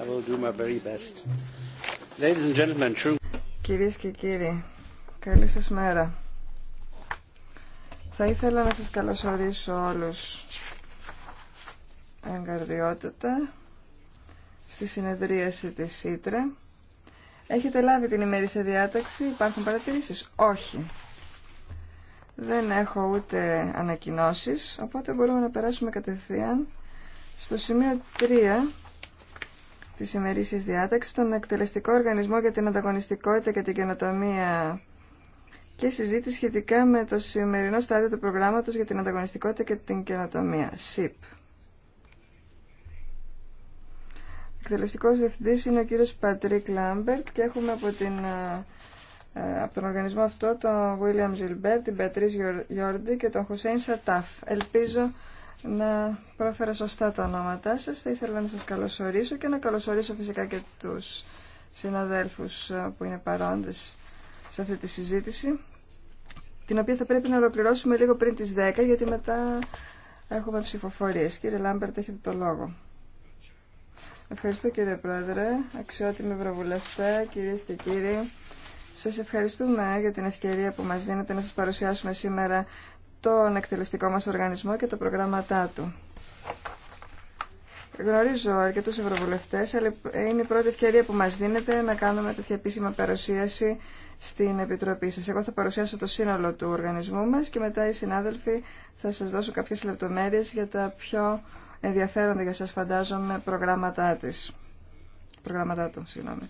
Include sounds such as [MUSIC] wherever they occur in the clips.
I και κύριοι, καλή σας μέρα. Θα ήθελα να σας καλωσορίσω όλους εγκαρδιότητα στη συνεδρίαση της ΣΥΤΡΕ. Έχετε λάβει την ημερήσια διάταξη, υπάρχουν παρατηρήσεις. Όχι. Δεν έχω ούτε ανακοινώσεις, οπότε μπορούμε να περάσουμε κατευθείαν στο σημείο 3 Τη ημερήσιας διάταξη τον εκτελεστικό οργανισμό για την ανταγωνιστικότητα και την καινοτομία και συζήτηση σχετικά με το σημερινό στάδιο του προγράμματος για την ανταγωνιστικότητα και την καινοτομία, ΣΥΠ. Εκτελεστικός διευθυντής είναι ο κύριος Πατρίκ Λάμπερτ και έχουμε από, την, ε, ε, από τον οργανισμό αυτό τον Βίλιαμ Ζιλμπέρτ, την Πατρίς Γιόρντι και τον Χουσέιν Σατάφ. Ελπίζω να πρόφερα σωστά τα ονόματά σας. Θα ήθελα να σας καλωσορίσω και να καλωσορίσω φυσικά και τους συναδέλφους ε, που είναι παρόντες σε αυτή τη συζήτηση, την οποία θα πρέπει να ολοκληρώσουμε λίγο πριν τις 10, γιατί μετά έχουμε ψηφοφορίες. Κύριε Λάμπερτ, έχετε το λόγο. Ευχαριστώ κύριε Πρόεδρε, Αξιότιμη ευρωβουλευτέ, κυρίες και κύριοι. Σας ευχαριστούμε για την ευκαιρία που μας δίνετε να σας παρουσιάσουμε σήμερα τον εκτελεστικό μας οργανισμό και τα προγράμματά του. Γνωρίζω αρκετού ευρωβουλευτέ, αλλά είναι η πρώτη ευκαιρία που μα δίνεται να κάνουμε τέτοια επίσημα παρουσίαση στην Επιτροπή σα. Εγώ θα παρουσιάσω το σύνολο του οργανισμού μα και μετά οι συνάδελφοι θα σα δώσω κάποιε λεπτομέρειε για τα πιο ενδιαφέροντα για σας φαντάζομαι, προγράμματά, της. προγράμματά του. Συγγνώμη.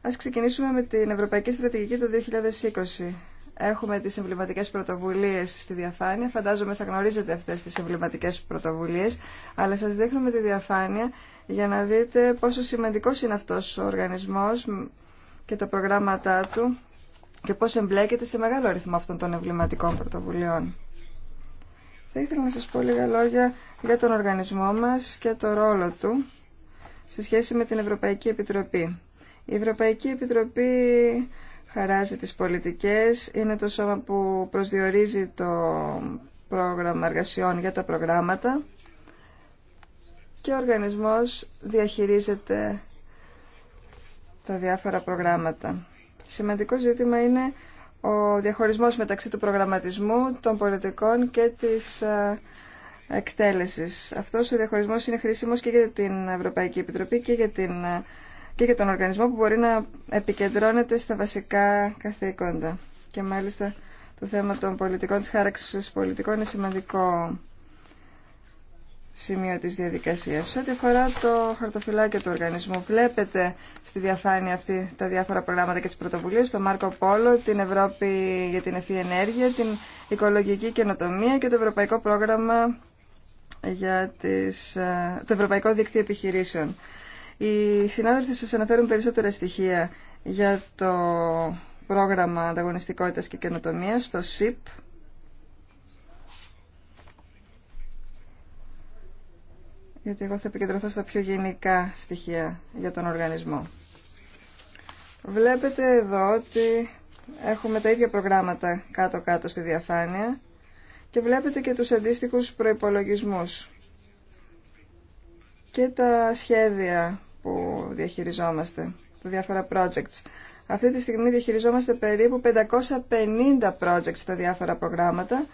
Α ξεκινήσουμε με την Ευρωπαϊκή Στρατηγική το 2020 έχουμε τις εμβληματικές πρωτοβουλίες στη διαφάνεια. Φαντάζομαι θα γνωρίζετε αυτές τις εμβληματικές πρωτοβουλίες, αλλά σας δείχνουμε τη διαφάνεια για να δείτε πόσο σημαντικός είναι αυτός ο οργανισμός και τα προγράμματά του και πώς εμπλέκεται σε μεγάλο αριθμό αυτών των εμβληματικών πρωτοβουλιών. Θα ήθελα να σας πω λίγα λόγια για τον οργανισμό μας και το ρόλο του σε σχέση με την Ευρωπαϊκή Επιτροπή. Η Ευρωπαϊκή Επιτροπή χαράζει τις πολιτικές, είναι το σώμα που προσδιορίζει το πρόγραμμα εργασιών για τα προγράμματα και ο οργανισμός διαχειρίζεται τα διάφορα προγράμματα. Σημαντικό ζήτημα είναι ο διαχωρισμός μεταξύ του προγραμματισμού, των πολιτικών και της ε, εκτέλεσης. Αυτός ο διαχωρισμός είναι χρήσιμος και για την Ευρωπαϊκή Επιτροπή και για την ε, και για τον οργανισμό που μπορεί να επικεντρώνεται στα βασικά καθήκοντα. Και μάλιστα το θέμα των πολιτικών, της χάραξης πολιτικών είναι σημαντικό σημείο της διαδικασίας. Σε ό,τι αφορά το χαρτοφυλάκιο του οργανισμού, βλέπετε στη διαφάνεια αυτή τα διάφορα προγράμματα και τις πρωτοβουλίες, το Μάρκο Πόλο, την Ευρώπη για την Εφή Ενέργεια, την Οικολογική Καινοτομία και το Ευρωπαϊκό Πρόγραμμα για τις, ε, το Ευρωπαϊκό Δίκτυο Επιχειρήσεων. Οι συνάδελφοι σας αναφέρουν περισσότερα στοιχεία για το πρόγραμμα ανταγωνιστικότητας και καινοτομίας, το ΣΥΠ. Γιατί εγώ θα επικεντρωθώ στα πιο γενικά στοιχεία για τον οργανισμό. Βλέπετε εδώ ότι έχουμε τα ίδια προγράμματα κάτω-κάτω στη διαφάνεια και βλέπετε και τους αντίστοιχους προϋπολογισμούς και τα σχέδια διαχειριζόμαστε, τα διάφορα projects. Αυτή τη στιγμή διαχειριζόμαστε περίπου 550 projects στα διάφορα προγράμματα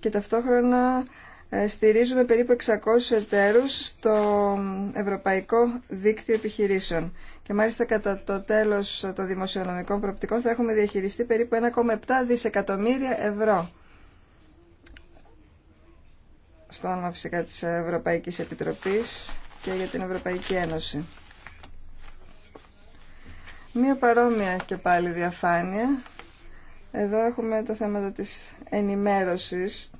και ταυτόχρονα ε, στηρίζουμε περίπου 600 εταίρους στο Ευρωπαϊκό Δίκτυο Επιχειρήσεων. Και μάλιστα κατά το τέλος των δημοσιονομικών προοπτικών θα έχουμε διαχειριστεί περίπου 1,7 δισεκατομμύρια ευρώ στο όνομα φυσικά της Ευρωπαϊκής Επιτροπής και για την Ευρωπαϊκή Ένωση. Μία παρόμοια και πάλι διαφάνεια. Εδώ έχουμε τα θέματα της ενημέρωσης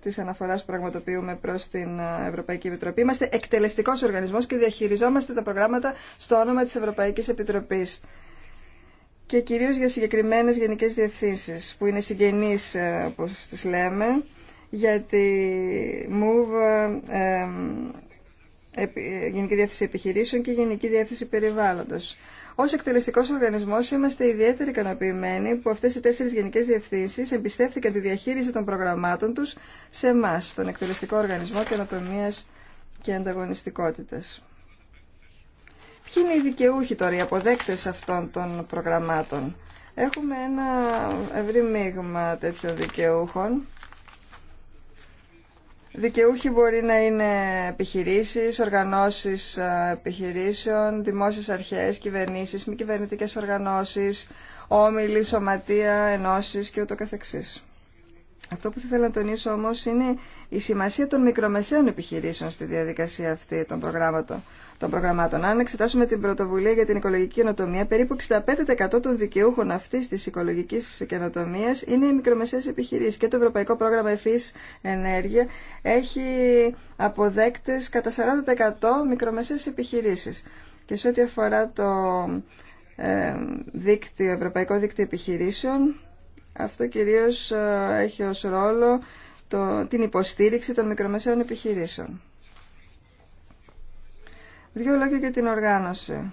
της αναφοράς που πραγματοποιούμε προς την ε, Ευρωπαϊκή Επιτροπή. Είμαστε εκτελεστικός οργανισμός και διαχειριζόμαστε τα προγράμματα στο όνομα της Ευρωπαϊκής Επιτροπής και κυρίως για συγκεκριμένες γενικές διευθύνσεις που είναι συγγενείς ε, όπως τις λέμε γιατί τη ε, Γενική Διεύθυνση Επιχειρήσεων και Γενική Διεύθυνση Περιβάλλοντος. Ω εκτελεστικό οργανισμό είμαστε ιδιαίτερα ικανοποιημένοι που αυτέ οι τέσσερι γενικέ διευθύνσει εμπιστεύτηκαν τη διαχείριση των προγραμμάτων του σε εμά, τον εκτελεστικό οργανισμό καινοτομία και ανταγωνιστικότητα. Ποιοι είναι οι δικαιούχοι τώρα, οι αποδέκτε αυτών των προγραμμάτων. Έχουμε ένα ευρύ μείγμα τέτοιων δικαιούχων Δικαιούχοι μπορεί να είναι επιχειρήσεις, οργανώσεις ε, επιχειρήσεων, δημόσιες αρχές, κυβερνήσεις, μη κυβερνητικές οργανώσεις, όμιλοι, σωματεία, ενώσεις και ούτω Αυτό που θα ήθελα να τονίσω όμως είναι η σημασία των μικρομεσαίων επιχειρήσεων στη διαδικασία αυτή των προγράμματων των προγραμμάτων. Αν εξετάσουμε την πρωτοβουλία για την οικολογική καινοτομία, περίπου 65% των δικαιούχων αυτή τη οικολογική καινοτομία είναι οι μικρομεσαίε επιχειρήσει. Και το Ευρωπαϊκό Πρόγραμμα Εφή Ενέργεια έχει αποδέκτε κατά 40% μικρομεσαίε επιχειρήσει. Και σε ό,τι αφορά το ε, δίκτυο, Ευρωπαϊκό Δίκτυο Επιχειρήσεων, αυτό κυρίως ε, έχει ως ρόλο το, την υποστήριξη των μικρομεσαίων επιχειρήσεων. Δύο λόγια για την οργάνωση.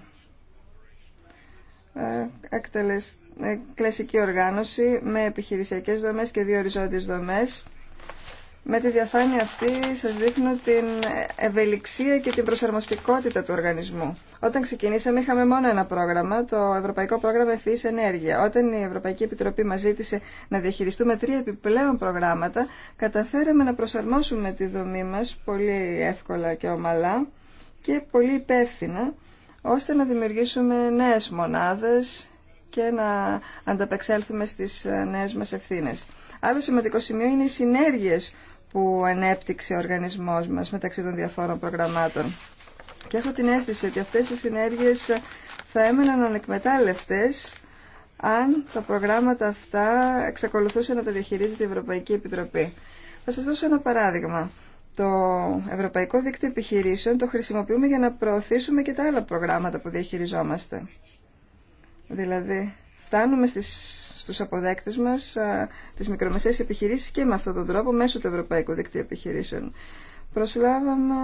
Ε, εκτελεσ... Ε, κλασική οργάνωση με επιχειρησιακές δομές και δύο οριζόντιες δομές. Με τη διαφάνεια αυτή σας δείχνω την ευελιξία και την προσαρμοστικότητα του οργανισμού. Όταν ξεκινήσαμε είχαμε μόνο ένα πρόγραμμα, το Ευρωπαϊκό Πρόγραμμα Ευφυής Ενέργεια. Όταν η Ευρωπαϊκή Επιτροπή μας ζήτησε να διαχειριστούμε τρία επιπλέον προγράμματα, καταφέραμε να προσαρμόσουμε τη δομή μας πολύ εύκολα και ομαλά και πολύ υπεύθυνα ώστε να δημιουργήσουμε νέες μονάδες και να ανταπεξέλθουμε στις νέες μας ευθύνες. Άλλο σημαντικό σημείο είναι οι συνέργειες που ανέπτυξε ο οργανισμός μας μεταξύ των διαφόρων προγραμμάτων. Και έχω την αίσθηση ότι αυτές οι συνέργειες θα έμεναν ανεκμετάλλευτες αν τα προγράμματα αυτά εξακολουθούσαν να τα διαχειρίζει η Ευρωπαϊκή Επιτροπή. Θα σας δώσω ένα παράδειγμα. Το Ευρωπαϊκό Δίκτυο Επιχειρήσεων το χρησιμοποιούμε για να προωθήσουμε και τα άλλα προγράμματα που διαχειριζόμαστε. Δηλαδή, φτάνουμε στις, στους αποδέκτες μας, α, τις μικρομεσαίες επιχειρήσεις και με αυτόν τον τρόπο μέσω του Ευρωπαϊκού Δικτύου Επιχειρήσεων. Προσλάβαμε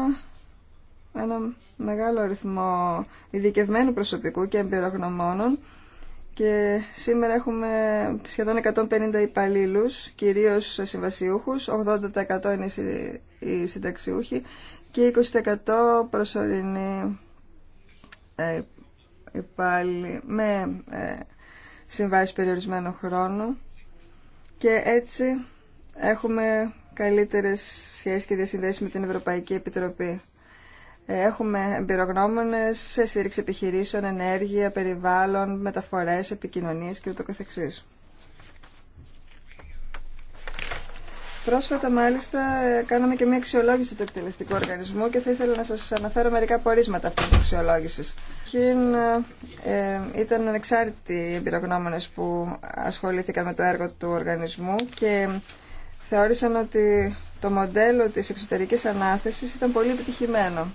ένα μεγάλο αριθμό ειδικευμένου προσωπικού και εμπειρογνωμόνων και σήμερα έχουμε σχεδόν 150 υπαλλήλου, κυρίω συμβασιούχου, 80% είναι οι συνταξιούχοι και 20% προσωρινοί ε, υπάλληλοι με ε, συμβάσει περιορισμένου χρόνου και έτσι έχουμε καλύτερες σχέσεις και διασυνδέσεις με την Ευρωπαϊκή Επιτροπή. Έχουμε εμπειρογνώμονες σε στήριξη επιχειρήσεων, ενέργεια, περιβάλλον, μεταφορές, επικοινωνίες και ούτω καθεξής. Πρόσφατα μάλιστα κάναμε και μια αξιολόγηση του εκτελεστικού οργανισμού και θα ήθελα να σας αναφέρω μερικά πορίσματα αυτής της αξιολόγησης. Ε, ήταν ανεξάρτητοι οι εμπειρογνώμονες που ασχολήθηκαν με το έργο του οργανισμού και θεώρησαν ότι το μοντέλο της εξωτερικής ανάθεσης ήταν πολύ επιτυχημένο.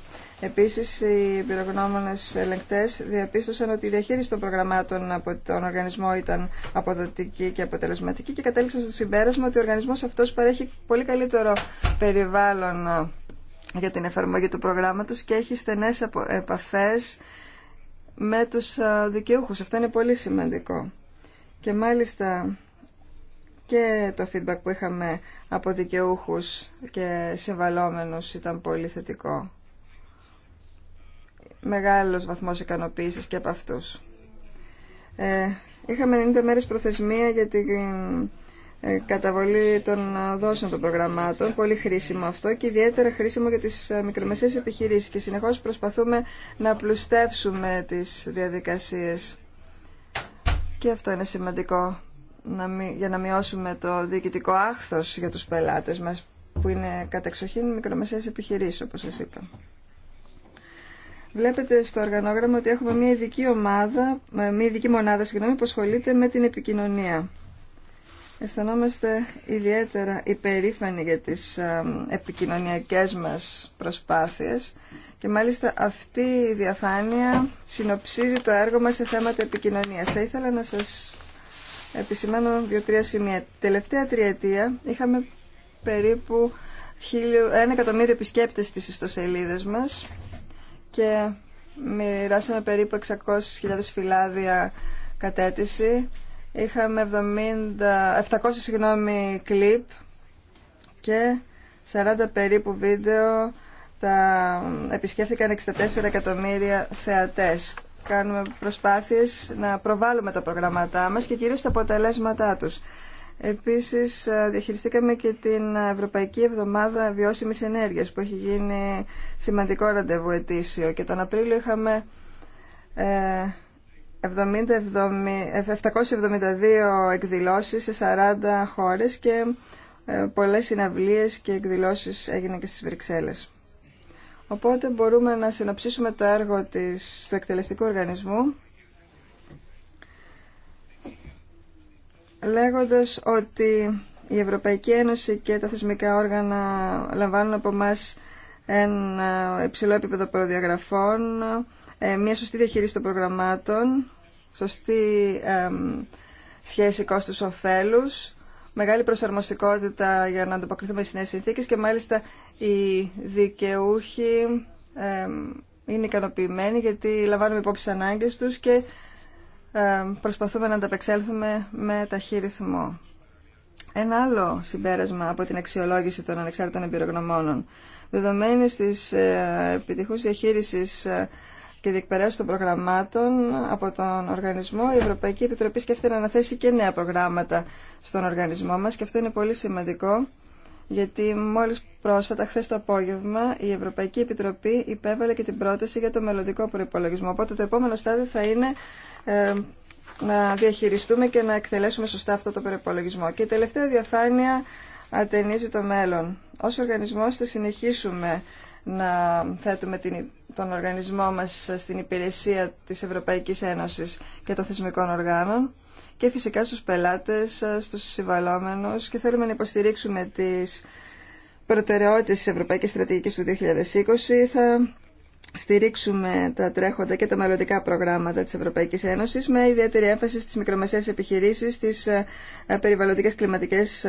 Επίσης, οι πυρογνώμονε ελεγκτές διαπίστωσαν ότι η διαχείριση των προγραμμάτων από τον οργανισμό ήταν αποδοτική και αποτελεσματική και κατέληξαν στο συμπέρασμα ότι ο οργανισμός αυτός παρέχει πολύ καλύτερο περιβάλλον ε, για την εφαρμογή του προγράμματος και έχει στενές επαφές με τους ε, δικαιούχους. Αυτό είναι πολύ σημαντικό. Και μάλιστα και το feedback που είχαμε από δικαιούχους και συμβαλόμενους ήταν πολύ θετικό μεγάλος βαθμός ικανοποίησης και από αυτούς. Ε, είχαμε 90 μέρες προθεσμία για την ε, καταβολή των ε, δόσεων των προγραμμάτων. Πολύ χρήσιμο αυτό και ιδιαίτερα χρήσιμο για τις μικρομεσαίες επιχειρήσεις και συνεχώς προσπαθούμε να πλουστεύσουμε τις διαδικασίες. Και αυτό είναι σημαντικό για να μειώσουμε το διοικητικό άχθος για τους πελάτες μας που είναι κατεξοχήν μικρομεσαίες επιχειρήσεις όπως σας είπα. Βλέπετε στο οργανόγραμμα ότι έχουμε μια ειδική ομάδα, ε, μια ειδική μονάδα, συγγνώμη, που ασχολείται με την επικοινωνία. Αισθανόμαστε ιδιαίτερα υπερήφανοι για τις ε, επικοινωνιακές μας προσπάθειες και μάλιστα αυτή η διαφάνεια συνοψίζει το έργο μας σε θέματα επικοινωνίας. Θα ήθελα να σας επισημάνω δύο-τρία σημεία. Τελευταία τριετία είχαμε περίπου 1 εκατομμύριο επισκέπτες στις ιστοσελίδες μας και μοιράσαμε περίπου 600.000 φυλάδια κατέτηση. Είχαμε 70, 700 συγγνώμη, κλιπ και 40 περίπου βίντεο τα επισκέφθηκαν 64 εκατομμύρια θεατές. Κάνουμε προσπάθειες να προβάλλουμε τα προγραμματά μας και κυρίως τα αποτελέσματά τους. Επίσης, ε, διαχειριστήκαμε και την Ευρωπαϊκή Εβδομάδα Βιώσιμης Ενέργειας που έχει γίνει σημαντικό ραντεβού ετήσιο και τον Απρίλιο είχαμε 772 ε, ε, εκδηλώσεις σε 40 χώρες και πολλές συναυλίες και εκδηλώσεις έγιναν και στις Βρυξέλλες. Οπότε μπορούμε να συνοψίσουμε το έργο της, του εκτελεστικού οργανισμού λέγοντας ότι η Ευρωπαϊκή Ένωση και τα θεσμικά όργανα λαμβάνουν από εμά ένα υψηλό επίπεδο προδιαγραφών, ε, μια σωστή διαχείριση των προγραμμάτων, σωστή σχέση κόστους-οφέλους, μεγάλη προσαρμοστικότητα για να ανταποκριθούμε στις νέες συνθήκες και μάλιστα οι δικαιούχοι είναι ικανοποιημένοι γιατί λαμβάνουμε υπόψη ανάγκες τους και ε, προσπαθούμε να ανταπεξέλθουμε με ταχύ ρυθμό. Ένα άλλο συμπέρασμα από την αξιολόγηση των ανεξάρτητων εμπειρογνωμόνων. Δεδομένης της ε, επιτυχούς διαχείρισης ε, και διεκπαιρέωση των προγραμμάτων από τον οργανισμό, η Ευρωπαϊκή Επιτροπή σκέφτεται να αναθέσει και νέα προγράμματα στον οργανισμό μας και αυτό είναι πολύ σημαντικό γιατί μόλις πρόσφατα, χθε το απόγευμα, η Ευρωπαϊκή Επιτροπή υπέβαλε και την πρόταση για το μελλοντικό προπολογισμό. Οπότε το επόμενο στάδιο θα είναι ε, να διαχειριστούμε και να εκτελέσουμε σωστά αυτό το προπολογισμό. Και η τελευταία διαφάνεια ατενίζει το μέλλον. Ως οργανισμός θα συνεχίσουμε να θέτουμε την, τον οργανισμό μας στην υπηρεσία της Ευρωπαϊκής Ένωσης και των θεσμικών οργάνων και φυσικά στους πελάτες, ε, στους συμβαλόμενους και θέλουμε να υποστηρίξουμε τις προτεραιότητες της Ευρωπαϊκής Στρατηγικής του 2020. Θα στηρίξουμε τα τρέχοντα και τα μελλοντικά προγράμματα της Ευρωπαϊκής Ένωσης με ιδιαίτερη έμφαση στις μικρομεσαίες επιχειρήσεις, στις ε, ε, περιβαλλοντικές κλιματικές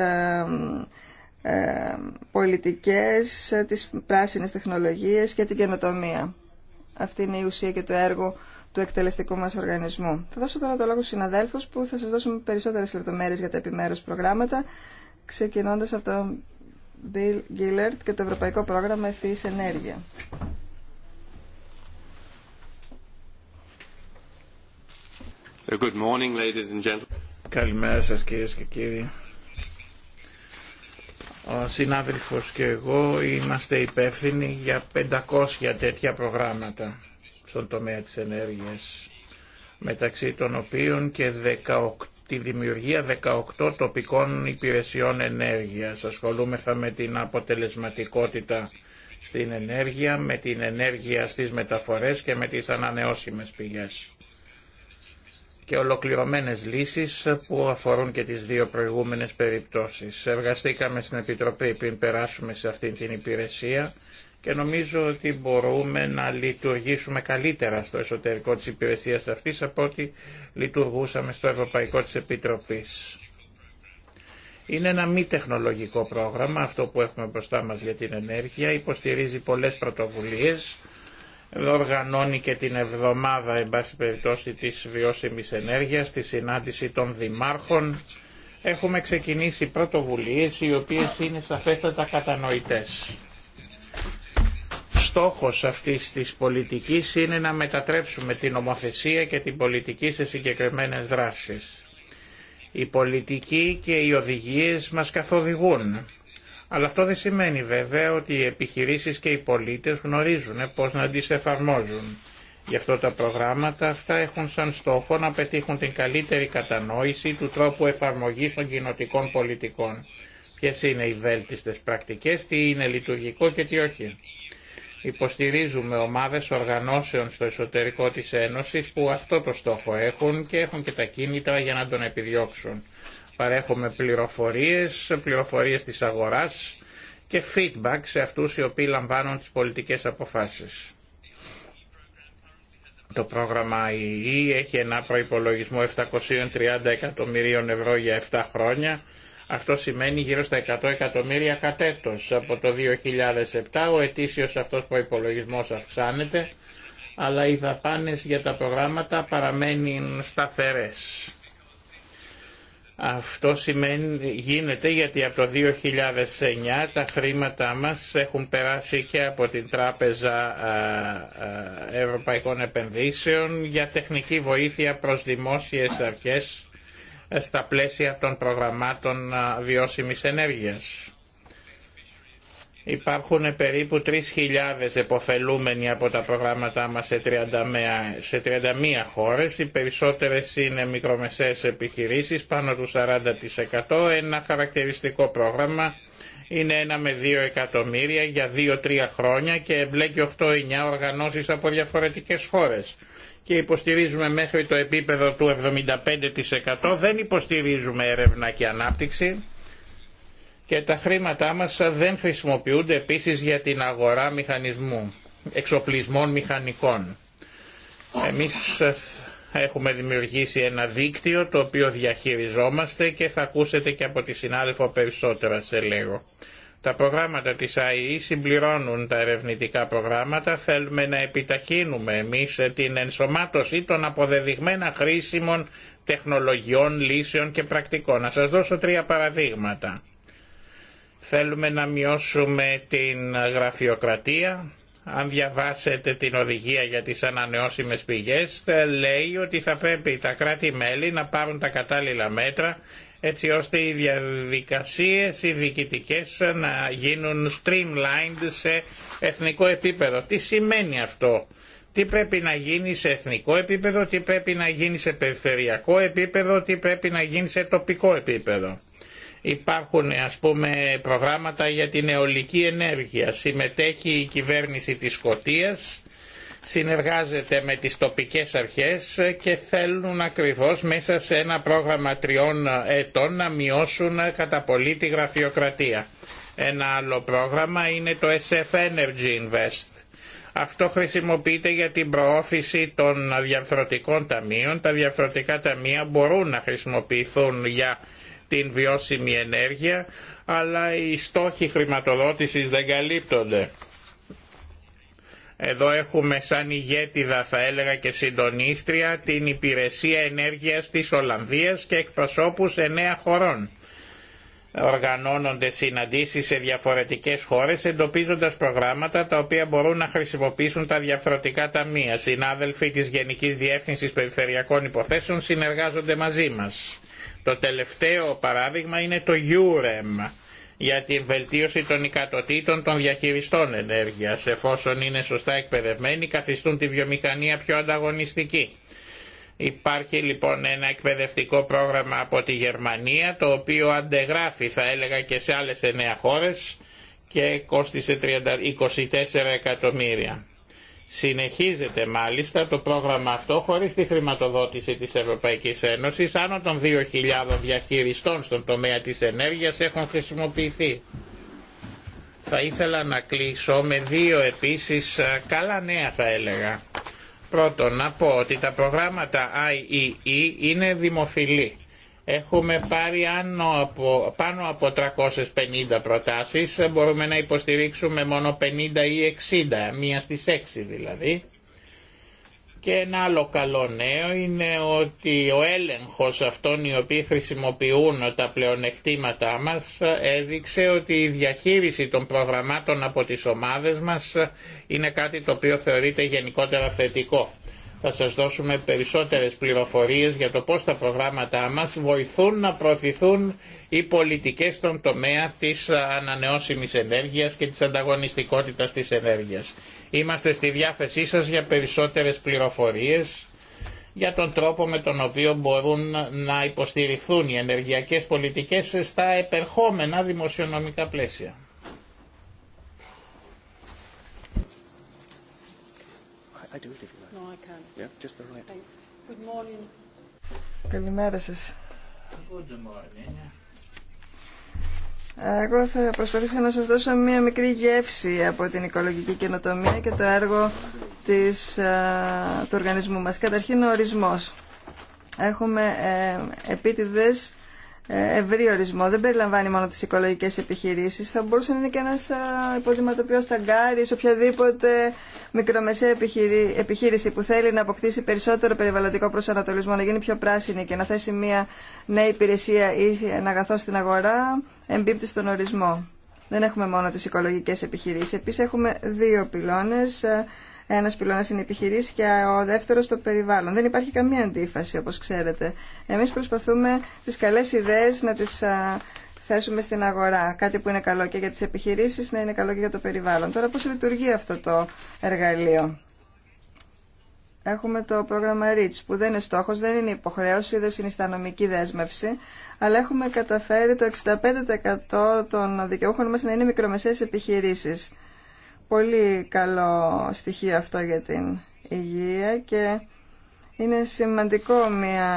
πολιτικές, τις πράσινες τεχνολογίες και την καινοτομία. Αυτή είναι η ουσία και το έργο του εκτελεστικού μας οργανισμού. Θα δώσω τώρα το λόγο στου συναδέλφους που θα σα δώσουν περισσότερες λεπτομέρειε για τα επιμέρους προγράμματα, ξεκινώντας από τον Bill Gillard και το Ευρωπαϊκό Πρόγραμμα Ευθύνη Ενέργεια. So good morning, ladies and gentlemen. Καλημέρα σας κυρίες και κύριοι. Ο συνάδελφος και εγώ είμαστε υπεύθυνοι για 500 τέτοια προγράμματα στον τομέα της ενέργειας, μεταξύ των οποίων και 18, τη δημιουργία 18 τοπικών υπηρεσιών ενέργειας. Ασχολούμεθα με την αποτελεσματικότητα στην ενέργεια, με την ενέργεια στις μεταφορές και με τις ανανεώσιμες πηγές και ολοκληρωμένες λύσεις που αφορούν και τις δύο προηγούμενες περιπτώσεις. Εργαστήκαμε στην Επιτροπή πριν περάσουμε σε αυτή την υπηρεσία και νομίζω ότι μπορούμε να λειτουργήσουμε καλύτερα στο εσωτερικό της υπηρεσίας αυτής από ό,τι λειτουργούσαμε στο Ευρωπαϊκό της Επιτροπής. Είναι ένα μη τεχνολογικό πρόγραμμα αυτό που έχουμε μπροστά μας για την ενέργεια, υποστηρίζει πολλές πρωτοβουλίες, οργανώνει και την εβδομάδα εν πάση περιπτώσει της βιώσιμης ενέργειας, τη συνάντηση των δημάρχων. Έχουμε ξεκινήσει πρωτοβουλίες οι οποίες είναι σαφέστατα κατανοητές στόχος αυτής της πολιτικής είναι να μετατρέψουμε την ομοθεσία και την πολιτική σε συγκεκριμένες δράσεις. Η πολιτική και οι οδηγίες μας καθοδηγούν. Αλλά αυτό δεν σημαίνει βέβαια ότι οι επιχειρήσεις και οι πολίτες γνωρίζουν πώς να τις εφαρμόζουν. Γι' αυτό τα προγράμματα αυτά έχουν σαν στόχο να πετύχουν την καλύτερη κατανόηση του τρόπου εφαρμογής των κοινοτικών πολιτικών. Ποιε είναι οι βέλτιστες πρακτικές, τι είναι λειτουργικό και τι όχι. Υποστηρίζουμε ομάδες οργανώσεων στο εσωτερικό της Ένωσης που αυτό το στόχο έχουν και έχουν και τα κίνητρα για να τον επιδιώξουν. Παρέχουμε πληροφορίες, πληροφορίες της αγοράς και feedback σε αυτούς οι οποίοι λαμβάνουν τις πολιτικές αποφάσεις. Το πρόγραμμα ΙΗ έχει ένα προϋπολογισμό 730 εκατομμυρίων ευρώ για 7 χρόνια αυτό σημαίνει γύρω στα 100 εκατομμύρια κατέτος. Από το 2007 ο ετήσιος αυτός προϋπολογισμός αυξάνεται, αλλά οι δαπάνες για τα προγράμματα παραμένουν σταθερές. Αυτό σημαίνει, γίνεται γιατί από το 2009 τα χρήματά μας έχουν περάσει και από την Τράπεζα Ευρωπαϊκών Επενδύσεων για τεχνική βοήθεια προς δημόσιες αρχές στα πλαίσια των προγραμμάτων βιώσιμης ενέργειας. Υπάρχουν περίπου 3.000 εποφελούμενοι από τα προγράμματά μας σε 31, σε 31 χώρες. Οι περισσότερες είναι μικρομεσαίες επιχειρήσεις, πάνω του 40%. Ένα χαρακτηριστικό πρόγραμμα είναι ένα με 2 εκατομμύρια για 2-3 χρόνια και εμπλέκει 8-9 οργανώσεις από διαφορετικές χώρες και υποστηρίζουμε μέχρι το επίπεδο του 75% δεν υποστηρίζουμε έρευνα και ανάπτυξη και τα χρήματά μας δεν χρησιμοποιούνται επίσης για την αγορά μηχανισμού, εξοπλισμών μηχανικών. Εμείς έχουμε δημιουργήσει ένα δίκτυο το οποίο διαχειριζόμαστε και θα ακούσετε και από τη συνάδελφο περισσότερα σε λίγο. Τα προγράμματα της ΑΕΗ συμπληρώνουν τα ερευνητικά προγράμματα. Θέλουμε να επιταχύνουμε εμείς την ενσωμάτωση των αποδεδειγμένα χρήσιμων τεχνολογιών, λύσεων και πρακτικών. Να σας δώσω τρία παραδείγματα. Θέλουμε να μειώσουμε την γραφειοκρατία. Αν διαβάσετε την οδηγία για τις ανανεώσιμες πηγές, λέει ότι θα πρέπει τα κράτη-μέλη να πάρουν τα κατάλληλα μέτρα έτσι ώστε οι διαδικασίες οι διοικητικές να γίνουν streamlined σε εθνικό επίπεδο. Τι σημαίνει αυτό. Τι πρέπει να γίνει σε εθνικό επίπεδο, τι πρέπει να γίνει σε περιφερειακό επίπεδο, τι πρέπει να γίνει σε τοπικό επίπεδο. Υπάρχουν ας πούμε προγράμματα για την αιωλική ενέργεια. Συμμετέχει η κυβέρνηση της Σκοτίας συνεργάζεται με τις τοπικές αρχές και θέλουν ακριβώς μέσα σε ένα πρόγραμμα τριών ετών να μειώσουν κατά πολύ τη γραφειοκρατία. Ένα άλλο πρόγραμμα είναι το SF Energy Invest. Αυτό χρησιμοποιείται για την προώθηση των διαφορετικών ταμείων. Τα διαφορετικά ταμεία μπορούν να χρησιμοποιηθούν για την βιώσιμη ενέργεια, αλλά οι στόχοι χρηματοδότησης δεν καλύπτονται. Εδώ έχουμε σαν ηγέτιδα θα έλεγα και συντονίστρια την Υπηρεσία Ενέργειας της Ολλανδίας και εκπροσώπους εννέα χωρών. Οργανώνονται συναντήσεις σε διαφορετικές χώρες εντοπίζοντας προγράμματα τα οποία μπορούν να χρησιμοποιήσουν τα διαφορετικά ταμεία. Συνάδελφοι της Γενικής Διεύθυνσης Περιφερειακών Υποθέσεων συνεργάζονται μαζί μας. Το τελευταίο παράδειγμα είναι το EUREM για την βελτίωση των ικατοτήτων των διαχειριστών ενέργειας. Εφόσον είναι σωστά εκπαιδευμένοι καθιστούν τη βιομηχανία πιο ανταγωνιστική. Υπάρχει λοιπόν ένα εκπαιδευτικό πρόγραμμα από τη Γερμανία το οποίο αντεγράφει θα έλεγα και σε άλλες 9 χώρες και κόστισε 24 εκατομμύρια. Συνεχίζεται μάλιστα το πρόγραμμα αυτό χωρίς τη χρηματοδότηση της Ευρωπαϊκής Ένωσης. Άνω των 2.000 διαχειριστών στον τομέα της ενέργειας έχουν χρησιμοποιηθεί. Θα ήθελα να κλείσω με δύο επίσης καλά νέα θα έλεγα. Πρώτον, να πω ότι τα προγράμματα IEE e είναι δημοφιλή Έχουμε πάρει πάνω από 350 προτάσεις, μπορούμε να υποστηρίξουμε μόνο 50 ή 60, μία στις 6 δηλαδή. Και ένα άλλο καλό νέο είναι ότι ο έλεγχος αυτών οι οποίοι χρησιμοποιούν τα πλεονεκτήματά μας έδειξε ότι η διαχείριση των προγραμμάτων από τις ομάδες μας είναι κάτι το οποίο θεωρείται γενικότερα θετικό θα σας δώσουμε περισσότερες πληροφορίες για το πώς τα προγράμματά μας βοηθούν να προωθηθούν οι πολιτικές στον τομέα της ανανεώσιμης ενέργειας και της ανταγωνιστικότητας της ενέργειας. Είμαστε στη διάθεσή σας για περισσότερες πληροφορίες για τον τρόπο με τον οποίο μπορούν να υποστηριχθούν οι ενεργειακές πολιτικές στα επερχόμενα δημοσιονομικά πλαίσια. Καλημέρα σας. Εγώ θα προσπαθήσω να σας δώσω μία μικρή γεύση από την οικολογική καινοτομία και το έργο της, του οργανισμού μας. Καταρχήν ο ορισμός. Έχουμε ε, επίτηδες ε, ευρύ ορισμό. Δεν περιλαμβάνει μόνο τις οικολογικέ επιχειρήσεις. Θα μπορούσε να είναι και ένας υποδηματοποιό ταγκάρι, οποιαδήποτε μικρομεσαία επιχείρηση που θέλει να αποκτήσει περισσότερο περιβαλλοντικό προσανατολισμό, να γίνει πιο πράσινη και να θέσει μια νέα υπηρεσία ή ένα αγαθό στην αγορά, εμπίπτει στον ορισμό. Δεν έχουμε μόνο τι οικολογικέ επιχειρήσει. Επίση έχουμε δύο πυλώνες ένα πυλώνα είναι επιχειρήσει και ο δεύτερο το περιβάλλον. Δεν υπάρχει καμία αντίφαση όπω ξέρετε. Εμεί προσπαθούμε τι καλέ ιδέε να τι θέσουμε στην αγορά. Κάτι που είναι καλό και για τι επιχειρήσει, να είναι καλό και για το περιβάλλον. Τώρα πώ λειτουργεί αυτό το εργαλείο. Έχουμε το πρόγραμμα REACH που δεν είναι στόχος, δεν είναι υποχρέωση, δεν συνιστά νομική δέσμευση, αλλά έχουμε καταφέρει το 65% των δικαιούχων μας να είναι μικρομεσαίες επιχειρήσεις πολύ καλό στοιχείο αυτό για την υγεία και είναι σημαντικό μια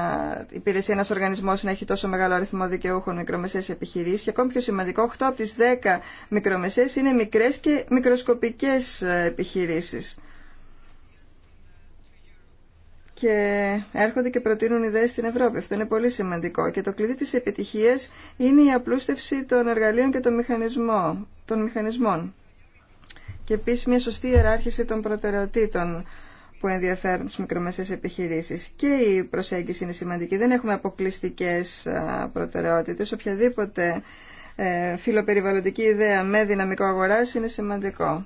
υπηρεσία, ένα οργανισμό να έχει τόσο μεγάλο αριθμό δικαιούχων μικρομεσαίες επιχειρήσει. Και ακόμη πιο σημαντικό, 8 από τι 10 μικρομεσαίε είναι μικρέ και μικροσκοπικέ επιχειρήσει. Και έρχονται και προτείνουν ιδέες στην Ευρώπη. Αυτό είναι πολύ σημαντικό. Και το κλειδί της επιτυχίας είναι η απλούστευση των εργαλείων και των μηχανισμών και επίσης μια σωστή ιεράρχηση των προτεραιοτήτων που ενδιαφέρουν τι μικρομεσαίες επιχειρήσεις. Και η προσέγγιση είναι σημαντική. Δεν έχουμε αποκλειστικές προτεραιότητες. Οποιαδήποτε ε, φιλοπεριβαλλοντική ιδέα με δυναμικό αγοράς είναι σημαντικό.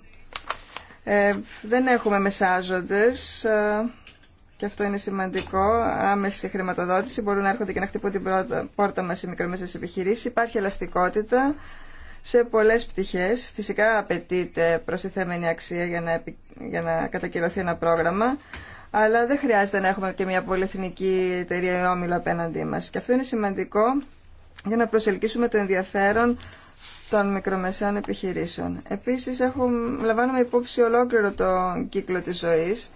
Ε, δεν έχουμε μεσάζοντες και αυτό είναι σημαντικό. Άμεση χρηματοδότηση μπορούν να έρχονται και να χτυπούν την πόρτα μας οι μικρομεσαίες επιχειρήσεις. Υπάρχει ελαστικότητα σε πολλές πτυχές. Φυσικά απαιτείται προστιθέμενη αξία για να, για να κατακυρωθεί ένα πρόγραμμα, αλλά δεν χρειάζεται να έχουμε και μια πολυεθνική εταιρεία ή όμιλο απέναντί μας. Και αυτό είναι σημαντικό για να προσελκύσουμε το ενδιαφέρον των μικρομεσαίων επιχειρήσεων. Επίσης, έχουμε, λαμβάνουμε υπόψη ολόκληρο τον κύκλο της ζωής.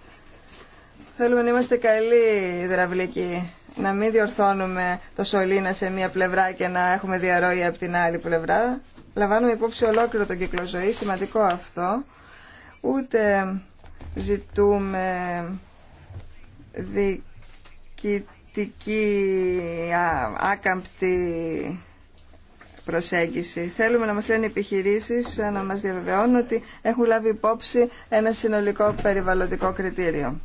Θέλουμε να είμαστε καλοί υδραυλικοί, να μην διορθώνουμε το σωλήνα σε μία πλευρά και να έχουμε διαρροή από την άλλη πλευρά λαμβάνουμε υπόψη ολόκληρο τον κύκλο ζωής, σημαντικό αυτό. Ούτε ζητούμε διοικητική άκαμπτη προσέγγιση. Θέλουμε να μας λένε οι επιχειρήσεις, ε, να μας διαβεβαιώνουν ότι έχουν λάβει υπόψη ένα συνολικό περιβαλλοντικό κριτήριο.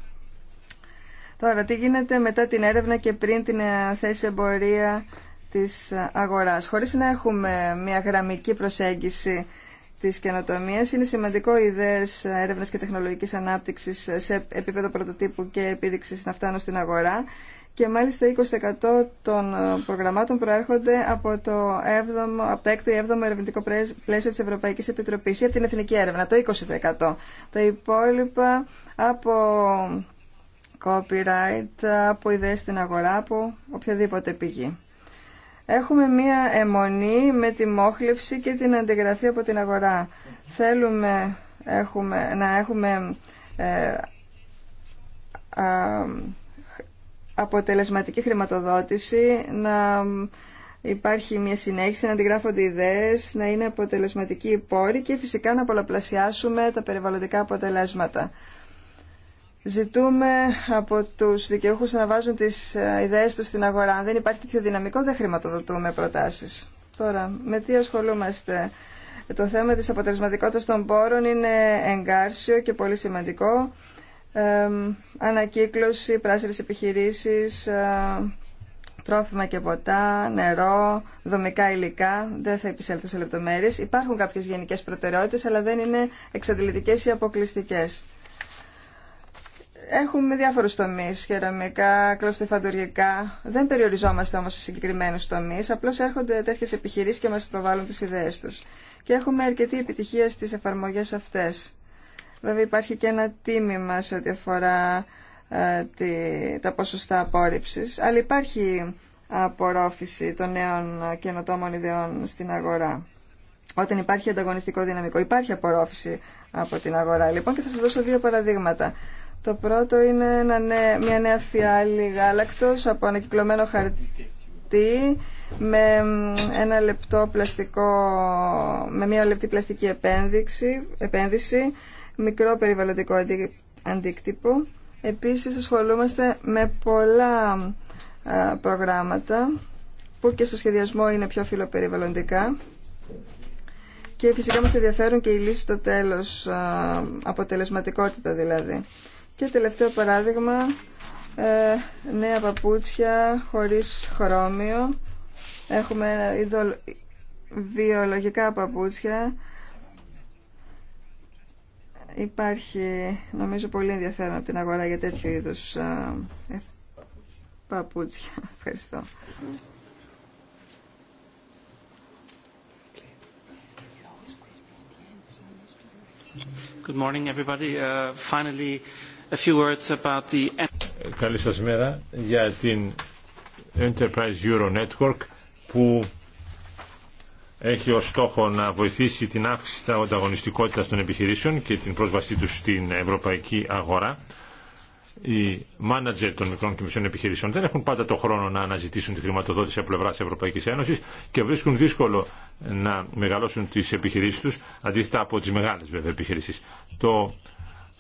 Τώρα, τι γίνεται μετά την έρευνα και πριν την ε, θέση εμπορία της αγοράς. Χωρίς να έχουμε μια γραμμική προσέγγιση της καινοτομίας, είναι σημαντικό οι ιδέες έρευνας και τεχνολογικής ανάπτυξης σε επίπεδο πρωτοτύπου και επίδειξης να φτάνουν στην αγορά και μάλιστα 20% των προγραμμάτων προέρχονται από το, 7 από το 6ο ή 7ο ερευνητικό πλαίσιο της Ευρωπαϊκής Επιτροπής ή από την Εθνική Έρευνα, το 20%. Τα υπόλοιπα από copyright, από ιδέες στην αγορά, από οποιαδήποτε πηγή. Έχουμε μία αιμονή με τη μόχλευση και την αντιγραφή από την αγορά. Θέλουμε έχουμε, να έχουμε ε, αποτελεσματική χρηματοδότηση, να υπάρχει μια συνέχιση, να αντιγράφονται ιδέες, να είναι αποτελεσματική η πόρη και φυσικά να πολλαπλασιάσουμε τα περιβαλλοντικά αποτελέσματα. Ζητούμε από του δικαιούχου να βάζουν τι ε, ιδέε του στην αγορά. Αν δεν υπάρχει τέτοιο δυναμικό, δεν χρηματοδοτούμε προτάσει. Τώρα, με τι ασχολούμαστε. Το θέμα της αποτελεσματικότητας των πόρων είναι εγκάρσιο και πολύ σημαντικό. ανακύκλωση, πράσινες επιχειρήσεις, ε, τρόφιμα και ποτά, νερό, δομικά υλικά. Δεν θα επισέλθω σε λεπτομέρειε. Υπάρχουν κάποιε γενικέ προτεραιότητε, αλλά δεν είναι εξαντλητικέ ή αποκλειστικέ έχουμε διάφορους τομείς, χεραμικά, κλωστεφαντουργικά. Δεν περιοριζόμαστε όμως σε συγκεκριμένους τομείς, απλώς έρχονται τέτοιες επιχειρήσεις και μας προβάλλουν τις ιδέες τους. Και έχουμε αρκετή επιτυχία στις εφαρμογές αυτές. Βέβαια υπάρχει και ένα τίμημα σε ό,τι αφορά ε, τη, τα ποσοστά απόρριψης, αλλά υπάρχει απορρόφηση των νέων καινοτόμων ιδεών στην αγορά. Όταν υπάρχει ανταγωνιστικό δυναμικό, υπάρχει απορρόφηση από την αγορά. Λοιπόν, και θα σας δώσω δύο παραδείγματα. Το πρώτο είναι ένα νέ, μια νέα φιάλη γάλακτος από ανακυκλωμένο χαρτί με ένα λεπτό πλαστικό, με μια λεπτή πλαστική επένδυξη, επένδυση, μικρό περιβαλλοντικό αντίκτυπο. Επίσης ασχολούμαστε με πολλά προγράμματα που και στο σχεδιασμό είναι πιο φιλοπεριβαλλοντικά και φυσικά μας ενδιαφέρουν και οι λύσεις στο τέλος, αποτελεσματικότητα δηλαδή. Και τελευταίο παράδειγμα, ε, νέα παπούτσια χωρίς χρώμιο. Έχουμε ένα βιολογικά παπούτσια. Υπάρχει, νομίζω, πολύ ενδιαφέρον από την αγορά για τέτοιου είδους ε, ε, παπούτσια. [LAUGHS] Ευχαριστώ. Good morning, everybody. Uh, finally, Καλή σας μέρα για την Enterprise Euro Network που έχει ως στόχο να βοηθήσει την αύξηση της ανταγωνιστικότητας των επιχειρήσεων και την πρόσβασή τους στην ευρωπαϊκή αγορά. Οι μάνατζερ των μικρών και μισών επιχειρήσεων δεν έχουν πάντα το χρόνο να αναζητήσουν τη χρηματοδότηση από πλευρά τη Ευρωπαϊκή Ένωση και βρίσκουν δύσκολο να μεγαλώσουν τι επιχειρήσει του, αντίθετα από τι μεγάλε βέβαια επιχειρήσει. Το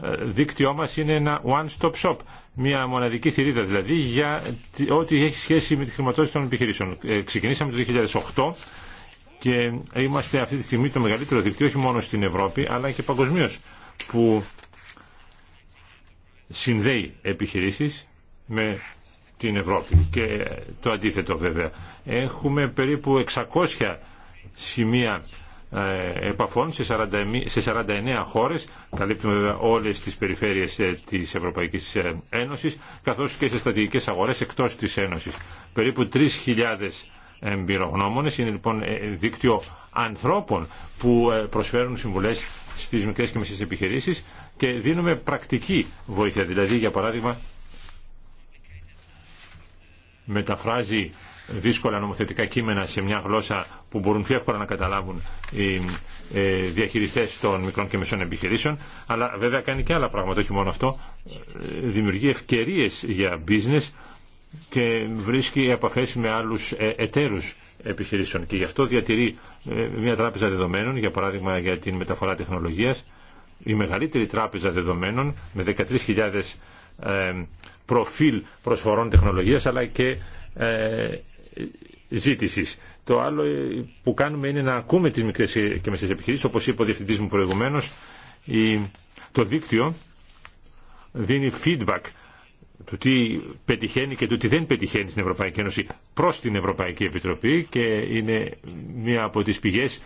ε, δίκτυό μας είναι ένα one-stop shop, μια μοναδική θηρίδα δηλαδή για ό,τι έχει σχέση με τη χρηματοδότηση των επιχειρήσεων. Ε, ξεκινήσαμε το 2008 και είμαστε αυτή τη στιγμή το μεγαλύτερο δίκτυο όχι μόνο στην Ευρώπη αλλά και παγκοσμίω που συνδέει επιχειρήσεις με την Ευρώπη και ε, το αντίθετο βέβαια. Έχουμε περίπου 600 σημεία ε, επαφών σε 49 χώρες, καλύπτουμε βέβαια όλες τις περιφέρειες ε, της Ευρωπαϊκής ε, Ένωσης, καθώς και σε στατικές αγορές εκτός της Ένωσης. Περίπου 3.000 εμπειρογνώμονες είναι λοιπόν δίκτυο ανθρώπων που προσφέρουν συμβουλές στις μικρές και μεσές επιχειρήσεις και δίνουμε πρακτική βοήθεια. Δηλαδή, για παράδειγμα, μεταφράζει δύσκολα νομοθετικά κείμενα σε μια γλώσσα που μπορούν πιο εύκολα να καταλάβουν οι ε, διαχειριστές των μικρών και μεσών επιχειρήσεων αλλά βέβαια κάνει και άλλα πράγματα, όχι μόνο αυτό ε, δημιουργεί ευκαιρίες για business και βρίσκει επαφές με άλλους ε, εταίρους επιχειρήσεων και γι' αυτό διατηρεί μια τράπεζα δεδομένων για παράδειγμα για την μεταφορά τεχνολογίας η μεγαλύτερη τράπεζα δεδομένων με 13.000 προφίλ προσφορών τεχνολογίας αλλά και ζήτησης. Το άλλο ε, που κάνουμε είναι να ακούμε τις μικρές και μεσές επιχειρήσεις, όπως είπε ο διευθυντής μου προηγουμένως, το δίκτυο δίνει feedback του τι πετυχαίνει και του τι δεν πετυχαίνει στην Ευρωπαϊκή Ένωση προς την Ευρωπαϊκή Επιτροπή και είναι μία από τις πηγές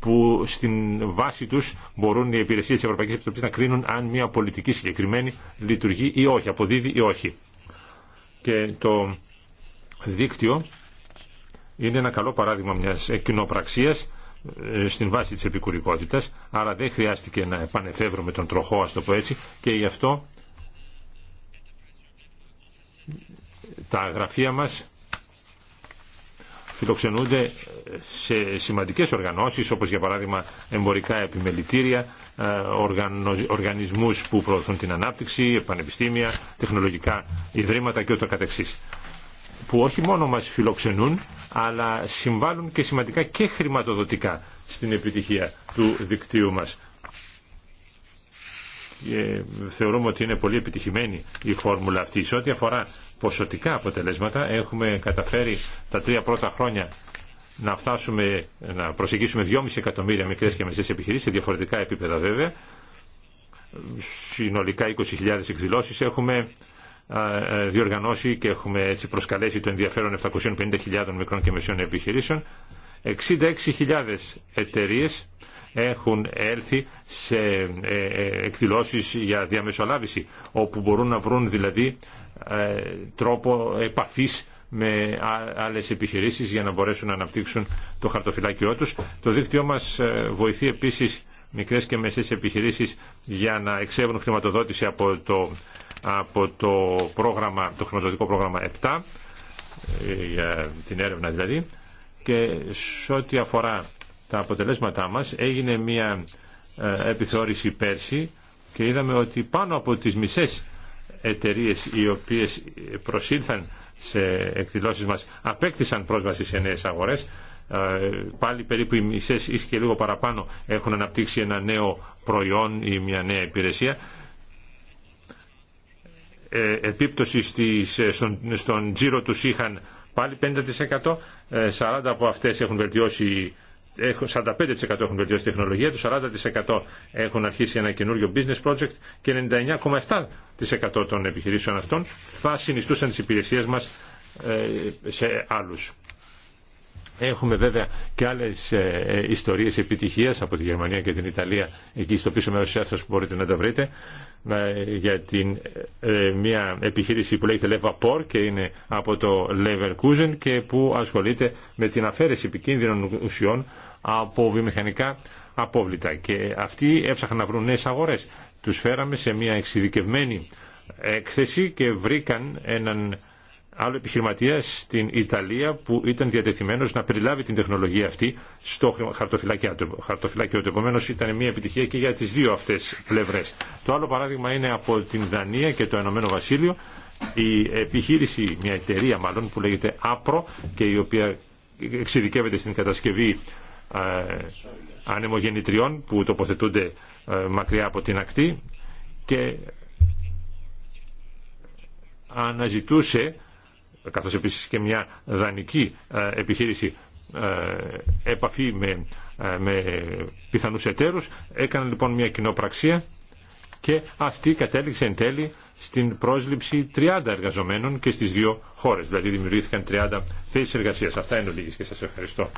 που στην βάση τους μπορούν οι υπηρεσίες της Ευρωπαϊκής Επιτροπής να κρίνουν αν μία πολιτική συγκεκριμένη λειτουργεί ή όχι, αποδίδει ή όχι. Και το δίκτυο είναι ένα καλό παράδειγμα μιας κοινοπραξίας ε, στην βάση της επικουρικότητας, άρα δεν χρειάστηκε να επανεφεύρουμε τον τροχό, ας το πω έτσι, και γι' αυτό τα γραφεία μας φιλοξενούνται ε, σε σημαντικές οργανώσεις όπως για παράδειγμα εμπορικά επιμελητήρια, ε, οργανισμούς που προωθούν την ανάπτυξη, πανεπιστήμια, τεχνολογικά ιδρύματα και ούτω που όχι μόνο μας φιλοξενούν, αλλά συμβάλλουν και σημαντικά και χρηματοδοτικά στην επιτυχία του δικτύου μας. Και ε, θεωρούμε ότι είναι πολύ επιτυχημένη η φόρμουλα αυτή. Σε ό,τι αφορά ποσοτικά αποτελέσματα, έχουμε καταφέρει τα τρία πρώτα χρόνια να φτάσουμε, να προσεγγίσουμε 2,5 εκατομμύρια μικρές και μεσές επιχειρήσεις, σε διαφορετικά επίπεδα βέβαια. Συνολικά 20.000 εκδηλώσεις έχουμε διοργανώσει και έχουμε έτσι προσκαλέσει το ενδιαφέρον 750.000 μικρών και μεσαίων επιχειρήσεων. 66.000 εταιρείε έχουν έλθει σε ε, ε, εκδηλώσεις για διαμεσολάβηση, όπου μπορούν να βρουν δηλαδή ε, τρόπο επαφής με άλλες επιχειρήσεις για να μπορέσουν να αναπτύξουν το χαρτοφυλάκιό τους. Το δίκτυό μας βοηθεί επίσης μικρές και μεσές επιχειρήσεις για να εξεύρουν χρηματοδότηση από το, από το, πρόγραμμα, το χρηματοδοτικό πρόγραμμα 7, ε, για την έρευνα δηλαδή, και σε ό,τι αφορά τα αποτελέσματά μας έγινε μια ε, επιθεώρηση πέρσι και είδαμε ότι πάνω από τις μισές εταιρείες οι οποίες προσήλθαν σε εκδηλώσεις μας απέκτησαν πρόσβαση σε νέες αγορές ε, πάλι περίπου οι μισές ή και λίγο παραπάνω έχουν αναπτύξει ένα νέο προϊόν ή μια νέα υπηρεσία ε, επίπτωση στις, ε, στον, στον τζίρο τους είχαν πάλι 50% 40 από αυτές έχουν βελτιώσει έχουν, 45% έχουν βελτιώσει τεχνολογία του, 40% έχουν αρχίσει ένα καινούριο business project και 99,7% των επιχειρήσεων αυτών θα συνιστούσαν τις υπηρεσίες μας σε άλλους. Έχουμε βέβαια και άλλε ε, ιστορίε επιτυχία από τη Γερμανία και την Ιταλία, εκεί στο πίσω μέρο τη αίθουσα που μπορείτε να τα βρείτε, ε, για την, ε, μια επιχείρηση που λέγεται Leva και είναι από το Leverkusen και που ασχολείται με την αφαίρεση επικίνδυνων ουσιών από βιομηχανικά απόβλητα. Και αυτοί έψαχναν να βρουν νέε αγορέ. Του φέραμε σε μια εξειδικευμένη έκθεση και βρήκαν έναν άλλο επιχειρηματία στην Ιταλία που ήταν διατεθειμένος να περιλάβει την τεχνολογία αυτή στο χαρτοφυλάκιό του. Χαρτοφυλάκιο του επομένω ήταν μια επιτυχία και για τις δύο αυτές πλευρές. Το άλλο παράδειγμα είναι από την Δανία και το Ενωμένο Βασίλειο η επιχείρηση, μια εταιρεία μάλλον που λέγεται APRO και η οποία εξειδικεύεται στην κατασκευή ε, ανεμογεννητριών που τοποθετούνται ε, μακριά από την ακτή και αναζητούσε καθώς επίσης και μια δανική ε, επιχείρηση ε, επαφή με, ε, με πιθανούς εταίρους έκαναν λοιπόν μια κοινοπραξία και αυτή κατέληξε εν τέλει στην πρόσληψη 30 εργαζομένων και στις δύο χώρες δηλαδή δημιουργήθηκαν 30 θέσεις εργασίας αυτά είναι ολίγες και σας ευχαριστώ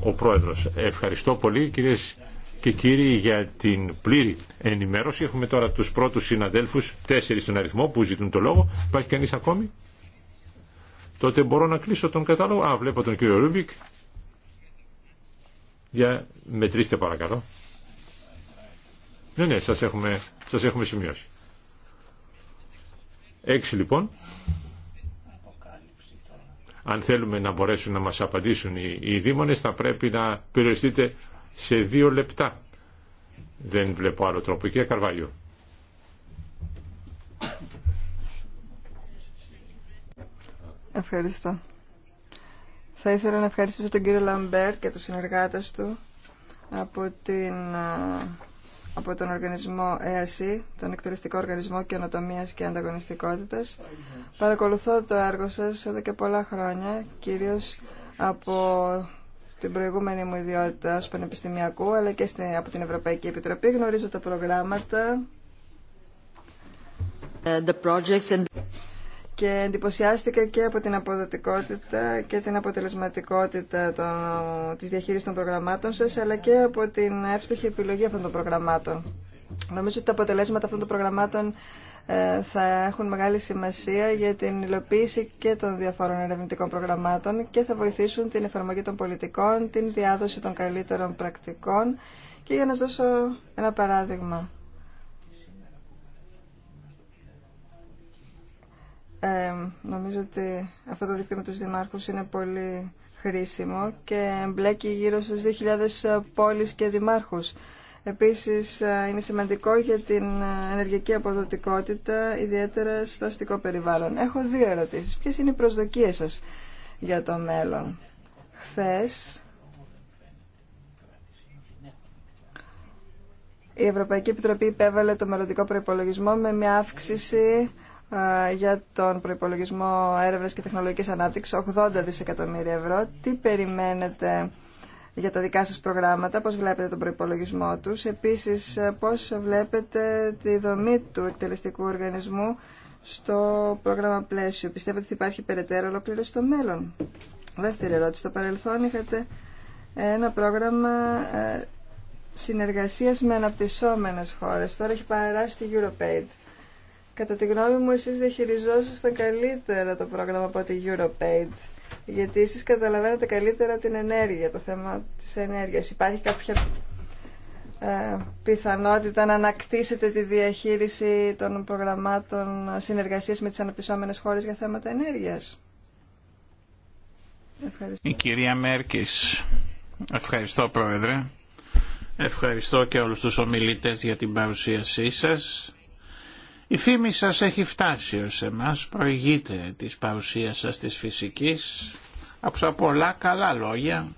ο Πρόεδρος ευχαριστώ πολύ κυρίες και κύριοι για την πλήρη ενημέρωση. Έχουμε τώρα τους πρώτους συναδέλφους, τέσσερις στον αριθμό που ζητούν το λόγο. Υπάρχει κανείς ακόμη. Τότε μπορώ να κλείσω τον κατάλογο. Α, βλέπω τον κύριο Ρούμπικ. Για μετρήστε παρακαλώ. Ναι, ναι, σας έχουμε, σας έχουμε σημειώσει. Έξι λοιπόν. Αν θέλουμε να μπορέσουν να μας απαντήσουν οι, οι δήμονες θα πρέπει να περιοριστείτε σε δύο λεπτά. Δεν βλέπω άλλο τρόπο. Κύριε Καρβάλιο. Ευχαριστώ. Θα ήθελα να ευχαριστήσω τον κύριο Λαμπέρ και τους συνεργάτες του από, την, από τον οργανισμό ΕΑΣΥ, τον εκτελεστικό οργανισμό καινοτομίας και ανταγωνιστικότητας. Παρακολουθώ το έργο σας εδώ και πολλά χρόνια, κυρίως από την προηγούμενη μου ιδιότητα ως πανεπιστημιακού, αλλά και από την Ευρωπαϊκή Επιτροπή. Γνωρίζω τα προγράμματα ε, και εντυπωσιάστηκα και από την αποδοτικότητα και την αποτελεσματικότητα των, της διαχείρισης των προγραμμάτων σας, αλλά και από την εύστοχη επιλογή αυτών των προγραμμάτων. Νομίζω ότι τα αποτελέσματα αυτών των προγραμμάτων ε, θα έχουν μεγάλη σημασία για την υλοποίηση και των διαφόρων ερευνητικών προγραμμάτων και θα βοηθήσουν την εφαρμογή των πολιτικών, την διάδοση των καλύτερων πρακτικών και για να σας δώσω ένα παράδειγμα. Ε, νομίζω ότι αυτό το δίκτυο με τους δημάρχους είναι πολύ χρήσιμο και μπλέκει γύρω στους 2.000 πόλεις και δημάρχους. Επίσης ε, είναι σημαντικό για την ε, ενεργειακή αποδοτικότητα, ιδιαίτερα στο αστικό περιβάλλον. Έχω δύο ερωτήσεις. Ποιες είναι οι προσδοκίες σας για το μέλλον. Χθες η Ευρωπαϊκή Επιτροπή υπέβαλε το μελλοντικό προϋπολογισμό με μια αύξηση ε, για τον προϋπολογισμό έρευνας και τεχνολογικής ανάπτυξης 80 δισεκατομμύρια ευρώ. Τι περιμένετε για τα δικά σας προγράμματα, πώς βλέπετε τον προϋπολογισμό τους, επίσης πώς βλέπετε τη δομή του εκτελεστικού οργανισμού στο πρόγραμμα πλαίσιο. Πιστεύετε ότι υπάρχει περαιτέρω ολοκλήρωση στο μέλλον. Δεύτερη ερώτηση. Στο παρελθόν είχατε ένα πρόγραμμα ε, συνεργασίας με αναπτυσσόμενες χώρες. Τώρα έχει παράσει τη Europaid. Κατά τη γνώμη μου, εσείς διαχειριζόσασταν καλύτερα το πρόγραμμα από τη Europaid γιατί εσείς καταλαβαίνετε καλύτερα την ενέργεια, το θέμα της ενέργειας. Υπάρχει κάποια ε, πιθανότητα να ανακτήσετε τη διαχείριση των προγραμμάτων συνεργασίας με τις αναπτυσσόμενες χώρες για θέματα ενέργειας. Ευχαριστώ. Η κυρία Μέρκης. Ευχαριστώ Πρόεδρε. Ευχαριστώ και όλους τους ομιλητές για την παρουσίασή σας. Η φήμη σας έχει φτάσει ως εμάς, προηγείται της παρουσίας σας της φυσικής, από πολλά καλά λόγια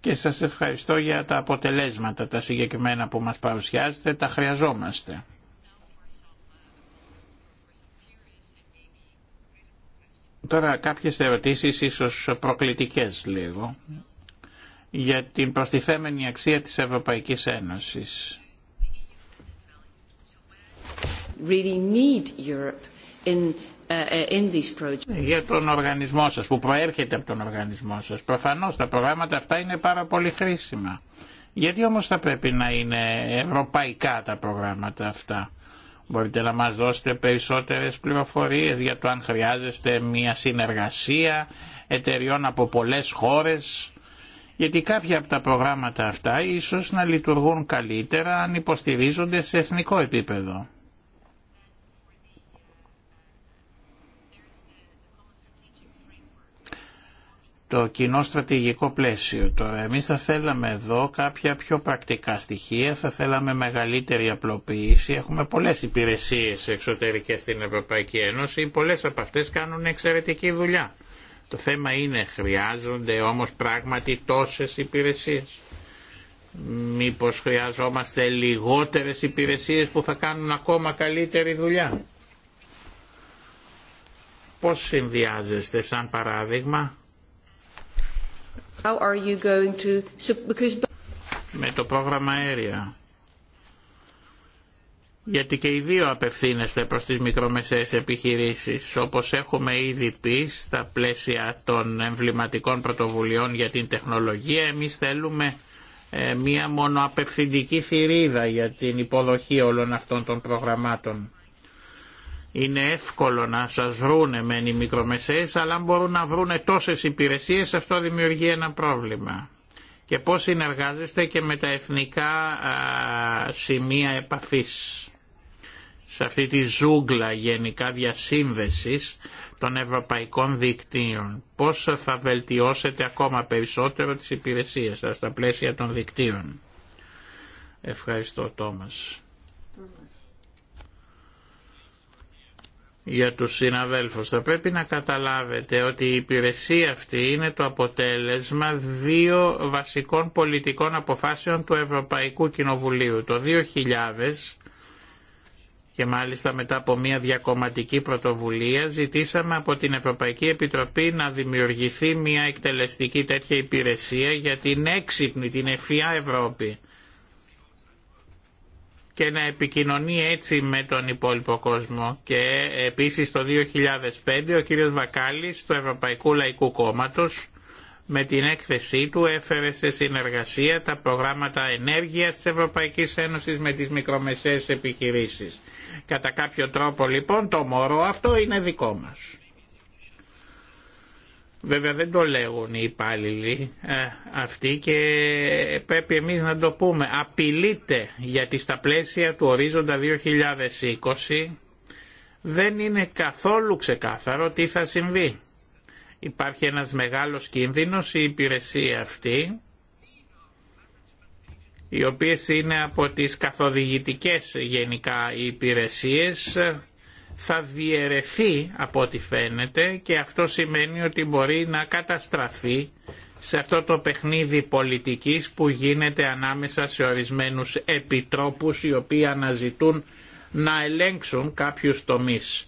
και σας ευχαριστώ για τα αποτελέσματα, τα συγκεκριμένα που μας παρουσιάζετε, τα χρειαζόμαστε. Τώρα κάποιες ερωτήσεις ίσως προκλητικές λίγο για την προστιθέμενη αξία της Ευρωπαϊκής Ένωσης really need Europe in uh, ε, Για τον οργανισμό σας, που προέρχεται από τον οργανισμό σας. Προφανώς τα προγράμματα αυτά είναι πάρα πολύ χρήσιμα. Γιατί όμως θα πρέπει να είναι ευρωπαϊκά τα προγράμματα αυτά. Μπορείτε να μας δώσετε περισσότερες πληροφορίες για το αν χρειάζεστε μια συνεργασία εταιριών από πολλές χώρες. Γιατί κάποια από τα προγράμματα αυτά ίσως να λειτουργούν καλύτερα αν υποστηρίζονται σε εθνικό επίπεδο. το κοινό στρατηγικό πλαίσιο. Το εμείς θα θέλαμε εδώ κάποια πιο πρακτικά στοιχεία, θα θέλαμε μεγαλύτερη απλοποίηση. Έχουμε πολλές υπηρεσίες εξωτερικές στην Ευρωπαϊκή Ένωση, πολλές από αυτές κάνουν εξαιρετική δουλειά. Το θέμα είναι χρειάζονται όμως πράγματι τόσες υπηρεσίες. Μήπως χρειαζόμαστε λιγότερες υπηρεσίες που θα κάνουν ακόμα καλύτερη δουλειά. Πώς συνδυάζεστε σαν παράδειγμα με το πρόγραμμα αέρια. Γιατί και οι δύο απευθύνεστε προς τις μικρομεσαίες επιχειρήσεις. Όπως έχουμε ήδη πει στα πλαίσια των εμβληματικών πρωτοβουλειών για την τεχνολογία, εμείς θέλουμε ε, μία μόνο απευθυντική θηρίδα για την υποδοχή όλων αυτών των προγραμμάτων. Είναι εύκολο να σας βρούνε μεν οι μικρομεσαίες, αλλά αν μπορούν να βρούνε τόσες υπηρεσίες αυτό δημιουργεί ένα πρόβλημα. Και πώς συνεργάζεστε και με τα εθνικά σημεία επαφής. Σε αυτή τη ζούγκλα γενικά διασύνδεσης των ευρωπαϊκών δικτύων. Πώς θα βελτιώσετε ακόμα περισσότερο τις υπηρεσίες σας στα πλαίσια των δικτύων. Ευχαριστώ Τόμας. για τους συναδέλφους. Θα πρέπει να καταλάβετε ότι η υπηρεσία αυτή είναι το αποτέλεσμα δύο βασικών πολιτικών αποφάσεων του Ευρωπαϊκού Κοινοβουλίου. Το 2000 και μάλιστα μετά από μια διακομματική πρωτοβουλία ζητήσαμε από την Ευρωπαϊκή Επιτροπή να δημιουργηθεί μια εκτελεστική τέτοια υπηρεσία για την έξυπνη, την ευφυά Ευρώπη και να επικοινωνεί έτσι με τον υπόλοιπο κόσμο. Και επίσης το 2005 ο κύριος Βακάλης του Ευρωπαϊκού Λαϊκού Κόμματος με την έκθεσή του έφερε σε συνεργασία τα προγράμματα ενέργειας της Ευρωπαϊκής Ένωσης με τις μικρομεσαίες επιχειρήσεις. Κατά κάποιο τρόπο λοιπόν το μωρό αυτό είναι δικό μας. Βέβαια δεν το λέγουν οι υπάλληλοι ε, αυτοί και πρέπει εμείς να το πούμε. Απειλείται γιατί στα πλαίσια του ορίζοντα 2020 δεν είναι καθόλου ξεκάθαρο τι θα συμβεί. Υπάρχει ένας μεγάλος κίνδυνος η υπηρεσία αυτή οι οποίες είναι από τις καθοδηγητικές γενικά υπηρεσίες θα διαιρεθεί από ό,τι φαίνεται και αυτό σημαίνει ότι μπορεί να καταστραφεί σε αυτό το παιχνίδι πολιτικής που γίνεται ανάμεσα σε ορισμένους επιτρόπους οι οποίοι αναζητούν να ελέγξουν κάποιους τομείς.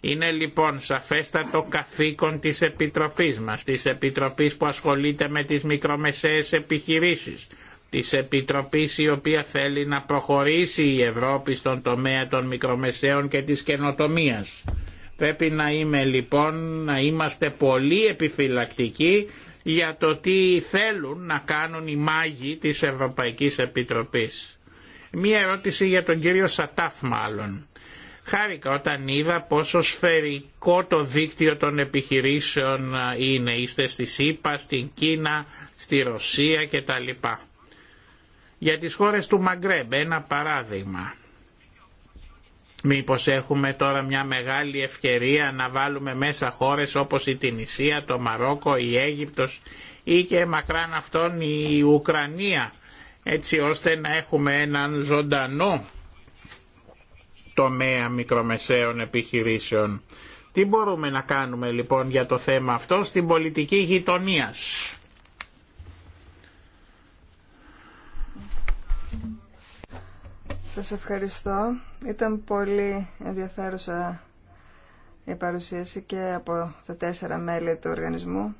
Είναι λοιπόν σαφέστατο καθήκον της Επιτροπής μας, της Επιτροπής που ασχολείται με τις μικρομεσαίες επιχειρήσεις, της Επιτροπής η οποία θέλει να προχωρήσει η Ευρώπη στον τομέα των μικρομεσαίων και της καινοτομίας. Πρέπει να είμαι λοιπόν, να είμαστε πολύ επιφυλακτικοί για το τι θέλουν να κάνουν οι μάγοι της Ευρωπαϊκής Επιτροπής. Μία ερώτηση για τον κύριο Σατάφ μάλλον. Χάρηκα όταν είδα πόσο σφαιρικό το δίκτυο των επιχειρήσεων ε, είναι. Είστε στη ΣΥΠΑ, στην Κίνα, στη Ρωσία κτλ. Για τις χώρες του Μαγκρέμπ, ένα παράδειγμα. Μήπως έχουμε τώρα μια μεγάλη ευκαιρία να βάλουμε μέσα χώρες όπως η Τινησία, το Μαρόκο, η Αίγυπτος ή και μακράν αυτών η και μακραν αυτον έτσι ώστε να έχουμε έναν ζωντανό τομέα μικρομεσαίων επιχειρήσεων. Τι μπορούμε να κάνουμε λοιπόν για το θέμα αυτό στην πολιτική γειτονίας. Σας ευχαριστώ. Ήταν πολύ ενδιαφέρουσα η παρουσίαση και από τα τέσσερα μέλη του οργανισμού.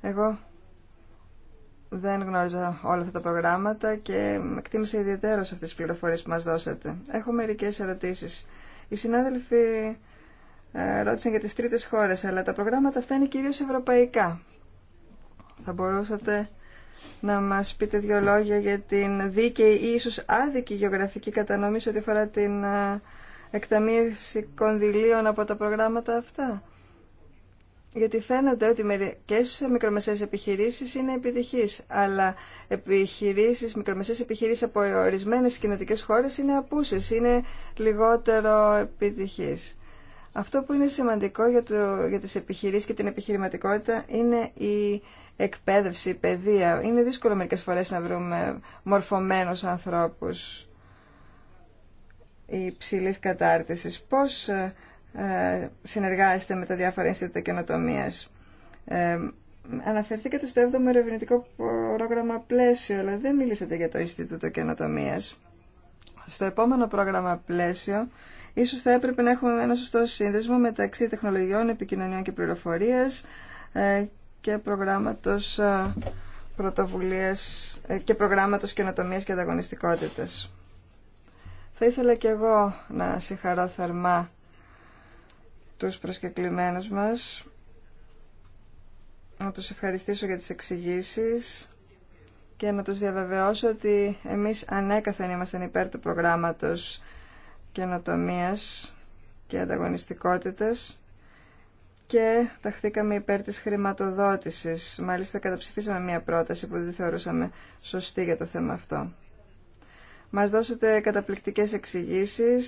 Εγώ δεν γνώριζα όλα αυτά τα προγράμματα και με εκτίμησα ιδιαίτερα σε αυτές τις πληροφορίες που μας δώσατε. Έχω μερικές ερωτήσεις. Οι συνάδελφοι ε, ρώτησαν για τις τρίτες χώρες, αλλά τα προγράμματα αυτά είναι κυρίως ευρωπαϊκά. Θα μπορούσατε να μας πείτε δύο λόγια για την δίκαιη ή ίσως άδικη γεωγραφική κατανομή σε ό,τι αφορά την ε, εκταμίευση κονδυλίων από τα προγράμματα αυτά. Γιατί φαίνεται ότι μερικές μικρομεσαίες επιχειρήσεις είναι επιτυχείς, αλλά επιχειρήσεις, μικρομεσαίες επιχειρήσεις από ορισμένες κοινωτικές χώρες είναι απούσες, είναι λιγότερο επιτυχείς. Αυτό που είναι σημαντικό για, το, για τις επιχειρήσεις και την επιχειρηματικότητα είναι η εκπαίδευση, η παιδεία. Είναι δύσκολο μερικές φορές να βρούμε μορφωμένους ανθρώπους υψηλής κατάρτισης. Πώς ε, ε συνεργάζεστε με τα διάφορα Ινστιτούτα Καινοτομίας. Ε, αναφερθήκατε στο 7ο ερευνητικό πρόγραμμα πλαίσιο, αλλά δεν μιλήσατε για το Ινστιτούτο Καινοτομίας. Στο επόμενο πρόγραμμα πλαίσιο Ίσως θα έπρεπε να έχουμε ένα σωστό σύνδεσμο μεταξύ τεχνολογιών, επικοινωνιών και πληροφορίας ε, και προγράμματος ε, πρωτοβουλίας ε, και προγράμματος καινοτομίας και ανταγωνιστικότητας. Θα ήθελα και εγώ να συγχαρώ θερμά τους προσκεκλημένους μας, να τους ευχαριστήσω για τις εξηγήσει και να τους διαβεβαιώσω ότι εμείς ανέκαθεν ήμασταν υπέρ του προγράμματος καινοτομίας και ανταγωνιστικότητας και ταχθήκαμε υπέρ της χρηματοδότησης. Μάλιστα καταψηφίσαμε μια πρόταση που δεν θεωρούσαμε σωστή για το θέμα αυτό. Μας δώσετε καταπληκτικές εξηγήσει.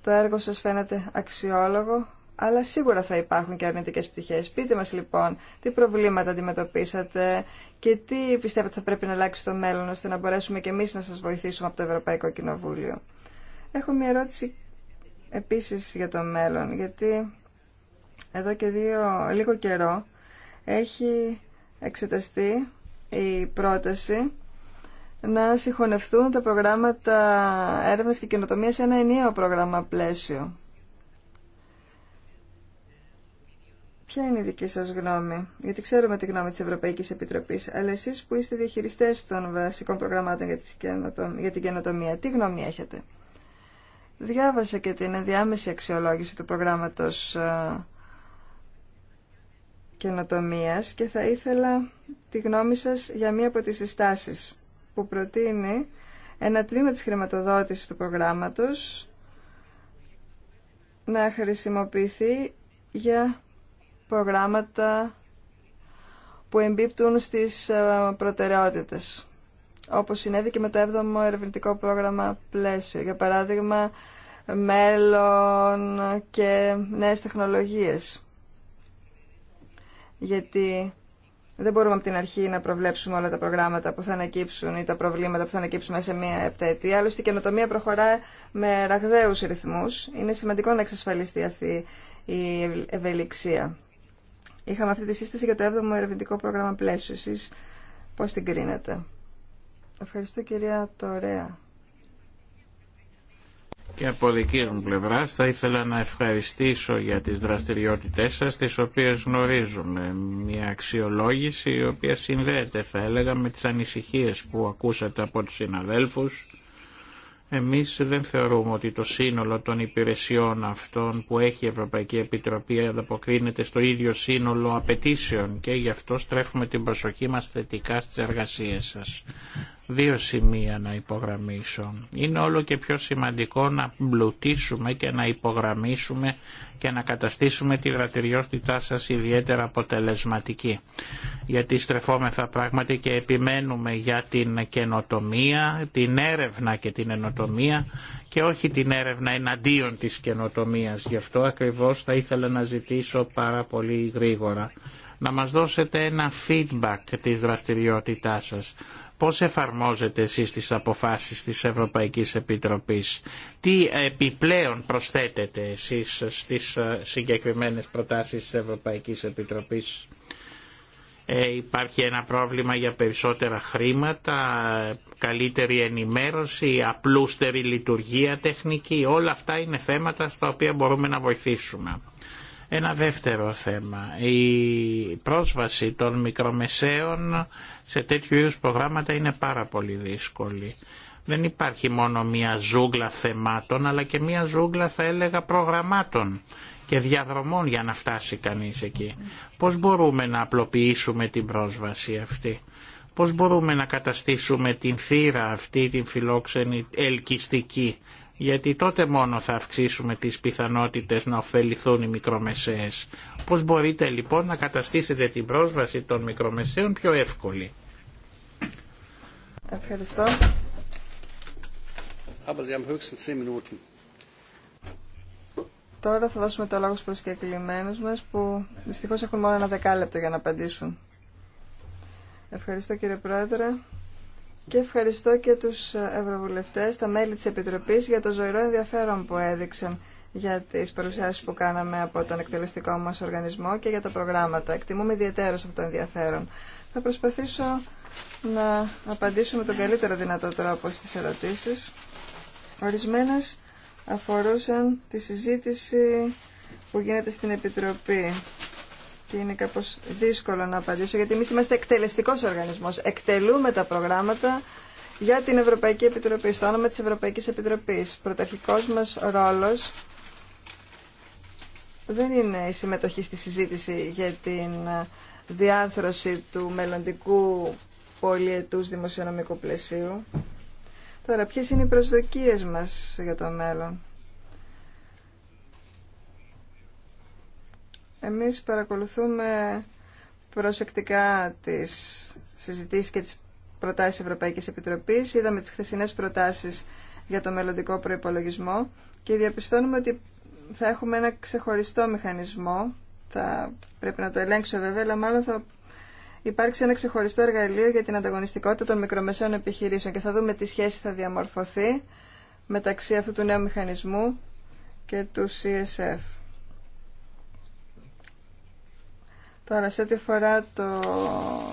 το έργο σας φαίνεται αξιόλογο, αλλά σίγουρα θα υπάρχουν και αρνητικές πτυχές. Πείτε μας λοιπόν τι προβλήματα αντιμετωπίσατε και τι πιστεύετε θα πρέπει να αλλάξει στο μέλλον, ώστε να μπορέσουμε και εμείς να σας βοηθήσουμε από το Ευρωπαϊκό Κοινοβούλιο. Έχω μια ερώτηση επίσης για το μέλλον, γιατί εδώ και δύο, λίγο καιρό έχει εξεταστεί η πρόταση να συγχωνευτούν τα προγράμματα έρευνας και καινοτομίας σε ένα ενιαίο πρόγραμμα πλαίσιο. Ποια είναι η δική σας γνώμη, γιατί ξέρουμε τη γνώμη της Ευρωπαϊκής Επιτροπής, αλλά εσείς που είστε διαχειριστές των βασικών προγραμμάτων για την καινοτομία, τι γνώμη έχετε. Διάβασα και την ενδιάμεση αξιολόγηση του προγράμματος ε, καινοτομίας και θα ήθελα τη γνώμη σας για μία από τις συστάσεις που προτείνει ένα τμήμα της χρηματοδότησης του προγράμματος να χρησιμοποιηθεί για προγράμματα που εμπίπτουν στις ε, προτεραιότητες όπως συνέβη και με το 7ο ερευνητικό πρόγραμμα πλαίσιο. Για παράδειγμα, μέλλον και νέες τεχνολογίες. Γιατί δεν μπορούμε από την αρχή να προβλέψουμε όλα τα προγράμματα που θα ανακύψουν ή τα προβλήματα που θα ανακύψουμε σε μία επταετία. Άλλωστε η καινοτομία προχωρά με ραγδαίου ρυθμούς. Είναι σημαντικό να εξασφαλιστεί αυτή η ευελιξία. Είχαμε αυτή τη σύσταση για το 7ο ερευνητικό πρόγραμμα πλαίσιο. Εσείς πώς την κρίνετε. Ευχαριστώ κυρία Τωρέα. Και από δική μου πλευρά θα ήθελα να ευχαριστήσω για τις δραστηριότητές σας τις οποίες γνωρίζουμε. Μια αξιολόγηση η οποία συνδέεται θα έλεγα με τις ανησυχίες που ακούσατε από τους συναδέλφους εμείς δεν θεωρούμε ότι το σύνολο των υπηρεσιών αυτών που έχει η Ευρωπαϊκή Επιτροπή ανταποκρίνεται στο ίδιο σύνολο απαιτήσεων και γι' αυτό στρέφουμε την προσοχή μας θετικά στις εργασίες σας. Δύο σημεία να υπογραμμίσω. Είναι όλο και πιο σημαντικό να μπλουτίσουμε και να υπογραμμίσουμε και να καταστήσουμε τη δραστηριότητά σας ιδιαίτερα αποτελεσματική. Γιατί στρεφόμεθα πράγματι και επιμένουμε για την καινοτομία, την έρευνα και την ενοτομία και όχι την έρευνα εναντίον της καινοτομίας. Γι' αυτό ακριβώς θα ήθελα να ζητήσω πάρα πολύ γρήγορα να μας δώσετε ένα feedback της δραστηριότητάς σας. Πώς εφαρμόζετε εσείς τις αποφάσεις της Ευρωπαϊκής Επιτροπής. Τι επιπλέον προσθέτετε εσείς στις ε, συγκεκριμένες προτάσεις της Ευρωπαϊκής Επιτροπής. Ε, υπάρχει ένα πρόβλημα για περισσότερα χρήματα, καλύτερη ενημέρωση, απλούστερη λειτουργία τεχνική. Όλα αυτά είναι θέματα στα οποία μπορούμε να βοηθήσουμε. Ένα δεύτερο θέμα, η πρόσβαση των μικρομεσαίων σε τέτοιου είδους προγράμματα είναι πάρα πολύ δύσκολη. Δεν υπάρχει μόνο μία ζούγκλα θεμάτων, αλλά και μία ζούγκλα θα έλεγα προγραμμάτων και διαδρομών για να φτάσει κανείς εκεί. Πώς μπορούμε να απλοποιήσουμε την πρόσβαση αυτή. Πώς μπορούμε να καταστήσουμε την θύρα αυτή, την φιλόξενη, ελκυστική γιατί τότε μόνο θα αυξήσουμε τις πιθανότητες να ωφεληθούν οι μικρομεσαίες. Πώς μπορείτε λοιπόν να καταστήσετε την πρόσβαση των μικρομεσαίων πιο εύκολη. Ευχαριστώ. Τώρα θα δώσουμε το λόγο στους προσκεκλημένους μας που δυστυχώς έχουν μόνο ένα δεκάλεπτο για να απαντήσουν. Ευχαριστώ κύριε Πρόεδρε και ευχαριστώ και τους ευρωβουλευτές, τα μέλη της Επιτροπής για το ζωηρό ενδιαφέρον που έδειξαν για τις παρουσιάσεις που κάναμε από τον εκτελεστικό μας οργανισμό και για τα προγράμματα. Εκτιμούμε ιδιαίτερο αυτό το ενδιαφέρον. Θα προσπαθήσω να απαντήσουμε με τον καλύτερο δυνατό τρόπο στις ερωτήσεις. Ορισμένες αφορούσαν τη συζήτηση που γίνεται στην Επιτροπή και είναι κάπως δύσκολο να απαντήσω γιατί εμεί είμαστε εκτελεστικός οργανισμό. Εκτελούμε τα προγράμματα για την Ευρωπαϊκή Επιτροπή, στο όνομα τη Ευρωπαϊκής Επιτροπής. Πρωταρχικός μας ρόλος δεν είναι η συμμετοχή στη συζήτηση για την διάρθρωση του μελλοντικού πολιετούς δημοσιονομικού πλαισίου. Τώρα, ποιε είναι οι προσδοκίε μα για το μέλλον. Εμείς παρακολουθούμε προσεκτικά τις συζητήσεις και τις προτάσεις Ευρωπαϊκής Επιτροπής. Είδαμε τις χθεσινές προτάσεις για το μελλοντικό προϋπολογισμό και διαπιστώνουμε ότι θα έχουμε ένα ξεχωριστό μηχανισμό. Θα πρέπει να το ελέγξω βέβαια, αλλά μάλλον θα υπάρξει ένα ξεχωριστό εργαλείο για την ανταγωνιστικότητα των μικρομεσαίων επιχειρήσεων και θα δούμε τι σχέση θα διαμορφωθεί μεταξύ αυτού του νέου μηχανισμού και του CSF. Τώρα, σε ό,τι αφορά το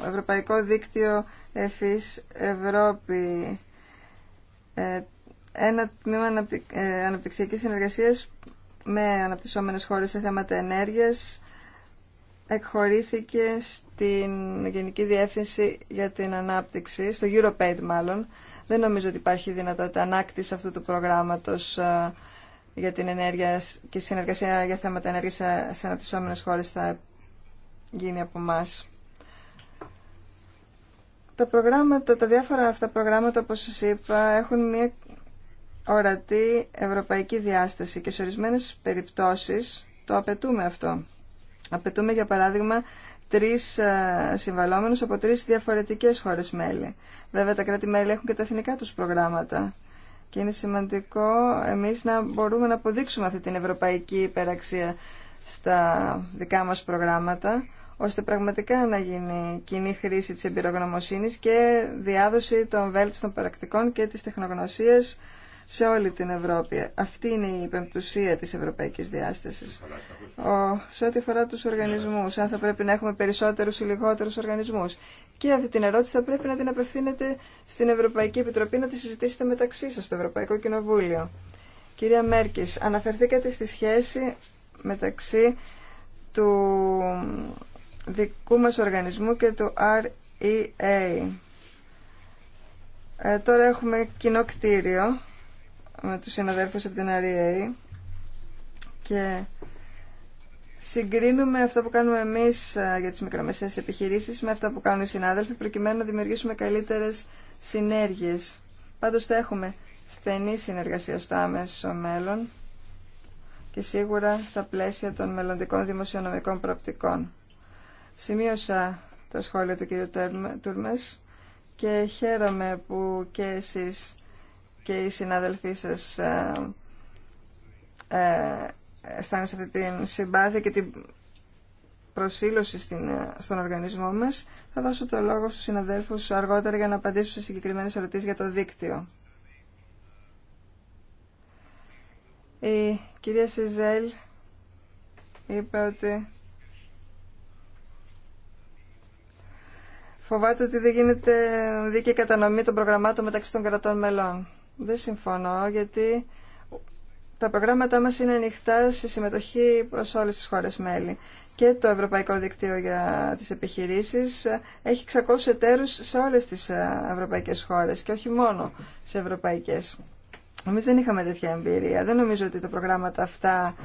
Ευρωπαϊκό Δίκτυο Εφής Ευρώπη, ε, ένα τμήμα ε, αναπτυξιακής συνεργασίας με αναπτυσσόμενες χώρες σε θέματα ενέργειας εκχωρήθηκε στην Γενική Διεύθυνση για την Ανάπτυξη, στο EuroPaid μάλλον. Δεν νομίζω ότι υπάρχει δυνατότητα ανάκτηση αυτού του προγράμματος ε, για την ενέργεια και συνεργασία για θέματα ενέργειας σε αναπτυσσόμενες χώρες στα γίνει από εμά. Τα προγράμματα, τα διάφορα αυτά προγράμματα, όπως σας είπα, έχουν μια ορατή ευρωπαϊκή διάσταση και σε ορισμένε περιπτώσεις το απαιτούμε αυτό. Απαιτούμε, για παράδειγμα, τρεις ε, συμβαλόμενους από τρεις διαφορετικές χώρες μέλη. Βέβαια, τα κράτη-μέλη έχουν και τα εθνικά τους προγράμματα. Και είναι σημαντικό εμείς να μπορούμε να αποδείξουμε αυτή την ευρωπαϊκή υπεραξία στα δικά μας προγράμματα, ώστε πραγματικά να γίνει κοινή χρήση της εμπειρογνωμοσύνης και διάδοση των βέλτιστων πρακτικών και της τεχνογνωσίας σε όλη την Ευρώπη. Αυτή είναι η πεμπτουσία της ευρωπαϊκής διάστασης. Ο, σε ό,τι αφορά τους οργανισμούς, αν θα πρέπει να έχουμε περισσότερους ή λιγότερους οργανισμούς. Και αυτή την ερώτηση θα πρέπει να την απευθύνετε στην Ευρωπαϊκή Επιτροπή να τη συζητήσετε μεταξύ σας στο Ευρωπαϊκό Κοινοβούλιο. Κυρία Μέρκης, αναφερθήκατε στη σχέση μεταξύ του δικού μας οργανισμού και του REA. Ε, τώρα έχουμε κοινό κτίριο με τους συναδέλφους από την REA και συγκρίνουμε αυτά που κάνουμε εμείς ε, για τις μικρομεσαίες επιχειρήσεις με αυτά που κάνουν οι συνάδελφοι προκειμένου να δημιουργήσουμε καλύτερες συνέργειες. Πάντως θα έχουμε στενή συνεργασία στο άμεσο μέλλον και σίγουρα στα πλαίσια των μελλοντικών δημοσιονομικών προοπτικών. Σημείωσα τα σχόλια του κύριου Τούρμες και χαίρομαι που και εσείς και οι συναδελφοί σας ε, ε, αισθάνεστε την συμπάθεια και την προσήλωση στην, ε, στον οργανισμό μας. Θα δώσω το λόγο στους συναδέλφους αργότερα για να απαντήσω σε συγκεκριμένες ερωτήσεις για το δίκτυο. Η κυρία Σιζέλ είπε ότι φοβάται ότι δεν γίνεται δίκαιη κατανομή των προγραμμάτων μεταξύ των κρατών μελών. Δεν συμφωνώ, γιατί τα προγράμματά μας είναι ανοιχτά σε συμμετοχή προς όλες τις χώρες μέλη. Και το Ευρωπαϊκό Δικτύο για τις Επιχειρήσεις έχει 600 εταίρους σε όλες τις ε, ευρωπαϊκές χώρες και όχι μόνο σε ευρωπαϊκές. Εμεί δεν είχαμε τέτοια εμπειρία. Δεν νομίζω ότι τα προγράμματα αυτά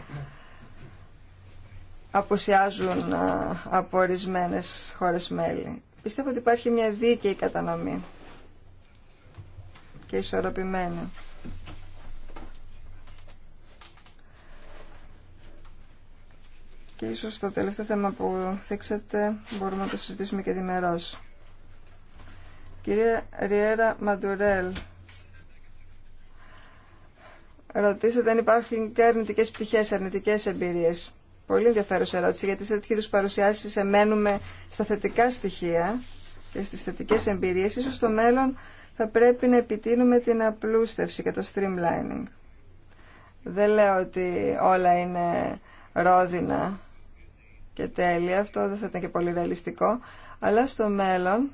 αποσιάζουν ε, από ορισμένε χώρες μέλη. Πιστεύω ότι υπάρχει μια δίκαιη κατανομή και ισορροπημένη. Και ίσως το τελευταίο θέμα που θέξατε μπορούμε να το συζητήσουμε και διμερώς. Κυρία Ριέρα Μαντουρέλ, ρωτήσατε αν υπάρχουν και αρνητικές πτυχές, αρνητικές εμπειρίες. Πολύ ενδιαφέρουσα ερώτηση, γιατί σε τέτοιου παρουσιάσει εμένουμε στα θετικά στοιχεία και στι θετικέ εμπειρίε. Ίσως στο μέλλον θα πρέπει να επιτείνουμε την απλούστευση και το streamlining. Δεν λέω ότι όλα είναι ρόδινα και τέλεια, αυτό δεν θα ήταν και πολύ ρεαλιστικό, αλλά στο μέλλον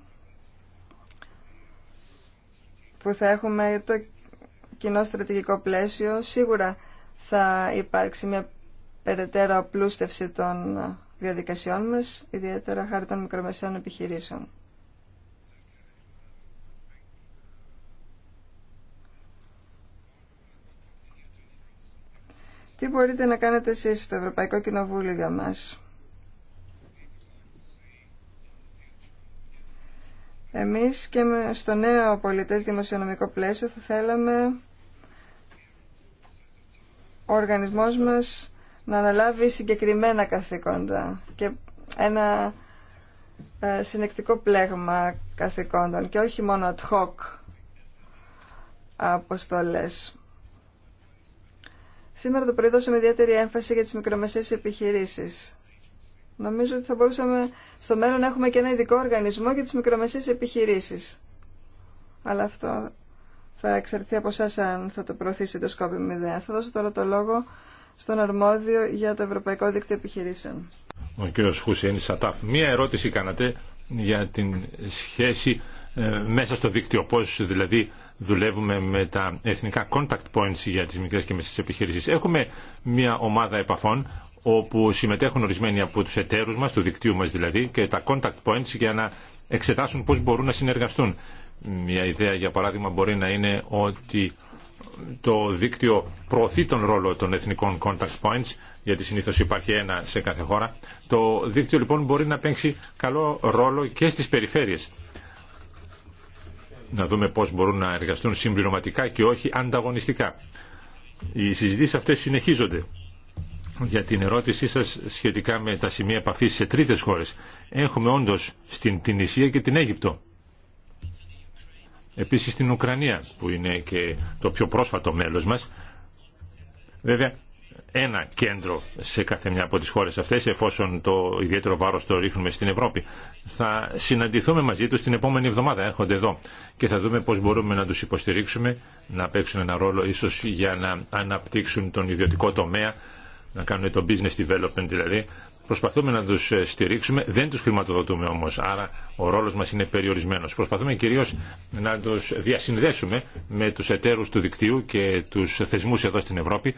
που θα έχουμε το κοινό στρατηγικό πλαίσιο, σίγουρα θα υπάρξει μια περαιτέρω απλούστευση των διαδικασιών μας, ιδιαίτερα χάρη των μικρομεσαίων επιχειρήσεων. Τι μπορείτε να κάνετε εσείς στο Ευρωπαϊκό Κοινοβούλιο για μας. Εμείς και στο νέο πολιτές δημοσιονομικό πλαίσιο θα θέλαμε ο οργανισμός μας να αναλάβει συγκεκριμένα καθήκοντα και ένα ε, συνεκτικό πλέγμα καθηκόντων και όχι μόνο ad hoc αποστολές. Σήμερα το πρωί δώσαμε ιδιαίτερη έμφαση για τις μικρομεσαίες επιχειρήσεις. Νομίζω ότι θα μπορούσαμε στο μέλλον να έχουμε και ένα ειδικό οργανισμό για τις μικρομεσαίες επιχειρήσεις. Αλλά αυτό θα εξαρτηθεί από εσά αν θα το το σκόπιμη ιδέα. Θα δώσω τώρα το λόγο στον αρμόδιο για το Ευρωπαϊκό Δίκτυο Επιχειρήσεων. Ο κ. Χουσέν Σατάφ, μία ερώτηση κάνατε για την σχέση ε, μέσα στο δίκτυο. Πώς δηλαδή δουλεύουμε με τα εθνικά contact points για τις μικρές και μεσές επιχειρήσεις. Έχουμε μία ομάδα επαφών όπου συμμετέχουν ορισμένοι από τους εταίρους μας, του δικτύου μας δηλαδή, και τα contact points για να εξετάσουν πώ μπορούν να συνεργαστούν. Μια ιδέα για παράδειγμα μπορεί να είναι ότι το δίκτυο προωθεί τον ρόλο των εθνικών contact points, γιατί συνήθω υπάρχει ένα σε κάθε χώρα. Το δίκτυο λοιπόν μπορεί να παίξει καλό ρόλο και στις περιφέρειες. Να δούμε πώς μπορούν να εργαστούν συμπληρωματικά και όχι ανταγωνιστικά. Οι συζητήσει αυτές συνεχίζονται. Για την ερώτησή σας σχετικά με τα σημεία επαφής σε τρίτες χώρες. Έχουμε όντως στην Τινησία και την Αίγυπτο Επίσης στην Ουκρανία που είναι και το πιο πρόσφατο μέλος μας. Βέβαια ένα κέντρο σε κάθε μια από τις χώρες αυτές εφόσον το ιδιαίτερο βάρος το ρίχνουμε στην Ευρώπη. Θα συναντηθούμε μαζί τους την επόμενη εβδομάδα, έρχονται εδώ και θα δούμε πώς μπορούμε να τους υποστηρίξουμε, να παίξουν ένα ρόλο ίσως για να αναπτύξουν τον ιδιωτικό τομέα, να κάνουν το business development δηλαδή, Προσπαθούμε να τους ε, στηρίξουμε, δεν τους χρηματοδοτούμε όμως, άρα ο ρόλος μας είναι περιορισμένος. Προσπαθούμε κυρίως να τους διασυνδέσουμε με τους εταίρους του δικτύου και τους θεσμούς εδώ στην Ευρώπη.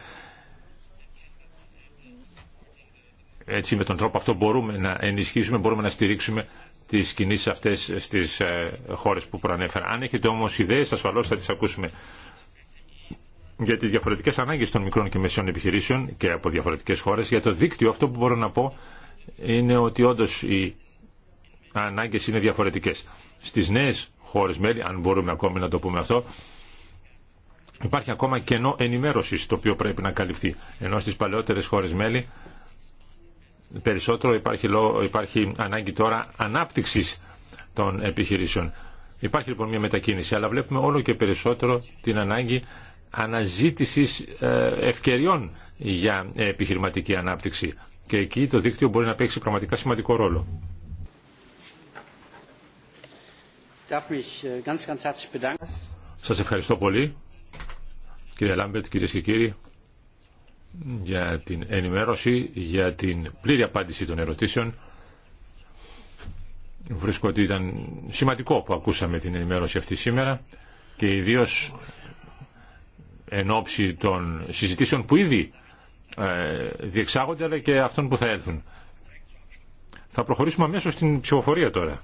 Έτσι με τον τρόπο αυτό μπορούμε να ενισχύσουμε, μπορούμε να στηρίξουμε τις κινήσεις αυτές στις ε, χώρες που προανέφερα. Αν έχετε όμως ιδέες, ασφαλώς θα τις ακούσουμε για τις διαφορετικές ανάγκες των μικρών και μεσαίων επιχειρήσεων και από διαφορετικές χώρες. Για το δίκτυο αυτό που μπορώ να πω είναι ότι όντως οι ανάγκες είναι διαφορετικές. Στις νέες χώρες μέλη, αν μπορούμε ακόμη να το πούμε αυτό, υπάρχει ακόμα κενό ενημέρωσης το οποίο πρέπει να καλυφθεί. Ενώ στις παλαιότερες χώρες μέλη περισσότερο υπάρχει, λόγο, υπάρχει ανάγκη τώρα ανάπτυξης των επιχειρήσεων. Υπάρχει λοιπόν μια μετακίνηση, αλλά βλέπουμε όλο και περισσότερο την ανάγκη αναζήτησης ε, ευκαιριών για επιχειρηματική ανάπτυξη. Και εκεί το δίκτυο μπορεί να παίξει πραγματικά σημαντικό ρόλο. Ε, Σας ευχαριστώ πολύ, κύριε Λάμπερτ, κυρίες και κύριοι, για την ενημέρωση, για την πλήρη απάντηση των ερωτήσεων. Βρίσκω ότι ήταν σημαντικό που ακούσαμε την ενημέρωση αυτή σήμερα και ιδίως εν ώψη των συζητήσεων που ήδη ε, διεξάγονται αλλά και αυτών που θα έρθουν. Θα προχωρήσουμε αμέσως στην ψηφοφορία τώρα.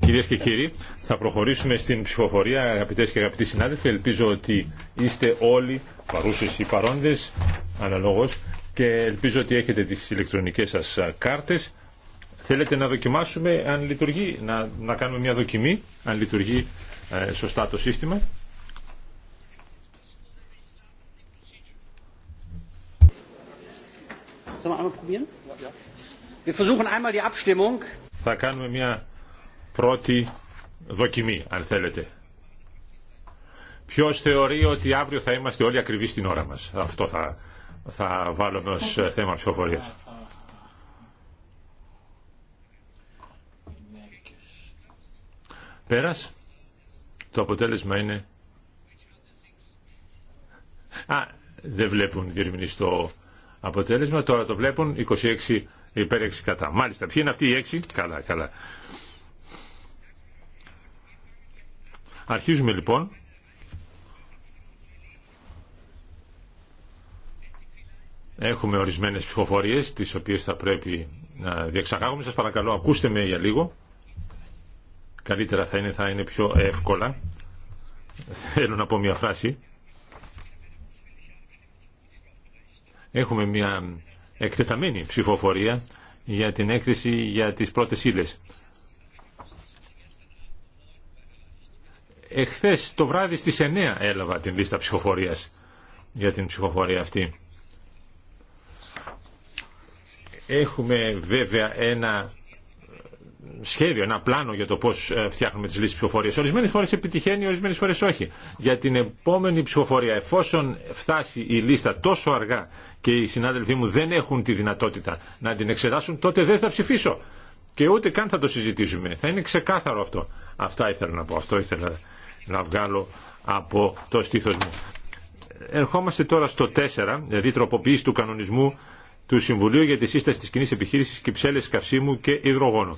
Κυρίε και κύριοι, θα προχωρήσουμε στην ψηφοφορία, αγαπητέ και αγαπητοί συνάδελφοι. Ελπίζω ότι είστε όλοι παρούσε ή παρόντε, αναλόγω, και ελπίζω ότι έχετε τι ηλεκτρονικέ σα κάρτε. Θέλετε να δοκιμάσουμε αν λειτουργεί, να, να κάνουμε μια δοκιμή, αν λειτουργεί ε, σωστά το σύστημα. Wir versuchen einmal die Abstimmung θα κάνουμε μια πρώτη δοκιμή, αν θέλετε. Ποιος θεωρεί ότι αύριο θα είμαστε όλοι ακριβείς στην ώρα μας. Αυτό θα, θα βάλουμε ως θέμα ψηφοφορίας. Πέρας, το αποτέλεσμα είναι... Α, δεν βλέπουν διερμηνείς το αποτέλεσμα, τώρα το βλέπουν 26 Υπέρ 6 κατά. Μάλιστα. Ποιοι είναι αυτοί οι 6. Καλά, καλά. Αρχίζουμε λοιπόν. Έχουμε ορισμένες ψηφοφορίες, τις οποίες θα πρέπει να διεξαγάγουμε. Σας παρακαλώ, ακούστε με για λίγο. Καλύτερα θα είναι, θα είναι πιο εύκολα. Θέλω να πω μια φράση. Έχουμε μια εκτεταμένη ψηφοφορία για την έκθεση για τις πρώτες ύλες. Εχθές το βράδυ στις 9 έλαβα την λίστα ψηφοφορίας για την ψηφοφορία αυτή. Έχουμε βέβαια ένα σχέδιο, ένα πλάνο για το πώ ε, φτιάχνουμε τι λύσει ψηφοφορία. Ορισμένε φορέ επιτυχαίνει, ορισμένε φορέ όχι. Για την επόμενη ψηφοφορία, εφόσον φτάσει η λίστα τόσο αργά και οι συνάδελφοί μου δεν έχουν τη δυνατότητα να την εξετάσουν, τότε δεν θα ψηφίσω. Και ούτε καν θα το συζητήσουμε. Θα είναι ξεκάθαρο αυτό. Αυτά ήθελα να πω. Αυτό ήθελα να βγάλω από το στήθο μου. Ερχόμαστε τώρα στο 4, δηλαδή τροποποίηση του κανονισμού του Συμβουλίου για τη σύσταση τη κοινή επιχείρηση Κυψέλε Καυσίμου και Ιδρογόνου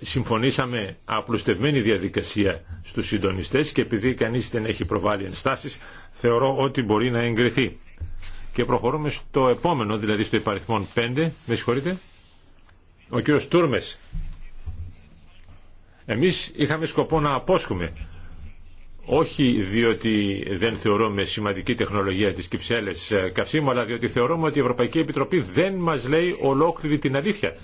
συμφωνήσαμε απλουστευμένη διαδικασία στους συντονιστές και επειδή κανείς δεν έχει προβάλει ενστάσεις θεωρώ ότι μπορεί να εγκριθεί. Και προχωρούμε στο επόμενο, δηλαδή στο υπαριθμό 5, με συγχωρείτε, ο κύριος Τούρμες. Εμείς είχαμε σκοπό να απόσχουμε, όχι διότι δεν θεωρούμε σημαντική τεχνολογία της κυψέλες ε, καυσίμου, αλλά διότι θεωρούμε ότι η Ευρωπαϊκή Επιτροπή δεν μας λέει ολόκληρη την αλήθεια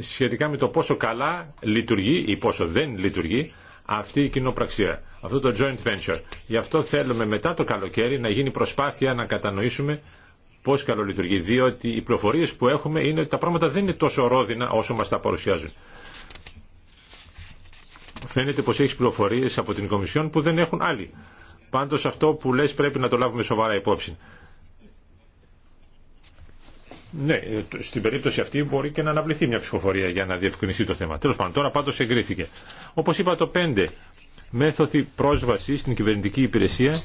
σχετικά με το πόσο καλά λειτουργεί ή πόσο δεν λειτουργεί αυτή η κοινοπραξία, αυτό το joint venture. Γι' αυτό θέλουμε μετά το καλοκαίρι να γίνει προσπάθεια να κατανοήσουμε πώς καλό λειτουργεί, διότι οι πληροφορίε που έχουμε είναι ότι τα πράγματα δεν είναι τόσο ρόδινα όσο μας τα παρουσιάζουν. Φαίνεται πως έχει πληροφορίε από την Κομισιόν που δεν έχουν άλλοι. Πάντως αυτό που λες πρέπει να το λάβουμε σοβαρά υπόψη. Ναι, ε, στην περίπτωση αυτή μπορεί και να αναβληθεί μια ψηφοφορία για να διευκρινιστεί το θέμα. Τέλο πάντων, τώρα πάντω εγκρίθηκε. Όπω είπα, το 5. Μέθοδη πρόσβαση στην κυβερνητική υπηρεσία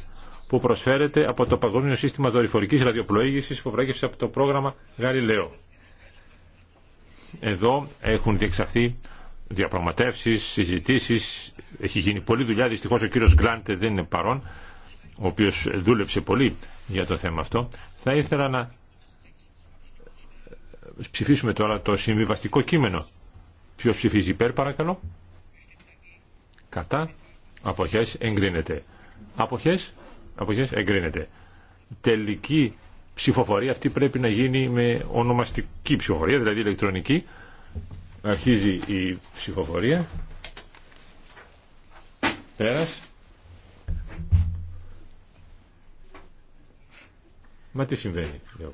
που προσφέρεται από το Παγκόσμιο Σύστημα Δορυφορική Ραδιοπλοήγηση που προέκυψε από το πρόγραμμα Γαλιλαίο. Εδώ έχουν διεξαχθεί διαπραγματεύσει, συζητήσει. Έχει γίνει πολλή δουλειά. Δυστυχώ ο κύριο Γκλάντε δεν είναι παρόν, ο οποίο δούλεψε πολύ για το θέμα αυτό. Θα ήθελα να ψηφίσουμε τώρα το συμβιβαστικό κείμενο. Ποιος ψηφίζει υπέρ παρακαλώ. Κατά. Αποχές εγκρίνεται. Αποχές. Αποχές εγκρίνεται. Τελική ψηφοφορία αυτή πρέπει να γίνει με ονομαστική ψηφοφορία, δηλαδή ηλεκτρονική. Αρχίζει η ψηφοφορία. Πέρας. Μα τι συμβαίνει, κύριε